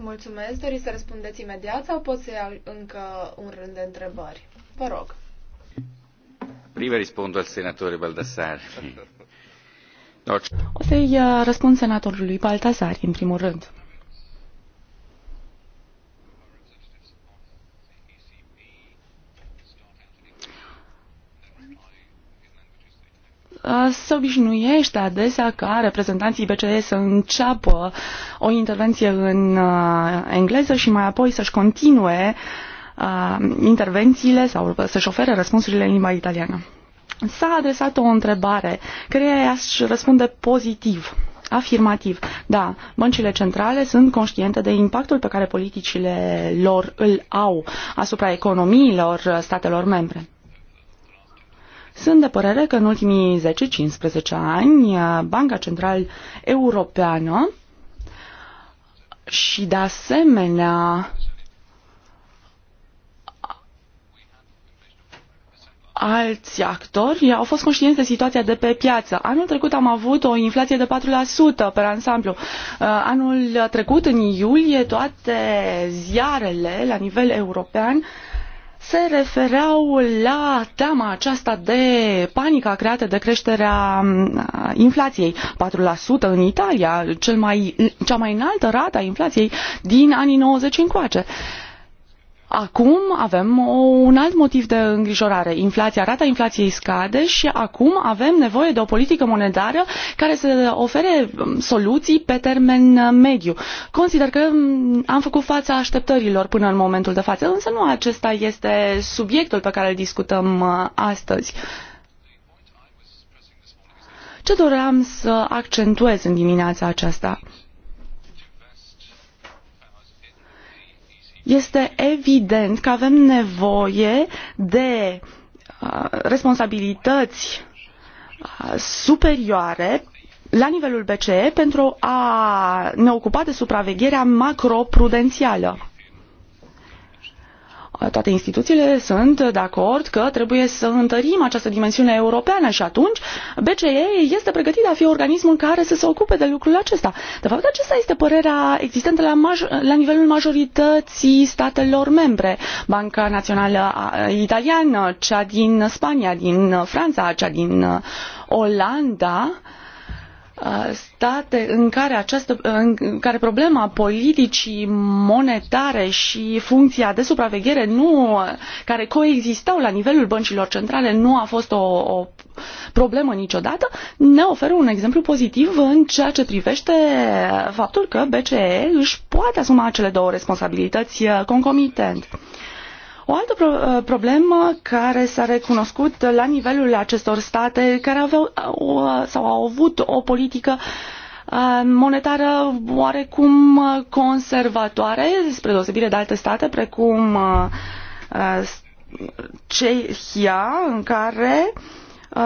[SPEAKER 3] Mulțumesc. Doriți să răspundeți imediat sau pot să iau încă un rând de întrebări? Vă rog.
[SPEAKER 2] Prima răspund al Senatore Baldassare.
[SPEAKER 4] O să-i uh, răspund senatorului Baltazar, în primul rând. Uh, se obișnuiește adesea ca reprezentanții BCE să înceapă o intervenție în uh, engleză și mai apoi să-și continue Uh, intervențiile sau să-și ofere răspunsurile în limba italiană. S-a adresat o întrebare care aș răspunde pozitiv. Afirmativ. Da, băncile centrale sunt conștiente de impactul pe care politicile lor îl au asupra economiilor statelor membre. Sunt de părere că în ultimii 10-15 ani Banca Centrală Europeană și de asemenea alți actori au fost conștienți de situația de pe piață. Anul trecut am avut o inflație de 4% pe ansamblu. Uh, anul trecut, în iulie, toate ziarele la nivel european se refereau la teama aceasta de panica creată de creșterea mm, inflației. 4% în Italia, cel mai, cea mai înaltă rată a inflației din anii 90 încoace. Acum avem o, un alt motiv de îngrijorare. Inflația, rata inflației scade și acum avem nevoie de o politică monetară care să ofere um, soluții pe termen uh, mediu. Consider că um, am făcut fața așteptărilor până în momentul de față, însă nu acesta este subiectul pe care îl discutăm uh, astăzi. Ce doream să accentuez în dimineața aceasta? Este evident că avem nevoie de uh, responsabilități uh, superioare la nivelul BCE pentru a ne ocupa de supravegherea macroprudențială toate instituțiile sunt de acord că trebuie să întărim această dimensiune europeană și atunci BCE este pregătit a fi organismul care să se ocupe de lucrul acesta. De fapt, acesta este părerea existentă la, maj- la nivelul majorității statelor membre. Banca Națională Italiană, cea din Spania, din Franța, cea din uh, Olanda, uh, Uh, state în care, această, uh, în care problema politicii monetare și funcția de supraveghere nu, care coexistau la nivelul băncilor centrale nu a fost o, o problemă niciodată, ne oferă un exemplu pozitiv în ceea ce privește faptul că BCE își poate asuma cele două responsabilități uh, concomitent. O altă pro- uh, problemă care s-a recunoscut la nivelul acestor state care aveau uh, sau au avut o politică uh, monetară oarecum conservatoare, spre deosebire de alte state, precum Cehia, în care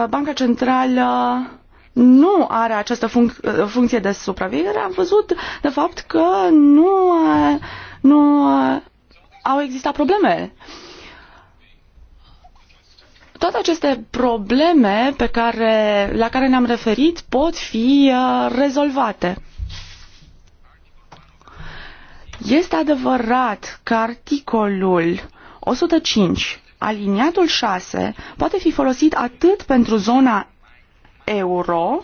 [SPEAKER 4] Banca Centrală nu are această func- funcție de supraveghere, am văzut, de fapt, că nu, nu au existat probleme. Toate aceste probleme pe care, la care ne-am referit pot fi uh, rezolvate. Este adevărat că articolul 105, aliniatul 6, poate fi folosit atât pentru zona euro,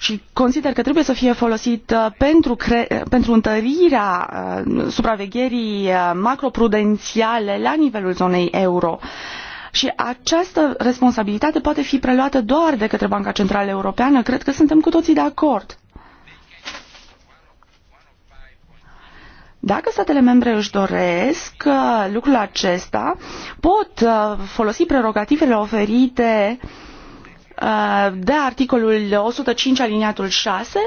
[SPEAKER 4] și consider că trebuie să fie folosit uh, pentru, uh, pentru întărirea uh, supravegherii macroprudențiale la nivelul zonei euro. Și această responsabilitate poate fi preluată doar de către Banca Centrală Europeană. Cred că suntem cu toții de acord. Dacă statele membre își doresc lucrul acesta, pot folosi prerogativele oferite uh, Uh, de articolul 105 aliniatul 6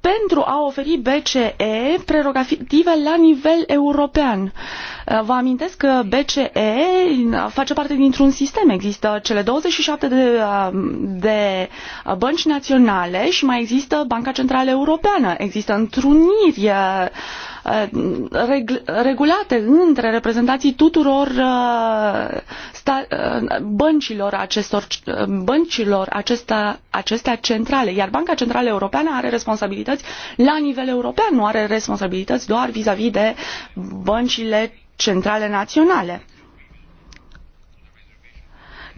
[SPEAKER 4] pentru a oferi BCE prerogative la nivel european. Uh, vă amintesc că BCE face parte dintr-un sistem. Există cele 27 de, uh, de bănci naționale și mai există Banca Centrală Europeană. Există întruniri Uh, regulate între reprezentanții tuturor uh, sta, uh, băncilor acestor băncilor acesta, acestea centrale, iar Banca Centrală Europeană are responsabilități la nivel european, nu are responsabilități doar vis a -vis de băncile centrale naționale.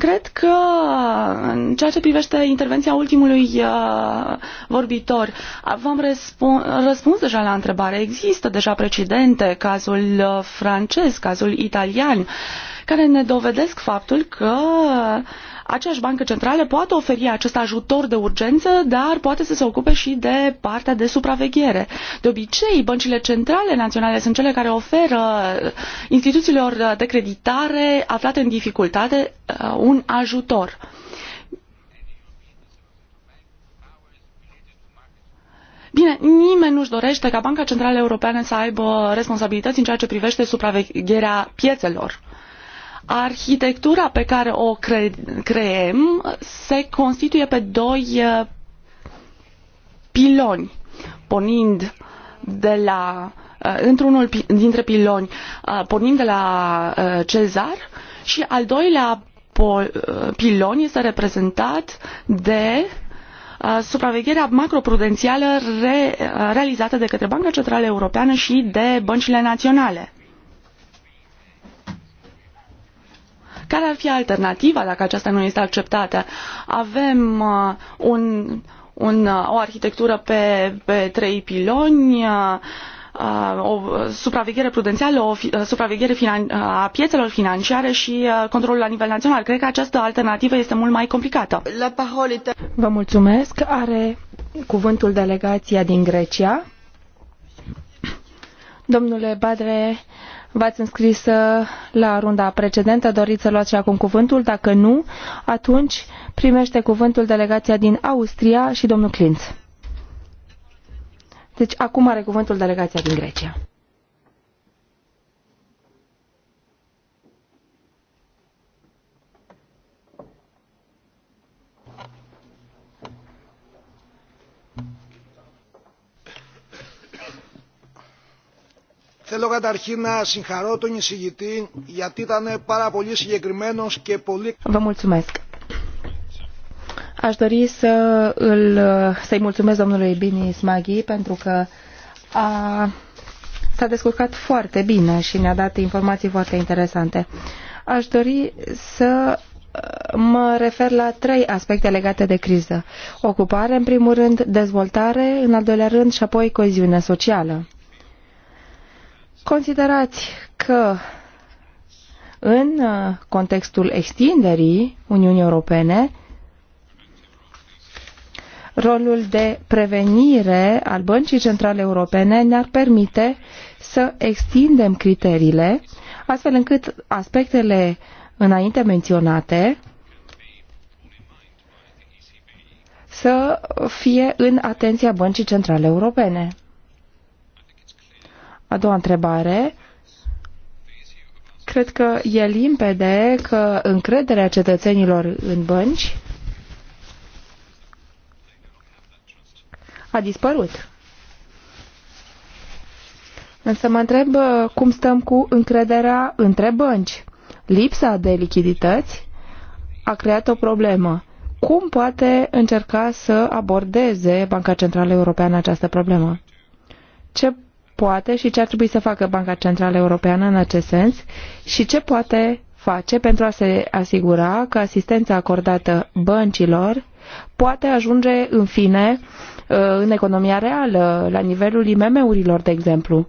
[SPEAKER 4] Cred că în ceea ce privește intervenția ultimului uh, vorbitor, v-am răspun, răspuns deja la întrebare. Există deja precedente, cazul uh, francez, cazul italian, care ne dovedesc faptul că uh, aceeași bancă centrală poate oferi acest ajutor de urgență, dar poate să se ocupe și de partea de supraveghere. De obicei, băncile centrale naționale sunt cele care oferă instituțiilor de creditare aflate în dificultate uh, un ajutor. Bine, nimeni nu-și dorește ca Banca Centrală Europeană să aibă responsabilități în ceea ce privește supravegherea piețelor. Arhitectura pe care o cre creem se constituie pe doi uh, piloni, pornind de la uh, într-unul dintre piloni, uh, pornind de la Cezar și al doilea pilon este reprezentat de supravegherea macroprudențială re, realizată de către Banca Centrală Europeană și de băncile naționale. Care ar fi alternativa dacă aceasta nu este acceptată? Avem uh, un, un, uh, o arhitectură pe, pe trei piloni, uh, o supraveghere prudențială, o supraveghere a piețelor financiare și controlul la nivel național. Cred că această alternativă este mult mai complicată. Vă
[SPEAKER 1] mulțumesc. Are cuvântul delegația din Grecia. Domnule Badre, V-ați înscris uh, la runda precedentă, doriți să luați și acum cuvântul? Dacă nu, atunci primește cuvântul delegația din Austria și domnul Clint. Deci acum are cuvântul delegația din
[SPEAKER 2] Grecia. Θέλω καταρχήν να συγχαρώ τον εισηγητή γιατί ήταν πάρα πολύ συγκεκριμένο και πολύ...
[SPEAKER 1] Vă mulțumesc. Aș dori să îl, să-i mulțumesc domnului Bini Smaghi pentru că a, s-a descurcat foarte bine și ne-a dat informații foarte interesante. Aș dori să uh, mă refer la trei aspecte legate de criză. Ocupare, în primul rând, dezvoltare, în al doilea rând și apoi coeziune socială. Considerați că în uh, contextul extinderii Uniunii Europene, rolul de prevenire al Băncii Centrale Europene ne-ar permite să extindem criteriile, astfel încât aspectele înainte menționate să fie în atenția Băncii Centrale Europene. A doua întrebare. Cred că e limpede că încrederea cetățenilor în bănci a dispărut. Însă mă întreb uh, cum stăm cu încrederea între bănci. Lipsa de lichidități a creat o problemă. Cum poate încerca să abordeze Banca Centrală Europeană această problemă? Ce poate și ce ar trebui să facă Banca Centrală Europeană în acest sens și ce poate face pentru a se asigura că asistența acordată băncilor poate ajunge în fine uh, în economia reală, la nivelul IMM-urilor, de exemplu.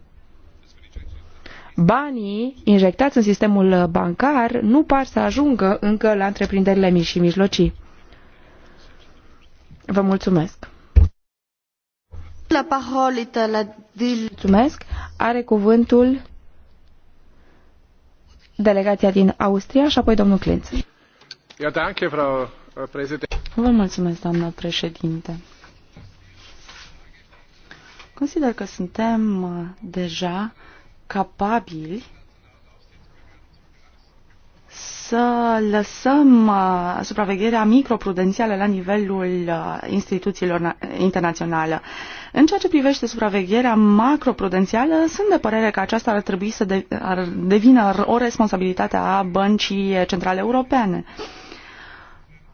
[SPEAKER 1] Banii injectați în sistemul bancar nu par să ajungă încă la întreprinderile mici și mijlocii. Vă mulțumesc! La parole la... Mulțumesc. Are cuvântul delegația din Austria și
[SPEAKER 4] apoi domnul Clinț. Äh, Vă mulțumesc, doamnă președinte. Consider că suntem uh, deja capabili să lăsăm uh, supravegherea microprudențială la nivelul uh, instituțiilor internaționale. În ceea ce privește supravegherea macroprudențială, sunt de părere că aceasta ar trebui să de, ar devină o responsabilitate a Băncii Centrale Europene.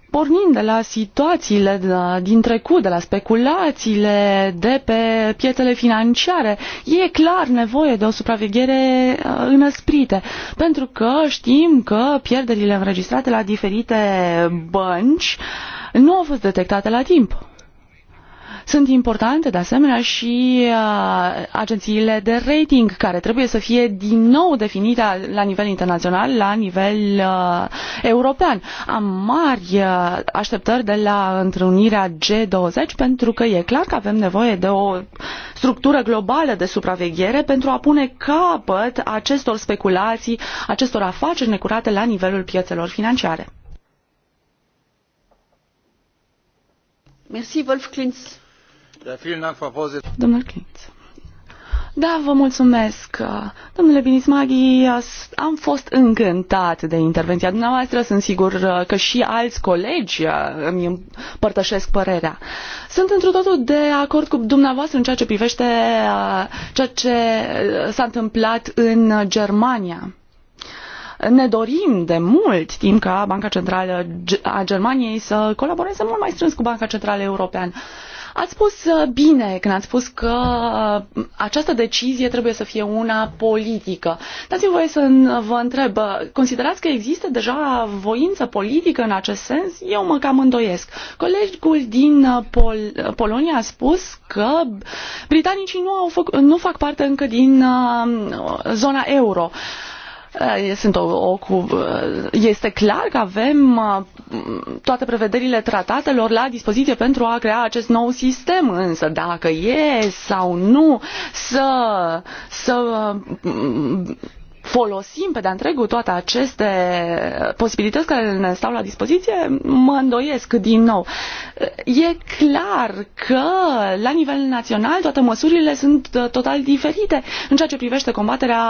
[SPEAKER 4] Pornind de la situațiile din trecut, de la speculațiile de pe piețele financiare, e clar nevoie de o supraveghere uh, înăsprită, pentru că știm că pierderile înregistrate la diferite bănci nu au fost detectate la timp. Sunt importante, de asemenea, și uh, agențiile de rating, care trebuie să fie din nou definite la nivel internațional, la nivel uh, european. Am mari uh, așteptări de la întrunirea G20, pentru că e clar că avem nevoie de o structură globală de supraveghere pentru a pune capăt acestor speculații, acestor afaceri necurate la nivelul piețelor financiare. Merci, Wolf Klintz. Da, Domnul Clint. Da, vă mulțumesc. Domnule Binismaghi, am fost încântat de intervenția dumneavoastră. Sunt sigur uh, că și alți colegi uh, îmi împărtășesc părerea. Sunt într totul de acord cu dumneavoastră în ceea ce privește uh, ceea ce s-a întâmplat în Germania ne dorim de mult timp ca Banca Centrală a Germaniei să colaboreze mult mai strâns cu Banca Centrală Europeană. Ați spus uh, bine când ați spus că uh, această decizie trebuie să fie una politică. Dați-mi voie să vă întreb, uh, considerați că există deja voință politică în acest sens? Eu mă cam îndoiesc. Colegul din Pol- Polonia a spus că britanicii nu, au făc, nu fac parte încă din zona euro. Uh, Eh, sunt o, o, eh, este clar că avem eh, toate prevederile tratatelor la dispoziție pentru a crea acest nou sistem, însă dacă e sau nu să, să folosim pe de-a întregul toate aceste posibilități care ne stau la dispoziție, mă îndoiesc din nou. E clar că la nivel național toate măsurile sunt uh, total diferite în ceea ce privește combaterea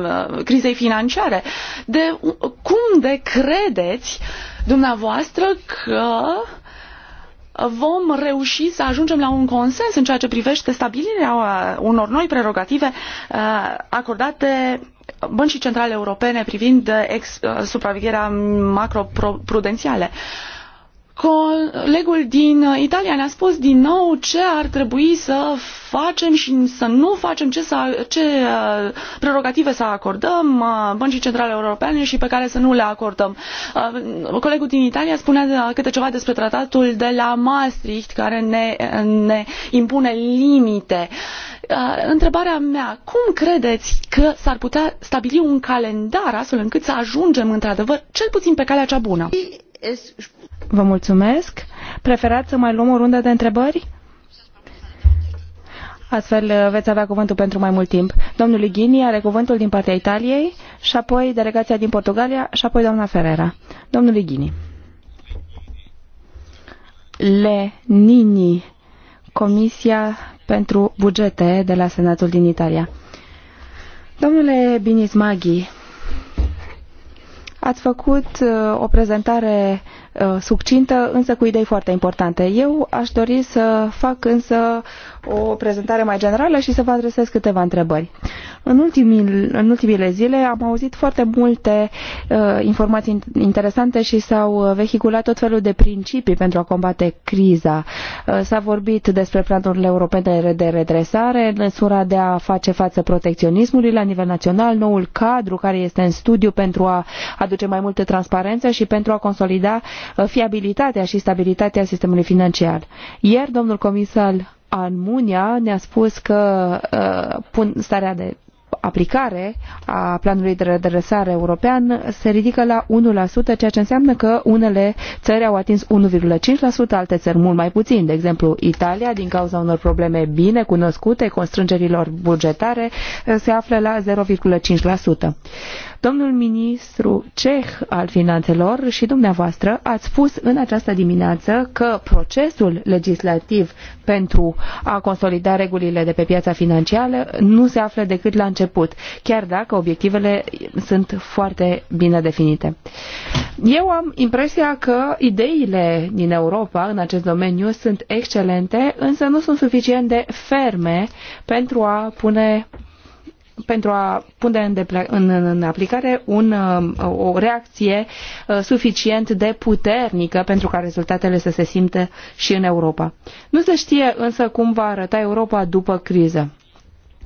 [SPEAKER 4] uh, crizei financiare. De cum de credeți dumneavoastră că vom reuși să ajungem la un consens în ceea ce privește stabilirea uh, unor noi prerogative acordate băncii centrale europene privind eh, eh, supravegherea macroprudențială. Colegul din uh, Italia ne-a spus din nou ce ar trebui să facem și să nu facem, ce, să, ce uh, prerogative să acordăm uh, băncii centrale europene și pe care să nu le acordăm. Colegul din Italia spunea câte ceva despre tratatul de la Maastricht care ne, ne impune limite. Întrebarea mea, cum credeți că s-ar putea stabili un calendar astfel încât să ajungem într-adevăr cel puțin pe calea cea bună?
[SPEAKER 1] Vă mulțumesc. Preferați să mai luăm o rundă de întrebări? Astfel uh, veți avea cuvântul pentru mai mult timp. Domnul Ghini are cuvântul din partea Italiei și apoi delegația din Portugalia și apoi doamna Ferrera. Domnul Ghini. Le Nini, Comisia pentru Bugete de la Senatul din Italia. Domnule Binismaghi, Ați făcut uh, o prezentare Uh, succintă, însă cu idei foarte importante. Eu aș dori să fac însă o prezentare mai generală și să vă adresez câteva întrebări. În, ultimii, în ultimile zile am auzit foarte multe uh, informații interesante și s-au vehiculat tot felul de principii pentru a combate criza. Uh, s-a vorbit despre planurile europene de redresare, măsura de a face față protecționismului la nivel național, noul cadru care este în studiu pentru a aduce mai multă transparență și pentru a consolida uh, Uh, fiabilitatea și stabilitatea sistemului financiar. Ieri, domnul comisar Almunia ne-a spus că uh, pun starea de aplicare a planului de redresare european se ridică la 1%, ceea ce înseamnă că unele țări au atins 1,5%, alte țări mult mai puțin. De exemplu, Italia, din cauza unor probleme bine cunoscute, constrângerilor bugetare, uh, se află la 0,5%. Domnul ministru ceh al finanțelor și dumneavoastră ați spus în această dimineață că procesul legislativ pentru a consolida regulile de pe piața financiară nu se află decât la început, chiar dacă obiectivele sunt foarte bine definite. Eu am impresia că ideile din Europa în acest domeniu sunt excelente, însă nu sunt suficient de ferme pentru a pune pentru a pune în, aplicare un, uh, o reacție uh, suficient de puternică pentru ca rezultatele să se simtă și în Europa. Nu se știe însă cum va arăta Europa după criză.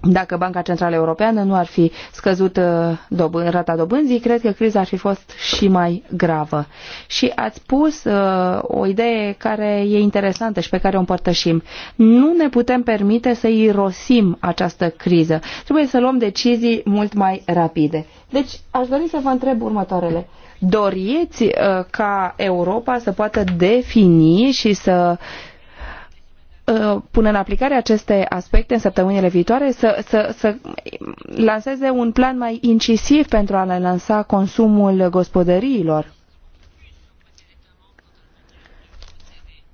[SPEAKER 1] Dacă Banca Centrală Europeană nu ar fi scăzut uh, dobân, rata dobânzii, cred că criza ar fi fost și mai gravă. Și ați spus uh, o idee care e interesantă și pe care o împărtășim. Nu ne putem permite să irosim această criză. Trebuie să luăm decizii mult mai rapide. Deci aș dori să vă întreb următoarele. Doriți uh, ca Europa să poată defini și să uh, Uh, pună în aplicare aceste aspecte în săptămânile viitoare, să, să, să lanseze un plan mai incisiv pentru a lansa consumul gospodăriilor,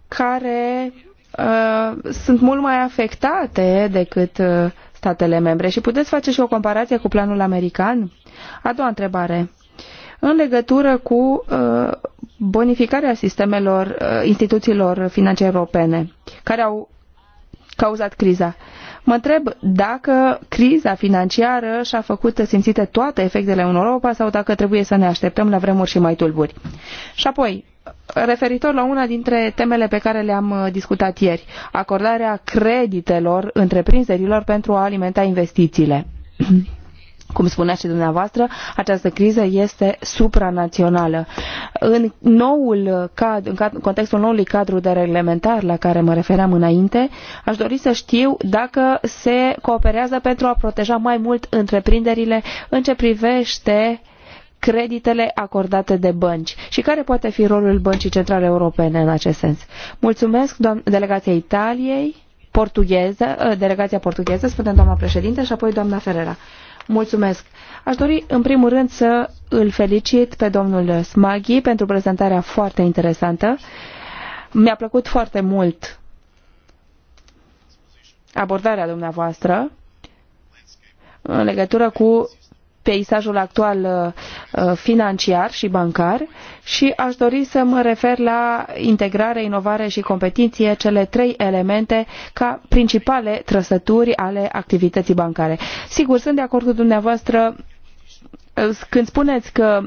[SPEAKER 1] care uh, sunt mult mai afectate decât uh, statele membre. Și puteți face și o comparație cu planul american? A doua întrebare în legătură cu uh, bonificarea sistemelor uh, instituțiilor financiare europene care au cauzat criza. Mă întreb dacă criza financiară și-a făcut simțite toate efectele în Europa sau dacă trebuie să ne așteptăm la vremuri și mai tulburi. Și apoi, referitor la una dintre temele pe care le-am uh, discutat ieri, acordarea creditelor întreprinderilor pentru a alimenta investițiile. cum spunea și dumneavoastră, această criză este supranațională. În, noul cad, în cad, contextul noului cadru de reglementar la care mă refeream înainte, aș dori să știu dacă se cooperează pentru a proteja mai mult întreprinderile în ce privește creditele acordate de bănci și care poate fi rolul Băncii Centrale Europene în acest sens. Mulțumesc delegația Italiei, portugheză, ă, delegația portugheză, spunem doamna președinte, și apoi doamna Ferrera. Mulțumesc! Aș dori, în primul rând, să îl felicit pe domnul Smaghi pentru prezentarea foarte interesantă. Mi-a plăcut foarte mult abordarea dumneavoastră în legătură cu peisajul actual uh, uh, financiar și bancar și aș dori să mă refer la integrare, inovare și competiție, cele trei elemente ca principale trăsături ale activității bancare. Sigur, sunt de acord cu dumneavoastră când spuneți că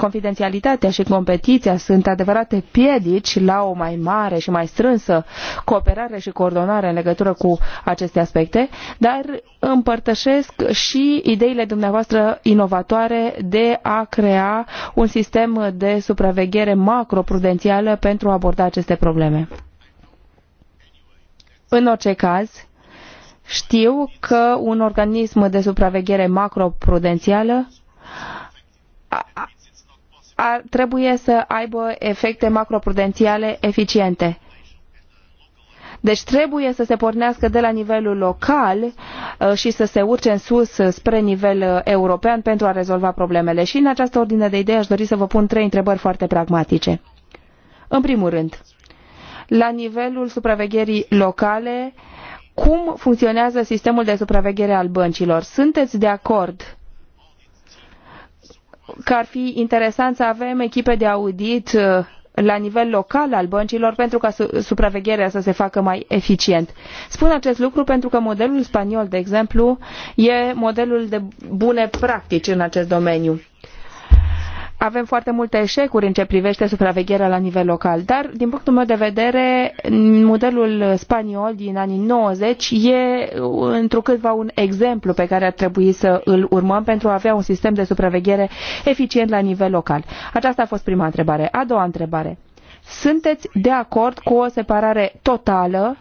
[SPEAKER 1] confidențialitatea și competiția sunt adevărate piedici la o mai mare și mai strânsă cooperare și coordonare în legătură cu aceste aspecte, dar împărtășesc și ideile dumneavoastră inovatoare de a crea un sistem de supraveghere macroprudențială pentru a aborda aceste probleme. În orice caz, știu că un organism de supraveghere macroprudențială trebuie să aibă efecte macroprudențiale eficiente. Deci trebuie să se pornească de la nivelul local uh, și să se urce în sus uh, spre nivel uh, european pentru a rezolva problemele. Și în această ordine de idei aș dori să vă pun trei întrebări foarte pragmatice. În primul rând, la nivelul supravegherii locale, cum funcționează sistemul de supraveghere al băncilor? Sunteți de acord că ar fi interesant să avem echipe de audit uh, la nivel local al băncilor pentru ca supravegherea să se facă mai eficient. Spun acest lucru pentru că modelul spaniol, de exemplu, e modelul de bune practici în acest domeniu avem foarte multe eșecuri în ce privește supravegherea la nivel local, dar din punctul meu de vedere, modelul spaniol din anii 90 e întrucâtva un exemplu pe care ar trebui să îl urmăm pentru a avea un sistem de supraveghere eficient la nivel local. Aceasta a fost prima întrebare. A doua întrebare. Sunteți de acord cu o separare totală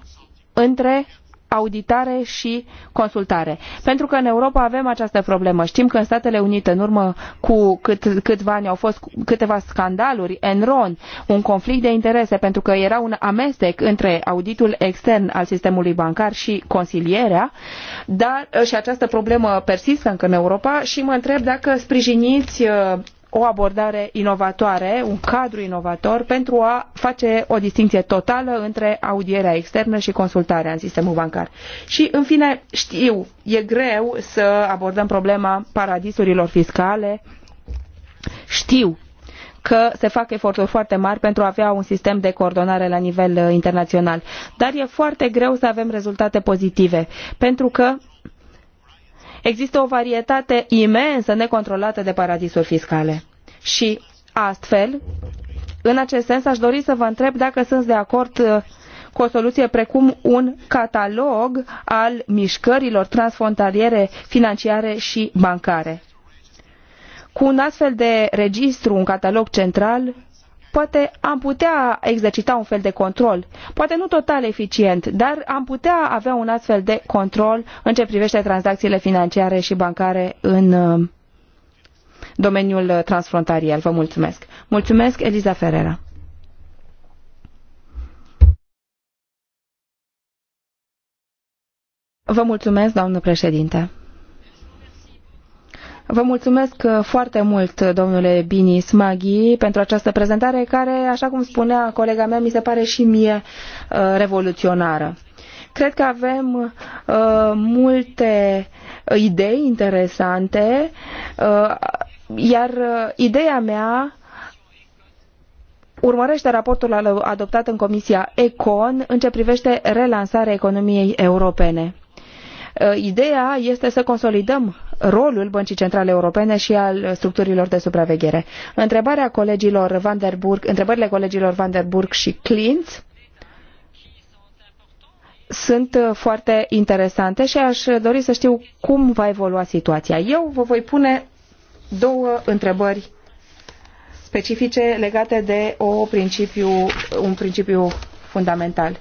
[SPEAKER 1] între auditare și consultare. Pentru că în Europa avem această problemă. Știm că în Statele Unite, în urmă cu cât, câțiva ani, au fost câteva scandaluri, Enron, un conflict de interese, pentru că era un amestec între auditul extern al sistemului bancar și consilierea, dar și această problemă persistă încă în Europa și mă întreb dacă sprijiniți uh, o abordare inovatoare, un cadru inovator pentru a face o distinție totală între audierea externă și consultarea în sistemul bancar. Și, în fine, știu, e greu să abordăm problema paradisurilor fiscale. Știu că se fac eforturi foarte mari pentru a avea un sistem de coordonare la nivel uh, internațional. Dar e foarte greu să avem rezultate pozitive, pentru că Există o varietate imensă necontrolată de paradisuri fiscale. Și astfel, în acest sens, aș dori să vă întreb dacă sunt de acord uh, cu o soluție precum un catalog al mișcărilor transfrontaliere financiare și bancare. Cu un astfel de registru, un catalog central, Poate am putea exercita un fel de control, poate nu total eficient, dar am putea avea un astfel de control în ce privește tranzacțiile financiare și bancare în uh, domeniul transfrontalier. Vă mulțumesc. Mulțumesc, Eliza Ferrera. Vă mulțumesc, doamnă președinte. Vă mulțumesc uh, foarte mult, uh, domnule Bini Smaghi, pentru această prezentare care, așa cum spunea colega mea, mi se pare și mie uh, revoluționară. Cred că avem uh, multe idei interesante, uh, iar uh, ideea mea urmărește raportul adoptat în Comisia ECON în ce privește relansarea economiei europene. Ideea este să consolidăm rolul Băncii Centrale Europene și al structurilor de supraveghere. Întrebarea colegilor Van der Burg, întrebările colegilor Van der Burg și Clint sunt uh, foarte interesante și aș dori să știu cum va evolua situația. Eu vă voi pune două întrebări specifice legate de o principiu, un principiu fundamental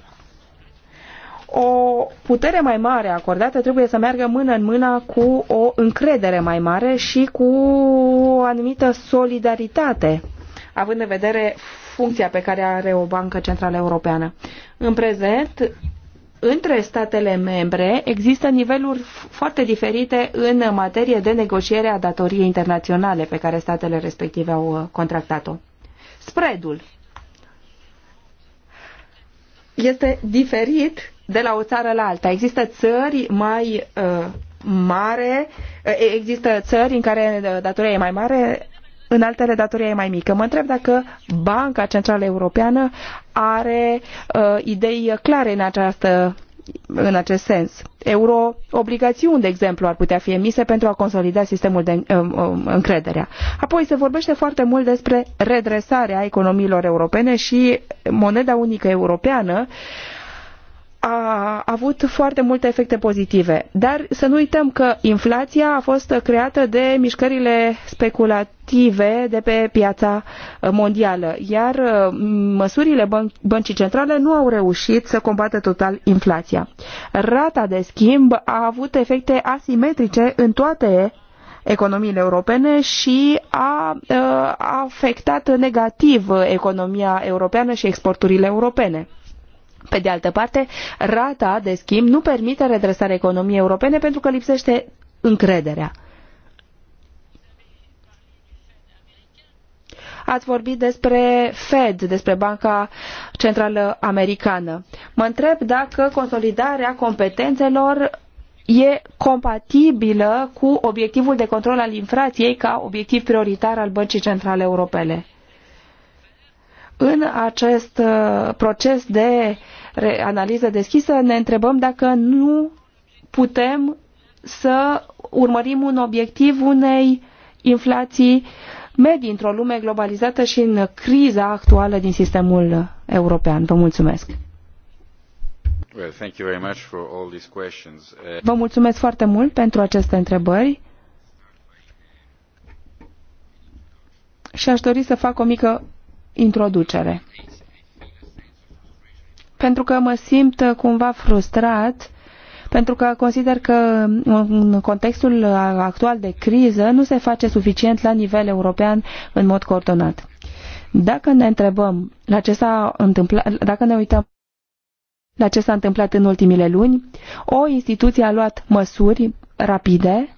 [SPEAKER 1] o putere mai mare acordată trebuie să meargă mână în mână cu o încredere mai mare și cu o anumită solidaritate, având în vedere funcția pe care are o bancă centrală europeană. În prezent, între statele membre există niveluri foarte diferite în materie de negociere a datoriei internaționale pe care statele respective au uh, contractat-o. Spreadul este diferit de la o țară la alta. Există țări mai uh, mare, uh, există țări în care uh, datoria e mai mare, în altele datoria e mai mică. Mă întreb dacă Banca Centrală Europeană are uh, idei clare în această în acest sens. Euroobligațiuni, de exemplu, ar putea fi emise pentru a consolida sistemul de uh, încredere. Apoi se vorbește foarte mult despre redresarea economiilor europene și moneda unică europeană uh, a avut foarte multe efecte pozitive. Dar să nu uităm că inflația a fost creată de mișcările speculative de pe piața uh, mondială, iar uh, măsurile băncii centrale nu au reușit să combată total inflația. Rata de schimb a avut efecte asimetrice în toate economiile europene și a, uh, a afectat negativ economia europeană și exporturile europene. Pe de altă parte, rata de schimb nu permite redresarea economiei europene pentru că lipsește încrederea. ați vorbit despre Fed, despre Banca Centrală Americană. Mă întreb dacă consolidarea competențelor e compatibilă cu obiectivul de control al inflației ca obiectiv prioritar al Băncii Centrale Europene în acest uh, proces de analiză deschisă ne întrebăm dacă nu putem să urmărim un obiectiv unei inflații medii într-o lume globalizată și în criza actuală din sistemul european. Vă mulțumesc!
[SPEAKER 2] Uh, Vă mulțumesc
[SPEAKER 1] foarte mult pentru aceste întrebări și aș dori să fac o mică introducere. Pentru că mă simt cumva frustrat pentru că consider că în contextul actual de criză nu se face suficient la nivel european în mod coordonat. Dacă ne întrebăm la ce s-a întâmplat, dacă ne uităm la ce s-a întâmplat în ultimile luni, o instituție a luat măsuri rapide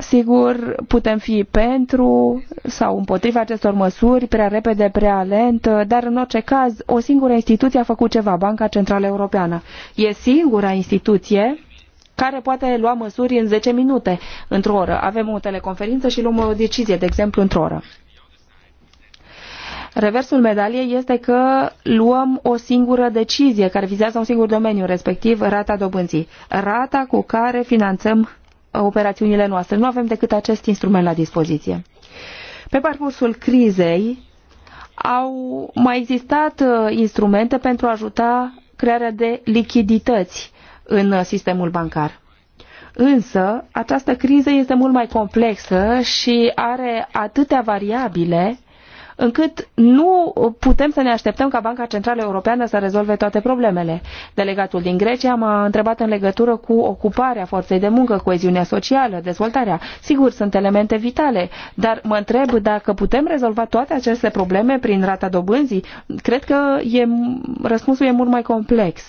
[SPEAKER 1] Sigur, putem fi pentru sau împotriva acestor măsuri, prea repede, prea lent, dar în orice caz, o singură instituție a făcut ceva, Banca Centrală Europeană. E singura instituție care poate lua măsuri în 10 minute, într-o oră. Avem o teleconferință și luăm o decizie, de exemplu, într-o oră. Reversul medaliei este că luăm o singură decizie care vizează un singur domeniu, respectiv rata dobânzii. Rata cu care finanțăm operațiunile noastre. Nu avem decât acest instrument la dispoziție. Pe parcursul crizei au mai existat uh, instrumente pentru a ajuta crearea de lichidități în sistemul bancar. Însă, această criză este mult mai complexă și are atâtea variabile încât nu putem să ne așteptăm ca Banca Centrală Europeană să rezolve toate problemele. Delegatul din Grecia m-a întrebat în legătură cu ocuparea forței de muncă, coeziunea socială, dezvoltarea. Sigur, sunt elemente vitale, dar mă întreb dacă putem rezolva toate aceste probleme prin rata dobânzii. Cred că e, răspunsul e mult mai complex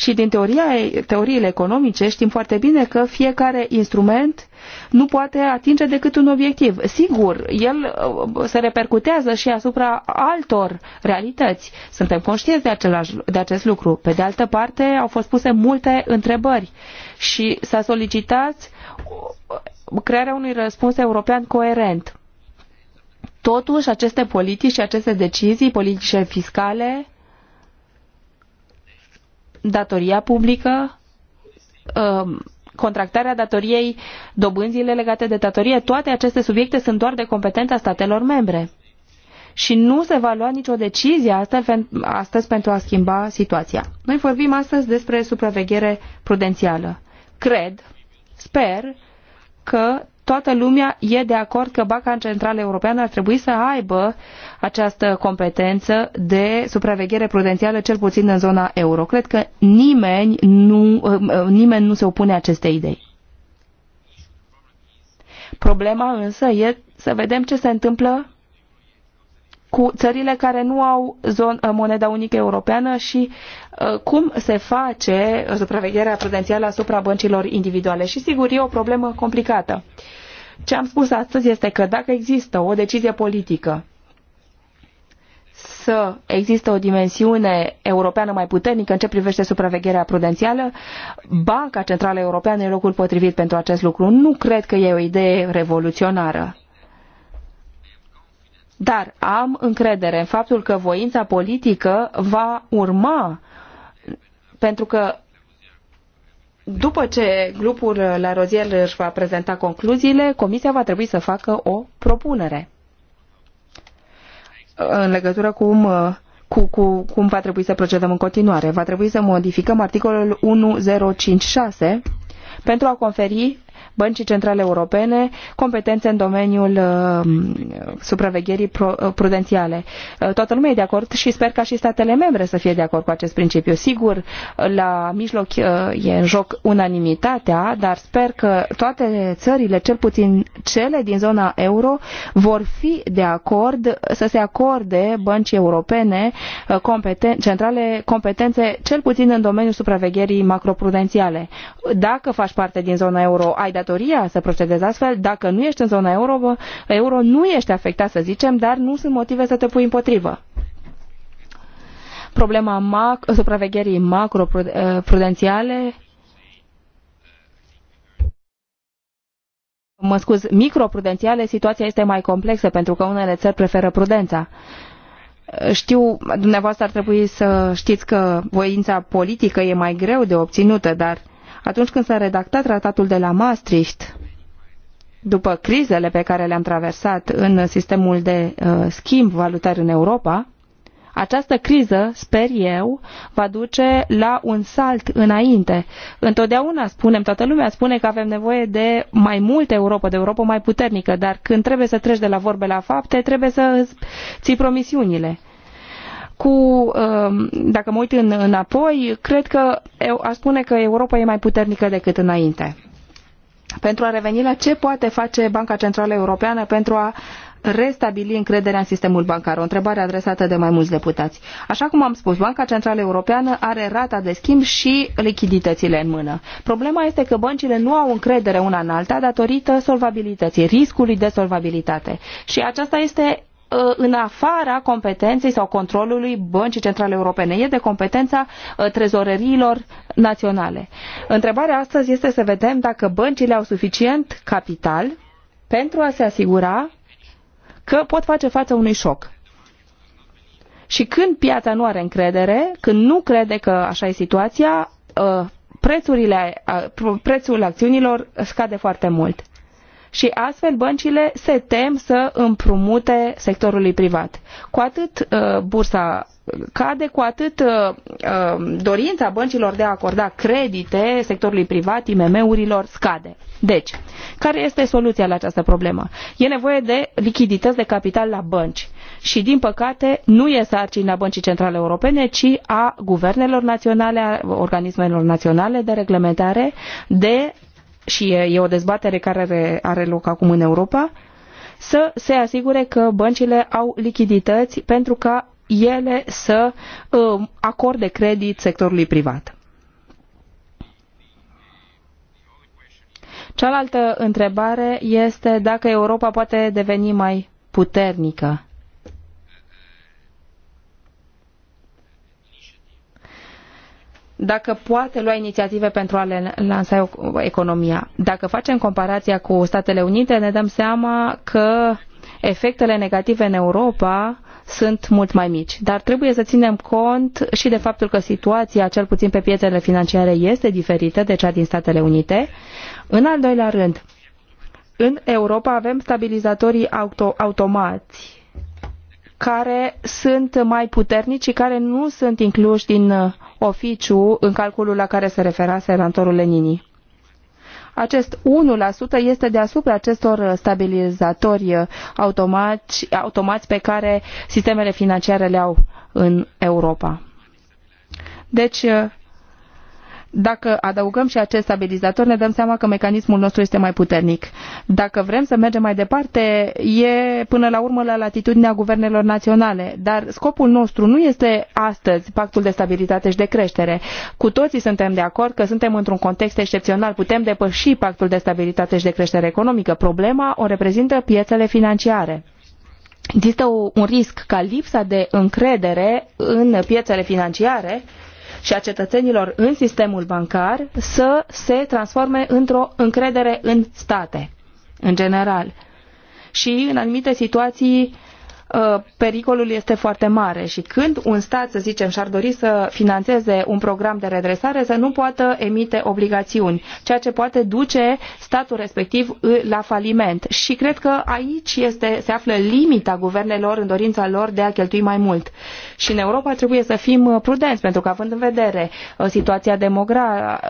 [SPEAKER 1] și din teoria, teoriile economice știm foarte bine că fiecare instrument nu poate atinge decât un obiectiv. Sigur, el uh, se repercutează și asupra altor realități. Suntem conștienți de, același, de acest lucru. Pe de altă parte, au fost puse multe întrebări și s-a solicitat uh, crearea unui răspuns european coerent. Totuși, aceste politici și aceste decizii, politice fiscale, datoria publică, uh, contractarea datoriei, dobânzile legate de datorie, toate aceste subiecte sunt doar de competența statelor membre. Și nu se va lua nicio decizie astăzi pentru a schimba situația. Noi vorbim astăzi despre supraveghere prudențială. Cred, sper că toată lumea e de acord că Banca Centrală Europeană ar trebui să aibă această competență de supraveghere prudențială, cel puțin în zona euro. Cred că nimeni nu, uh, nimeni nu se opune acestei idei. Problema însă e să vedem ce se întâmplă cu țările care nu au zon, uh, moneda unică europeană și uh, cum se face uh, supravegherea prudențială asupra băncilor individuale. Și sigur, e o problemă complicată. Ce am spus astăzi este că dacă există o decizie politică să există o dimensiune europeană mai puternică în ce privește supravegherea prudențială, Banca Centrală Europeană e locul potrivit pentru acest lucru. Nu cred că e o idee revoluționară dar am încredere în faptul că voința politică va urma, pentru că după ce grupul la Rozier își va prezenta concluziile, Comisia va trebui să facă o propunere în legătură cu cum cu, cu cum va trebui să procedăm în continuare. Va trebui să modificăm articolul 1056 pentru a conferi Băncii Centrale Europene competențe în domeniul uh, supravegherii uh, prudențiale. Uh, toată lumea e de acord și sper ca și statele membre să fie de acord cu acest principiu. Sigur, la mijloc e în joc unanimitatea, dar sper că toate țările, cel puțin cele din zona euro, vor fi de acord să se acorde băncii europene competen- centrale competențe cel puțin în domeniul supravegherii macroprudențiale. Dacă faci parte din zona euro, ai dat datoria să procedezi astfel. Dacă nu ești în zona euro, euro nu ești afectat, să zicem, dar nu sunt motive să te pui împotrivă problema mac- supravegherii macroprudențiale, mă scuz, microprudențiale, situația este mai complexă pentru că unele țări preferă prudența. Știu, dumneavoastră ar trebui să știți că voința politică e mai greu de obținută, dar atunci când s-a redactat tratatul de la Maastricht, după crizele pe care le-am traversat în sistemul de uh, schimb valutar în Europa, această criză, sper eu, va duce la un salt înainte. Întotdeauna spunem, toată lumea spune că avem nevoie de mai multă Europa, de Europa mai puternică, dar când trebuie să treci de la vorbe la fapte, trebuie să ții promisiunile cu, um, dacă mă uit în, înapoi, cred că eu aș spune că Europa e mai puternică decât înainte. Pentru a reveni la ce poate face Banca Centrală Europeană pentru a restabili încrederea în sistemul bancar, o întrebare adresată de mai mulți deputați. Așa cum am spus, Banca Centrală Europeană are rata de schimb și lichiditățile în mână. Problema este că băncile nu au încredere una în alta datorită solvabilității, riscului de solvabilitate. Și aceasta este Uh, în afara competenței sau controlului Băncii Centrale Europene. E de competența uh, trezoreriilor naționale. Întrebarea astăzi este să vedem dacă băncile au suficient capital pentru a se asigura că pot face față unui șoc. Și când piața nu are încredere, când nu crede că așa e situația, uh, prețurile, prețul acțiunilor scade foarte mult și astfel băncile se tem să împrumute sectorului privat. Cu atât uh, bursa cade, cu atât uh, uh, dorința băncilor de a acorda credite sectorului privat, IMM-urilor, scade. Deci, care este soluția la această problemă? E nevoie de lichidități de capital la bănci și, din păcate, nu e sarcina Băncii Centrale Europene, ci a guvernelor naționale, a organismelor naționale de reglementare de și e, e o dezbatere care are, are loc acum în Europa, să se asigure că băncile au lichidități pentru ca ele să uh, acorde credit sectorului privat. Cealaltă întrebare este dacă Europa poate deveni mai puternică dacă poate lua inițiative pentru a lansa economia. Dacă facem comparația cu Statele Unite, ne dăm seama că efectele negative în Europa sunt mult mai mici. Dar trebuie să ținem cont și de faptul că situația, cel puțin pe piețele financiare, este diferită de cea din Statele Unite. În al doilea rând, în Europa avem stabilizatorii auto automați care sunt mai puternici și care nu sunt incluși din oficiu în calculul la care se refera senatorul Lenini. Acest 1% este deasupra acestor stabilizatori automați, automați pe care sistemele financiare le au în Europa. Deci, dacă adăugăm și acest stabilizator, ne dăm seama că mecanismul nostru este mai puternic. Dacă vrem să mergem mai departe, e până la urmă la latitudinea guvernelor naționale. Dar scopul nostru nu este astăzi pactul de stabilitate și de creștere. Cu toții suntem de acord că suntem într-un context excepțional. Putem depăși pactul de stabilitate și de creștere economică. Problema o reprezintă piețele financiare. Există un risc ca lipsa de încredere în piețele financiare uh, și a cetățenilor în sistemul bancar să se transforme într-o încredere în state, în general. Și în anumite situații Uh, pericolul este foarte mare și când un stat, să zicem, și-ar dori să finanțeze un program de redresare, să nu poată emite obligațiuni, ceea ce poate duce statul respectiv uh, la faliment. Și cred că aici este, se află limita guvernelor în dorința lor de a cheltui mai mult. Și în Europa trebuie să fim uh, prudenți, pentru că având în vedere situația demogra-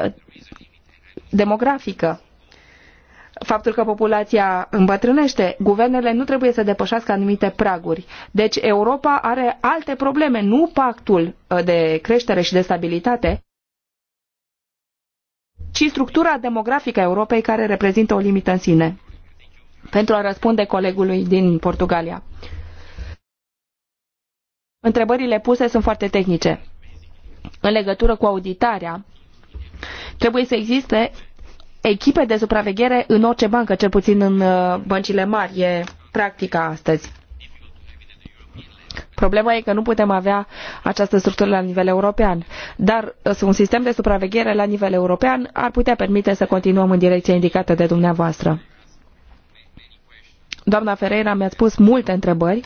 [SPEAKER 1] demografică, faptul că populația îmbătrânește, guvernele nu trebuie să depășească anumite praguri. Deci Europa are alte probleme, nu pactul uh, de creștere și de stabilitate, ci structura demografică a Europei care reprezintă o limită în sine. Pentru a răspunde colegului din Portugalia. Întrebările puse sunt foarte tehnice. În legătură cu auditarea, trebuie să existe echipe de supraveghere în orice bancă, cel puțin în uh, băncile mari. E practica astăzi. Problema e că nu putem avea această structură la nivel european, dar uh, un sistem de supraveghere la nivel european ar putea permite să continuăm în direcția indicată de dumneavoastră. Doamna Ferreira mi-a spus multe întrebări.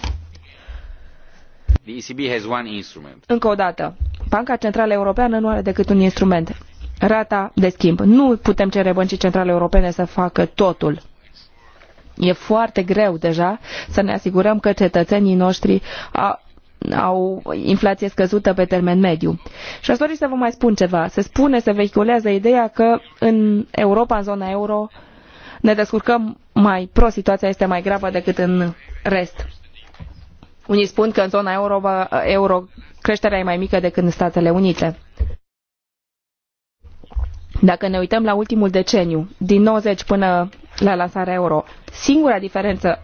[SPEAKER 1] Încă o dată, Banca Centrală Europeană nu are decât un instrument rata de schimb. Nu putem cere băncii centrale europene să facă totul. E foarte greu deja să ne asigurăm că cetățenii noștri au inflație scăzută pe termen mediu. Și aș dori să vă mai spun ceva. Se spune, se vehiculează ideea că în Europa, în zona euro, ne descurcăm mai pro, situația este mai gravă decât în rest. Unii spun că în zona euro, euro creșterea e mai mică decât în Statele Unite. Dacă ne uităm la ultimul deceniu, din 90 până la lansarea euro, singura diferență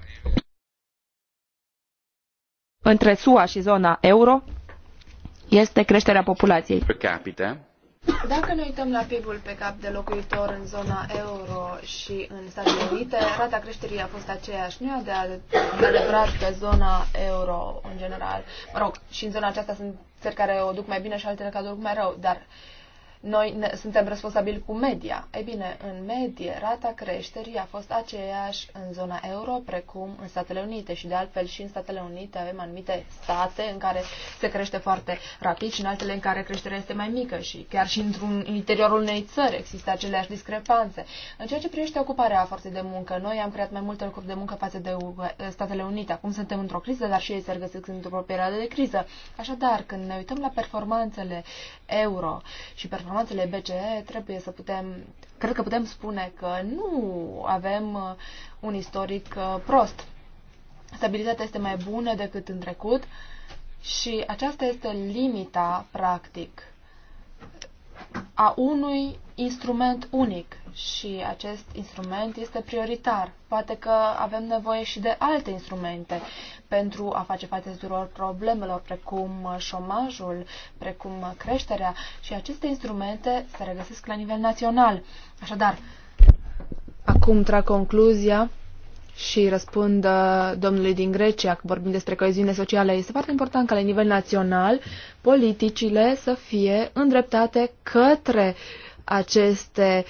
[SPEAKER 1] între SUA și zona euro este creșterea populației.
[SPEAKER 2] Per capita.
[SPEAKER 3] Dacă ne uităm la PIB-ul pe cap de locuitor în zona euro și în Statele Unite, rata creșterii a fost aceeași. Nu e de adevărat că zona euro, în general, mă rog, și în zona aceasta sunt țări care o duc mai bine și altele care o duc mai rău, dar uh, noi ne, suntem responsabili cu media. Ei bine, în medie, rata creșterii a fost aceeași în zona euro, precum în Statele Unite și de altfel și în Statele Unite avem anumite state în care se crește foarte rapid și în altele în care creșterea este mai mică și chiar și într-un în interiorul unei țări există aceleași discrepanțe. În ceea ce privește ocuparea forței de muncă, noi am creat mai multe locuri de muncă față de Statele Unite. Acum suntem într-o criză, dar și ei se regăsesc într-o perioadă de criză. Așadar, când ne uităm la performanțele euro și performanțele informațiile BCE, trebuie să putem, cred că putem spune că nu avem uh, un istoric uh, prost. Stabilitatea este mai bună decât în trecut și aceasta este limita, practic, a unui instrument unic și acest instrument este prioritar. Poate că avem nevoie și de alte instrumente pentru a face față tuturor problemelor, precum șomajul, precum creșterea și aceste instrumente se regăsesc la nivel național. Așadar, acum trag concluzia și răspund uh, domnului din Grecia, că vorbim despre coeziune socială, este foarte important ca la nivel național politicile să fie îndreptate către aceste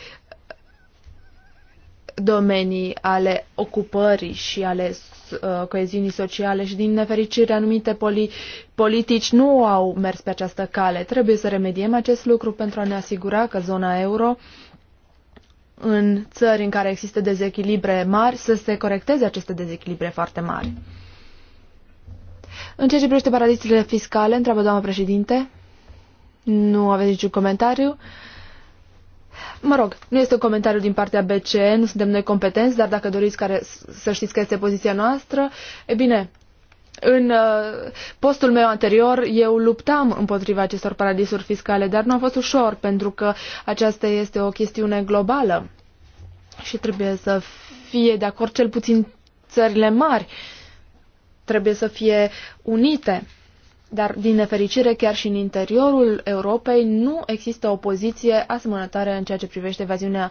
[SPEAKER 3] domenii ale ocupării și ale uh, coeziunii sociale și din nefericire anumite poli- politici nu au mers pe această cale. Trebuie să remediem acest lucru pentru a ne asigura că zona euro în țări în care există dezechilibre mari să se corecteze aceste dezechilibre foarte mari. În ceea ce privește paradisurile fiscale, întreabă doamna președinte, nu aveți niciun comentariu. Uh, Mă rog, nu este un comentariu din partea BCE, nu suntem noi competenți, dar dacă doriți care, să știți care este poziția noastră, e bine, în uh, postul meu anterior eu luptam împotriva acestor paradisuri fiscale, dar nu a fost ușor pentru că aceasta este o chestiune globală și trebuie să fie de acord cel puțin țările mari, trebuie să fie unite. Dar, din nefericire, chiar și în interiorul Europei nu există o poziție asemănătoare în ceea ce privește evaziunea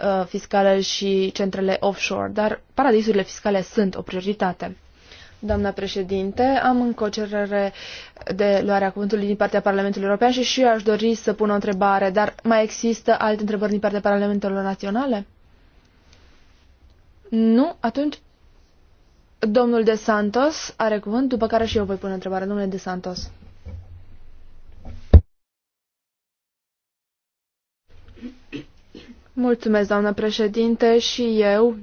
[SPEAKER 3] uh, fiscală și centrele offshore, dar paradisurile fiscale sunt o prioritate. Doamna președinte, am încă o cerere de luarea cuvântului din partea Parlamentului European și și eu aș dori să pun o întrebare, dar mai există alte întrebări din partea Parlamentelor Naționale? Nu? Atunci Domnul De Santos are cuvânt, după care și eu voi pune întrebarea Domnule De Santos. Mulțumesc, doamnă președinte, și eu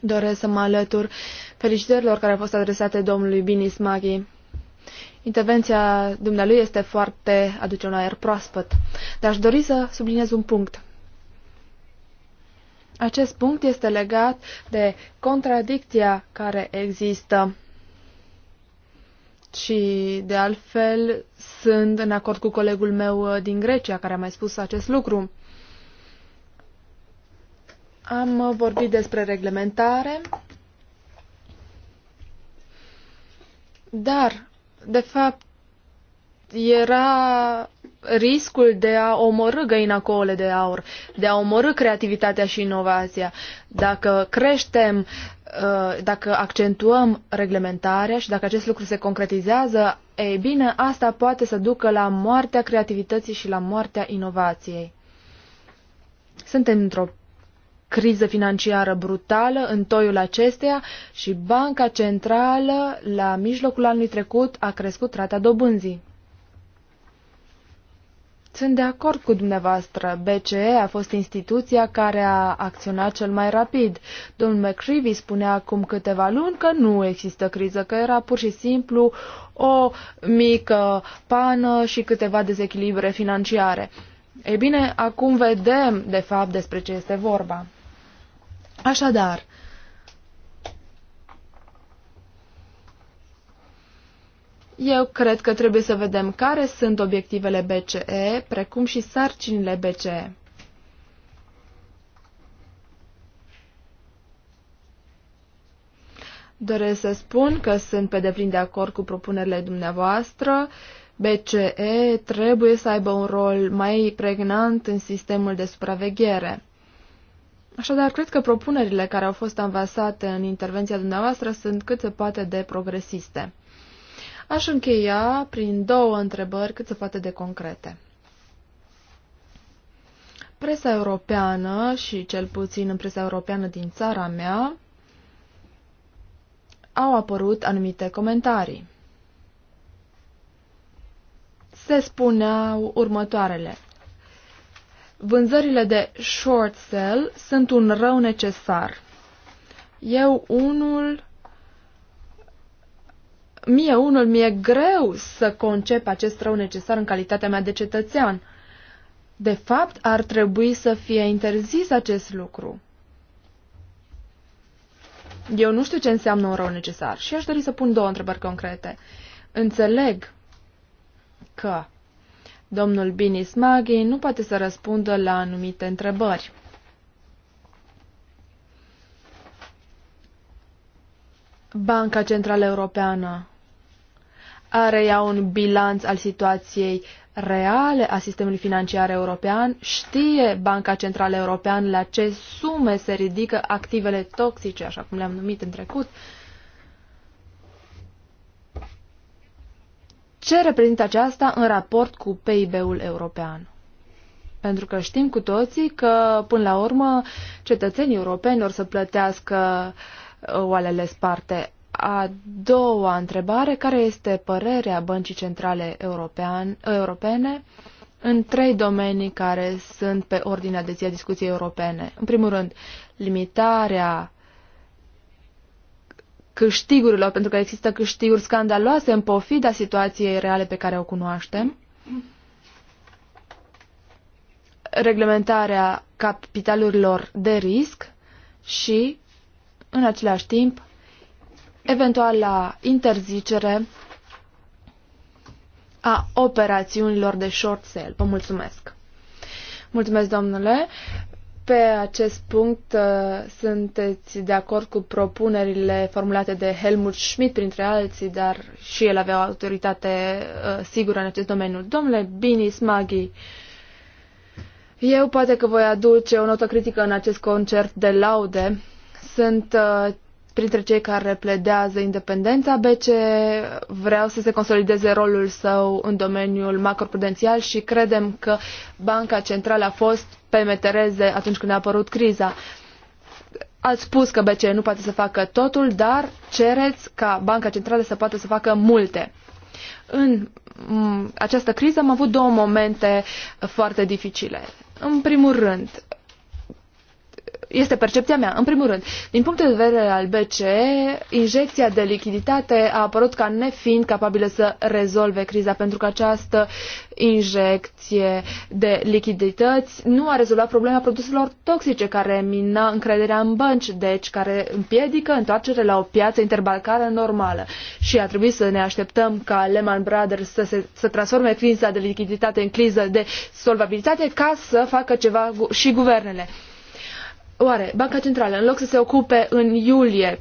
[SPEAKER 3] doresc să mă alătur felicitărilor care au fost adresate domnului Binis Maghi. Intervenția dumnealui este foarte, aduce un aer proaspăt, dar aș dori să subliniez un punct. Acest punct este legat de contradicția care există și, de altfel, sunt în acord cu colegul meu uh, din Grecia, care a mai spus acest lucru. Am uh, vorbit despre reglementare, dar, de fapt, era riscul de a omorâ găina cu ouăle de aur, de a omorâ creativitatea și inovația. Dacă creștem, uh, dacă accentuăm reglementarea și dacă acest lucru se concretizează, ei bine, asta poate să ducă la moartea creativității și la moartea inovației. Suntem într-o criză financiară brutală în toiul acesteia și Banca Centrală, la mijlocul anului trecut, a crescut rata dobânzii. Sunt de acord cu dumneavoastră. BCE a fost instituția care a acționat cel mai rapid. Domnul McCreevy spunea acum câteva luni că nu există criză, că era pur și simplu o mică pană și câteva dezechilibre financiare. Ei bine, acum vedem de fapt despre ce este vorba. Așadar, Eu cred că trebuie să vedem care sunt obiectivele BCE, precum și sarcinile BCE. Doresc să spun că sunt pe deplin de acord cu propunerile dumneavoastră. BCE trebuie să aibă un rol mai pregnant în sistemul de supraveghere. Așadar, cred că propunerile care au fost avansate în intervenția dumneavoastră sunt cât se poate de progresiste. Aș încheia prin două întrebări cât se poate de concrete. Presa europeană și cel puțin în presa europeană din țara mea au apărut anumite comentarii. Se spuneau următoarele. Vânzările de short sell sunt un rău necesar. Eu unul mie unul mi-e greu să concep acest rău necesar în calitatea mea de cetățean. De fapt, ar trebui să fie interzis acest lucru. Eu nu știu ce înseamnă un rău necesar și aș dori să pun două întrebări concrete. Înțeleg că domnul Binis Maghi nu poate să răspundă la anumite întrebări. Banca Centrală Europeană reia un bilanț al situației reale a sistemului financiar european, știe Banca Centrală Europeană la ce sume se ridică activele toxice, așa cum le-am numit în trecut, Ce reprezintă aceasta în raport cu PIB-ul european? Pentru că știm cu toții că, până la urmă, cetățenii europeni or să plătească uh, oalele sparte a doua întrebare, care este părerea Băncii Centrale European, Europene în trei domenii care sunt pe ordinea de zi a discuției europene? În primul rând, limitarea câștigurilor, pentru că există câștiguri scandaloase în pofida situației reale pe care o cunoaștem. Reglementarea capitalurilor de risc și, în același timp, eventuala interzicere a operațiunilor de short sale. Vă mulțumesc! Mulțumesc, domnule! Pe acest punct uh, sunteți de acord cu propunerile formulate de Helmut Schmidt, printre alții, dar și el avea o autoritate uh, sigură în acest domeniu. Domnule Binis Maghi, eu poate că voi aduce o notă critică în acest concert de laude. Sunt uh, printre cei care pledează independența BCE, vreau să se consolideze rolul său în domeniul macroprudențial și credem că Banca Centrală a fost pe metereze atunci când a apărut criza. Ați spus că BCE nu poate să facă totul, dar cereți ca Banca Centrală să poată să facă multe. În această criză am avut două momente foarte dificile. În primul rând, este percepția mea. În primul rând, din punct de vedere al BCE, injecția de lichiditate a apărut ca nefiind capabilă să rezolve criza, pentru că această injecție de lichidități nu a rezolvat problema produselor toxice care mina încrederea în bănci, deci care împiedică întoarcerea la o piață interbalcară normală. Și a trebuit să ne așteptăm ca Lehman Brothers să, se, să transforme criza de lichiditate în criză de solvabilitate ca să facă ceva și guvernele. Oare Banca Centrală, în loc să se ocupe în iulie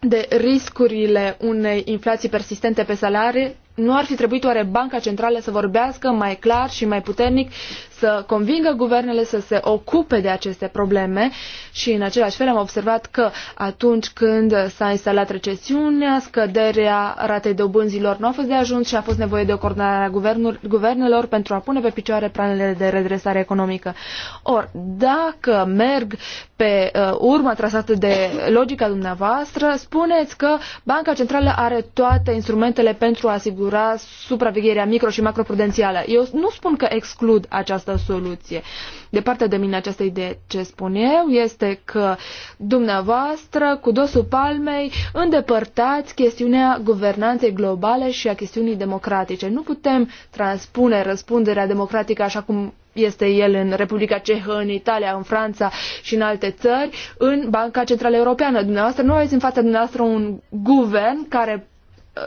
[SPEAKER 3] de riscurile unei inflații persistente pe salarii, nu ar fi trebuit oare Banca Centrală să vorbească mai clar și mai puternic, să convingă guvernele să se ocupe de aceste probleme și în același fel am observat că atunci când s-a instalat recesiunea, scăderea ratei dobânzilor nu a fost de ajuns și a fost nevoie de o coordonare a guvernelor pentru a pune pe picioare planele de redresare economică. Or, dacă merg pe uh, urma trasată de logica dumneavoastră, spuneți că Banca Centrală are toate instrumentele pentru a asigura supravegherea micro și macroprudențială. Eu nu spun că exclud această această soluție. Departe de mine această idee, ce spun eu, este că dumneavoastră, cu dosul palmei, îndepărtați chestiunea guvernanței globale și a chestiunii democratice. Nu putem transpune răspunderea democratică așa cum este el în Republica Cehă, în Italia, în Franța și în alte țări, în Banca Centrală Europeană. Dumneavoastră nu aveți în fața dumneavoastră un guvern care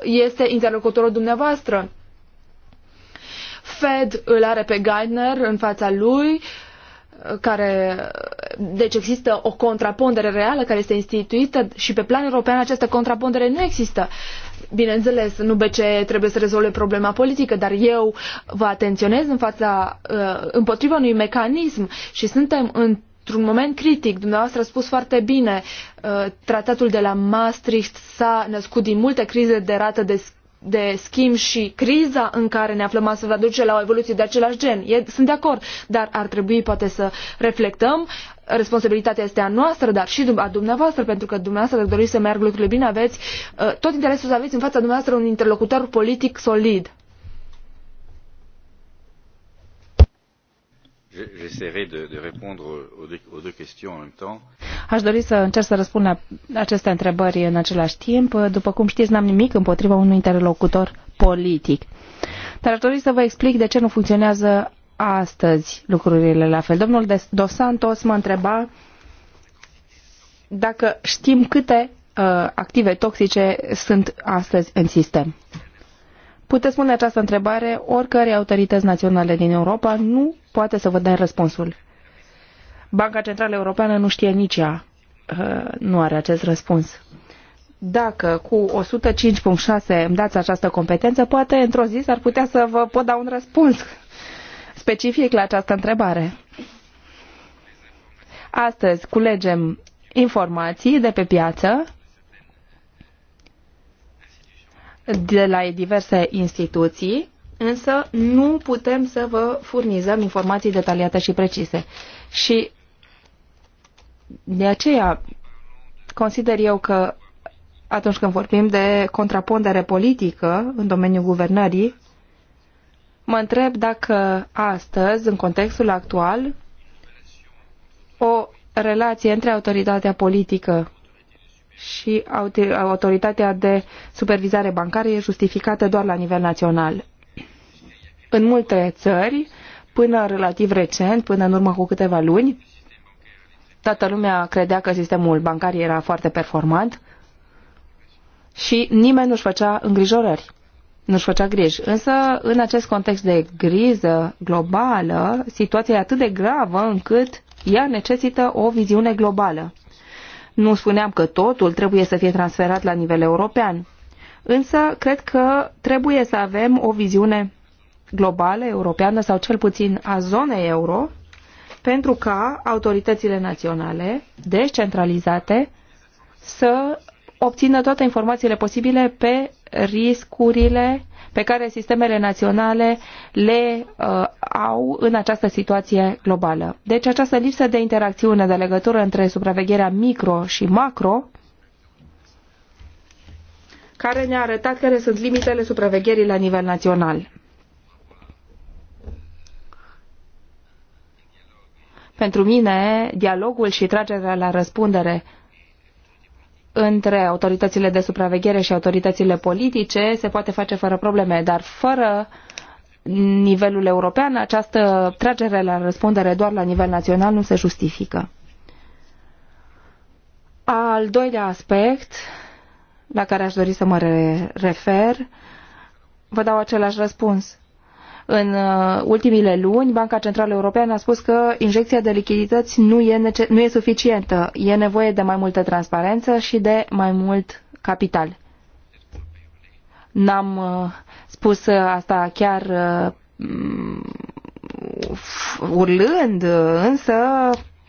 [SPEAKER 3] este interlocutorul dumneavoastră Fed îl are pe Geithner în fața lui, care, deci există o contrapondere reală care este instituită și pe plan european această contrapondere nu există. Bineînțeles, nu BCE trebuie să rezolve problema politică, dar eu vă atenționez în fața, uh, împotriva unui mecanism și suntem în într-un moment critic. Dumneavoastră a spus foarte bine, uh, tratatul de la Maastricht s-a născut din multe crize de rată de de schimb și criza în care ne aflăm astăzi va duce la o evoluție de același gen. E, sunt de acord, dar ar trebui poate să reflectăm. Responsabilitatea este a noastră, dar și a dumneavoastră, pentru că dumneavoastră, dacă doriți să meargă lucrurile bine, aveți uh, tot interesul să aveți în fața dumneavoastră un interlocutor politic solid.
[SPEAKER 2] J'essaierai de, de répondre aux deux, aux deux questions en même temps.
[SPEAKER 1] Aș dori să încerc să răspund la aceste întrebări în același timp. După cum știți, n-am nimic împotriva unui interlocutor politic. Dar aș dori să vă explic de ce nu funcționează astăzi lucrurile la fel. Domnul Dos Santos mă întreba dacă știm câte uh, active toxice sunt astăzi în sistem. Puteți pune această întrebare oricărei autorități naționale din Europa, nu poate să vă dea răspunsul. Banca Centrală Europeană nu știe nici ea, uh, nu are acest răspuns. Dacă cu 105.6 îmi dați această competență, poate într-o zi s-ar putea să vă pot da un răspuns specific la această întrebare. Astăzi culegem informații de pe piață de la diverse instituții, însă nu putem să vă furnizăm informații detaliate și precise. Și de aceea consider eu că atunci când vorbim de contrapondere politică în domeniul guvernării, mă întreb dacă astăzi, în contextul actual, o relație între autoritatea politică și autoritatea de supervizare bancară e justificată doar la nivel național. În multe țări, până relativ recent, până în urmă cu câteva luni, toată lumea credea că sistemul bancar era foarte performant și nimeni nu-și făcea îngrijorări, nu-și făcea griji. Însă, în acest context de griză globală, situația e atât de gravă încât ea necesită o viziune globală. Nu spuneam că totul trebuie să fie transferat la nivel european, însă cred că trebuie să avem o viziune globală, europeană sau cel puțin a zonei euro, pentru ca autoritățile naționale, descentralizate, să obțină toate informațiile posibile pe riscurile pe care sistemele naționale le uh, au în această situație globală. Deci această lipsă de interacțiune, de legătură între supravegherea micro și macro, care ne-a arătat care sunt limitele supravegherii la nivel național. Pentru mine, dialogul și tragerea la răspundere între autoritățile de supraveghere și autoritățile politice se poate face fără probleme, dar fără nivelul european, această tragere la răspundere doar la nivel național nu se justifică. Al doilea aspect la care aș dori să mă refer, vă dau același răspuns. În uh, ultimile luni, Banca Centrală Europeană a spus că injecția de lichidități nu e, nu e suficientă. E nevoie de mai multă transparență și de mai mult capital. N-am uh, spus asta chiar uh, urlând, însă,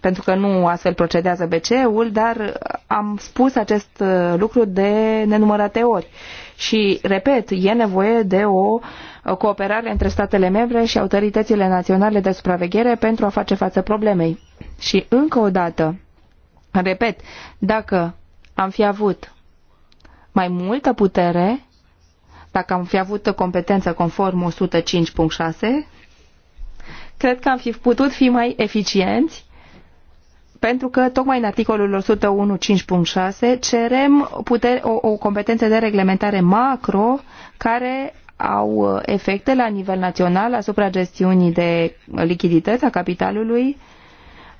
[SPEAKER 1] pentru că nu astfel procedează BCE-ul, dar am spus acest lucru de nenumărate ori. Și, repet, e nevoie de o uh, Uh, cooperare între statele membre și autoritățile naționale de supraveghere pentru a face față problemei. Și încă o dată, repet, dacă am fi avut mai multă putere, dacă am fi avut competență conform 105.6, cred că am fi putut fi mai eficienți pentru că tocmai în articolul 101.5.6 cerem putere, o, o competență de reglementare macro care au uh, efecte la nivel național asupra gestiunii de lichidități a capitalului,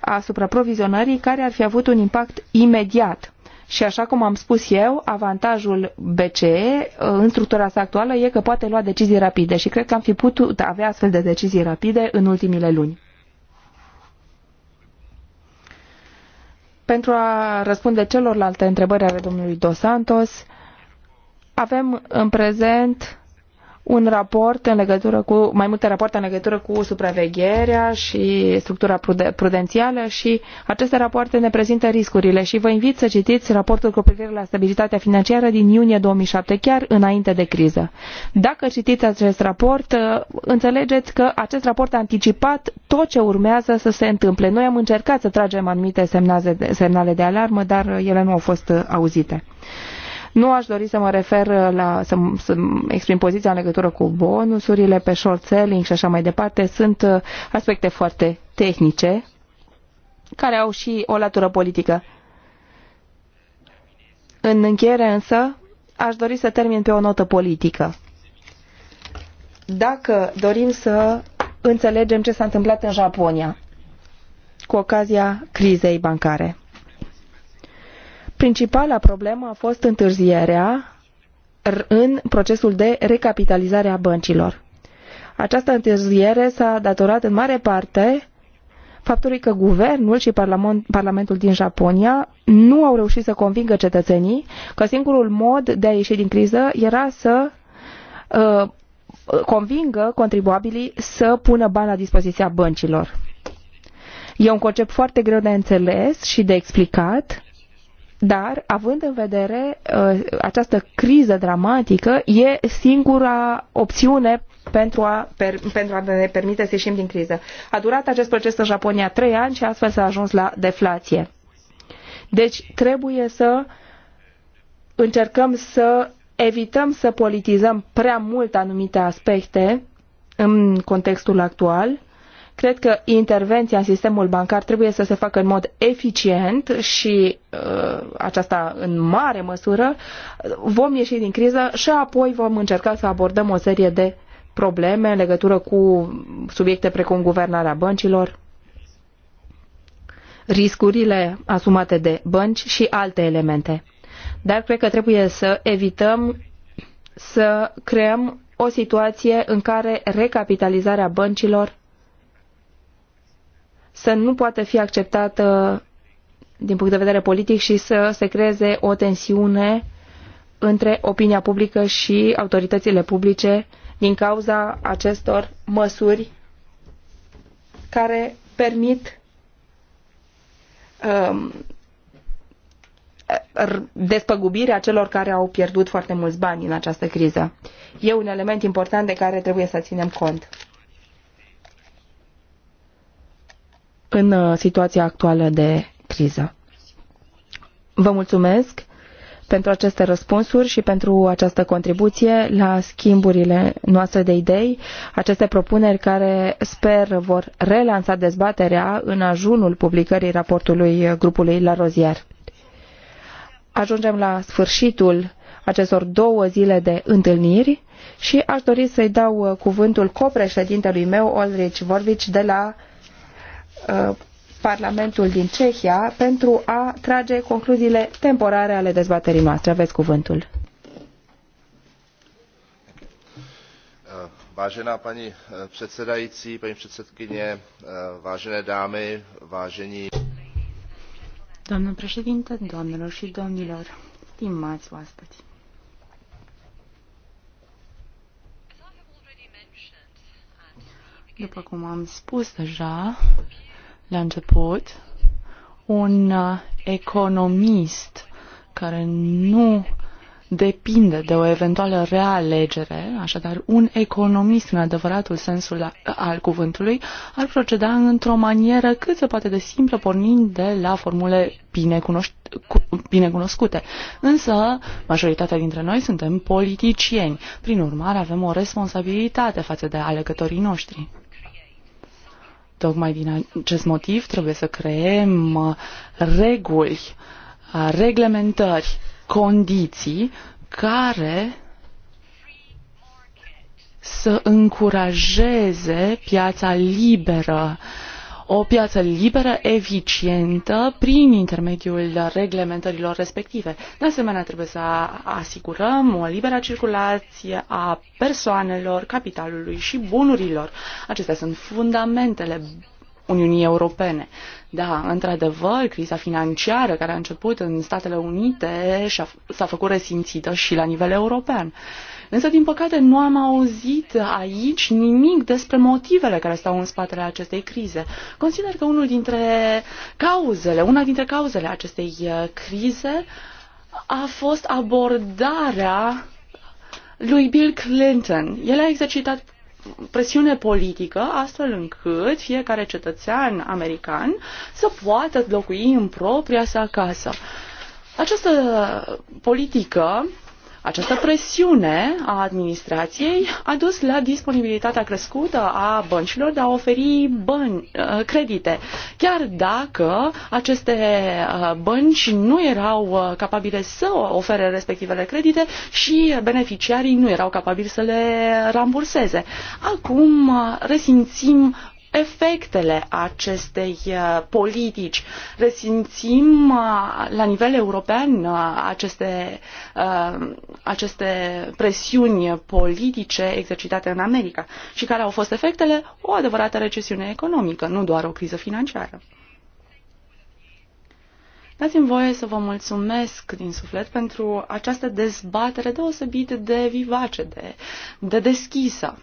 [SPEAKER 1] asupra provizionării, care ar fi avut un impact imediat. Și așa cum am spus eu, avantajul BCE uh, în structura sa actuală e că poate lua decizii rapide și cred că am fi putut avea astfel de decizii rapide în ultimile luni. Pentru a răspunde celorlalte întrebări ale domnului Dos Santos, avem în prezent un raport în legătură cu, mai multe rapoarte în legătură cu supravegherea și structura prudențială și aceste rapoarte ne prezintă riscurile și vă invit să citiți raportul cu privire la stabilitatea financiară din iunie 2007, chiar înainte de criză. Dacă citiți acest raport, uh, înțelegeți că acest raport a anticipat tot ce urmează să se întâmple. Noi am încercat să tragem anumite semnale de alarmă, dar ele nu au fost uh, auzite. Nu aș dori să mă refer uh, la, să, să exprim poziția în legătură cu bonusurile pe short selling și așa mai departe. Sunt uh, aspecte foarte tehnice care au și o latură politică. În încheiere însă, aș dori să termin pe o notă politică. Dacă dorim să înțelegem ce s-a întâmplat în Japonia cu ocazia crizei bancare. Principala problemă a fost întârzierea în procesul de recapitalizare a băncilor. Această întârziere s-a datorat în mare parte faptului că guvernul și parlamentul din Japonia nu au reușit să convingă cetățenii că singurul mod de a ieși din criză era să uh, convingă contribuabilii să pună bani la dispoziția băncilor. E un concept foarte greu de înțeles și de explicat dar, având în vedere uh, această criză dramatică, e singura opțiune pentru a, per, pentru a ne permite să ieșim din criză. A durat acest proces în Japonia trei ani și astfel s-a ajuns la deflație. Deci trebuie să încercăm să evităm să politizăm prea mult anumite aspecte în contextul actual Cred că intervenția în sistemul bancar trebuie să se facă în mod eficient și uh, aceasta în mare măsură. Vom ieși din criză și apoi vom încerca să abordăm o serie de probleme în legătură cu subiecte precum guvernarea băncilor, riscurile asumate de bănci și alte elemente. Dar cred că trebuie să evităm să creăm o situație în care recapitalizarea băncilor să nu poată fi acceptată din punct de vedere politic și să se creeze o tensiune între opinia publică și autoritățile publice din cauza acestor măsuri care permit um, despăgubirea celor care au pierdut foarte mulți bani în această criză. E un element important de care trebuie să ținem cont. în uh, situația actuală de criză. Vă mulțumesc pentru aceste răspunsuri și pentru această contribuție la schimburile noastre de idei, aceste propuneri care sper vor relansa dezbaterea în ajunul publicării raportului grupului La Rozier. Ajungem la sfârșitul acestor două zile de întâlniri și aș dori să-i dau uh, cuvântul copreședintelui meu, Olrich Vorvici, de la Uh, Parlamentul din Cehia pentru a trage concluziile temporare ale dezbaterii noastre. Aveți cuvântul. Uh,
[SPEAKER 2] vážená paní uh, předsedající, paní předsedkyně, vážené dámy, vážení.
[SPEAKER 4] Doamnă președinte, doamnelor și domnilor, stimați oaspeți. După cum am spus deja, la început, un uh, economist care nu depinde de o eventuală realegere, așadar un economist în adevăratul sensul uh, al cuvântului, ar proceda într-o manieră cât se poate de simplă, pornind de la formule binecunoscute. Însă, majoritatea dintre noi suntem politicieni, prin urmare avem o responsabilitate față de alegătorii noștri. Tocmai din acest motiv trebuie să creăm uh, reguli, uh, reglementări, condiții care să încurajeze piața liberă uh, o piață liberă, eficientă, prin intermediul reglementărilor respective. De asemenea, trebuie să asigurăm o liberă circulație a persoanelor, capitalului și bunurilor. Acestea sunt fundamentele Uniunii Europene. Da, într-adevăr, criza financiară care a început în Statele Unite s-a făcut resimțită și la nivel european. Uh, Însă, din păcate, nu am auzit aici nimic despre motivele care stau în spatele acestei crize. Consider că unul dintre cauzele, una dintre cauzele acestei uh, crize a fost abordarea lui Bill Clinton. El a exercitat presiune politică, astfel încât fiecare cetățean american să poată locui în propria sa casă. Această politică această presiune a administrației a dus la disponibilitatea crescută a băncilor de a oferi bani, uh, credite, chiar dacă aceste uh, bănci nu erau uh, capabile să ofere respectivele credite și beneficiarii nu erau capabili să le ramburseze. Acum resimțim efectele acestei uh, politici. Resimțim uh, la nivel european uh, aceste, aceste presiuni politice exercitate în America și care au fost efectele o adevărată recesiune economică, nu doar o criză financiară. Dați-mi voie să vă mulțumesc din suflet pentru această dezbatere deosebit de vivace, de, de deschisă. Uh,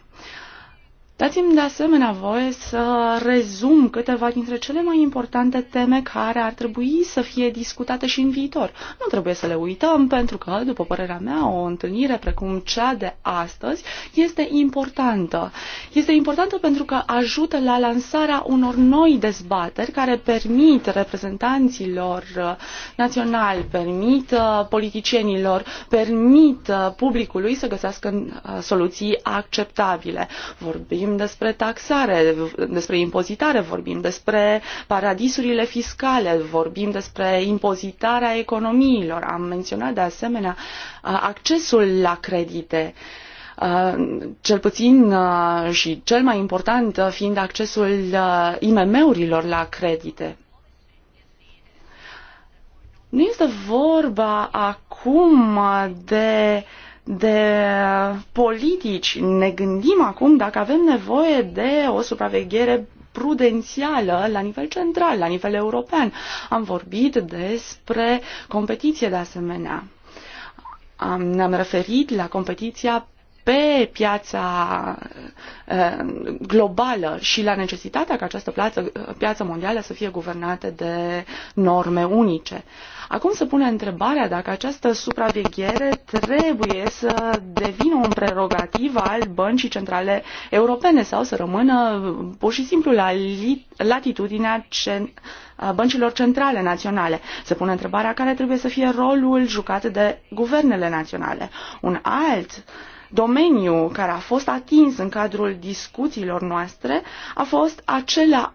[SPEAKER 4] Dați-mi de asemenea voie să rezum câteva dintre cele mai importante teme care ar trebui să fie discutate și în viitor. Nu trebuie să le uităm pentru că, după părerea mea, o întâlnire precum cea de astăzi este importantă. Este importantă pentru că ajută la lansarea unor noi dezbateri care permit reprezentanților naționali, permit uh, politicienilor, permit uh, publicului să găsească uh, soluții acceptabile. Vorbim vorbim despre taxare, despre impozitare, vorbim despre paradisurile fiscale, vorbim despre impozitarea economiilor. Am menționat de asemenea accesul la credite cel puțin și cel mai important fiind accesul IMM-urilor la credite. Nu este vorba acum de uh, de politici ne gândim acum dacă avem nevoie de o supraveghere prudențială la nivel central, la nivel european. Am vorbit despre competiție de asemenea. Am, ne-am referit la competiția pe piața eh, globală și la necesitatea ca această piață, piață mondială să fie guvernată de norme unice. Acum se pune întrebarea dacă această supraveghere trebuie să devină un prerogativ al băncii centrale europene sau să rămână pur și simplu la latitudinea cen- băncilor centrale naționale. Se pune întrebarea care trebuie să fie rolul jucat de guvernele naționale. Un alt uh, domeniu care a fost atins în cadrul discuțiilor noastre a fost acela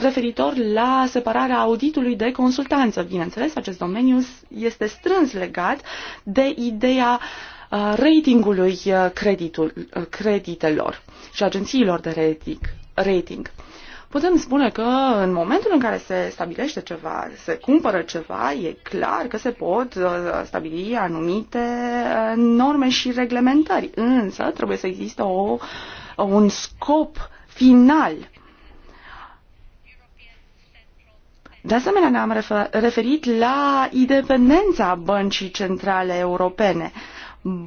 [SPEAKER 4] referitor la separarea auditului de consultanță. Bineînțeles, acest domeniu este strâns legat de ideea ratingului creditul, creditelor și agențiilor de rating. rating putem spune că în momentul în care se stabilește ceva, se cumpără ceva, e clar că se pot uh, stabili anumite uh, norme și reglementări, însă trebuie să există o, un scop final. De asemenea, ne-am referit la independența băncii centrale europene. Uh,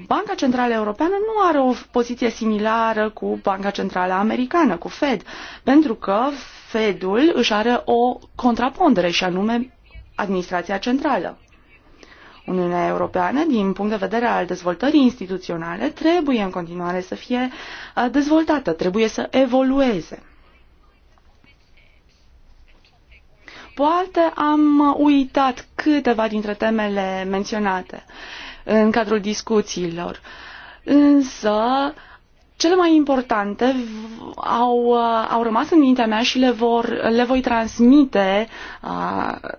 [SPEAKER 4] Banca Centrală Europeană nu are o poziție similară cu Banca Centrală Americană, cu Fed, pentru că Fedul își are o contrapondere și anume administrația centrală. Uniunea Europeană, din punct de vedere al dezvoltării instituționale, trebuie în continuare să fie dezvoltată, trebuie să evolueze. Poate am uh, uitat câteva dintre temele menționate în cadrul discuțiilor. Însă, cele mai importante au, uh, au rămas în mintea mea și le, vor, le voi transmite a, uh,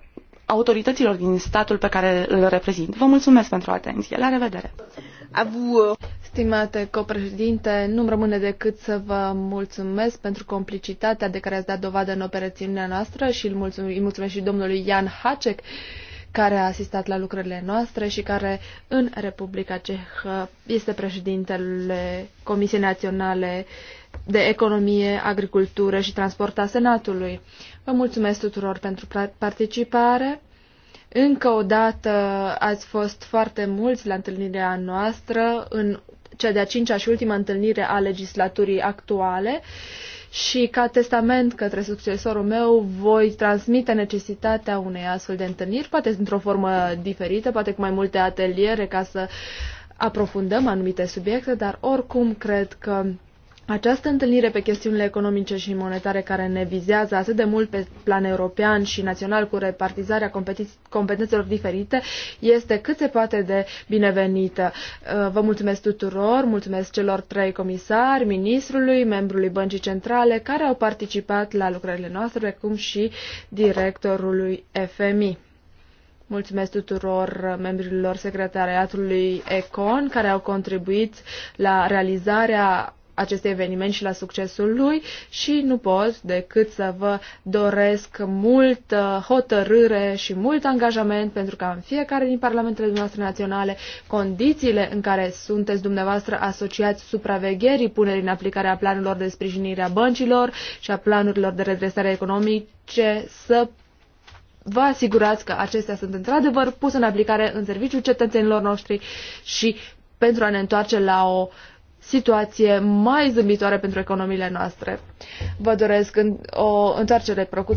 [SPEAKER 4] autorităților din statul pe care îl reprezint. Vă mulțumesc pentru atenție. La revedere!
[SPEAKER 3] Avu, uh, stimate copreședinte, nu-mi rămâne decât să vă mulțumesc pentru complicitatea de care ați dat dovadă în operațiunea noastră și îi mulțumesc, îi mulțumesc și domnului Ian Hacek care a asistat la lucrările noastre și care în Republica Cehă este președintele Comisiei Naționale de Economie, Agricultură și Transport a Senatului. Vă mulțumesc tuturor pentru participare. Încă o dată ați fost foarte mulți la întâlnirea noastră în cea de-a cincea și ultima întâlnire a legislaturii actuale. Uh, și ca testament către succesorul meu voi transmite necesitatea unei astfel de întâlniri, poate într-o formă diferită, poate cu mai multe ateliere ca să aprofundăm anumite subiecte, dar oricum cred că această întâlnire pe chestiunile economice și monetare care ne vizează atât de mult pe plan european și național cu repartizarea competențelor diferite este cât se poate de binevenită. Uh, vă mulțumesc tuturor, mulțumesc celor trei comisari, ministrului, membrului Băncii Centrale care au participat la lucrările noastre, precum și directorului FMI. Mulțumesc tuturor membrilor secretariatului ECON care au contribuit la realizarea acest eveniment și la succesul lui și nu pot decât să vă doresc mult uh, hotărâre și mult angajament pentru ca în fiecare din parlamentele noastre naționale condițiile în care sunteți dumneavoastră asociați supravegherii punerii în aplicare a planurilor de sprijinire a băncilor și a planurilor de redresare economice să vă asigurați că acestea sunt într-adevăr puse în aplicare în serviciul cetățenilor noștri și pentru a ne întoarce la o uh, situație mai zâmbitoare pentru economiile noastre. Vă doresc o întoarcere plăcută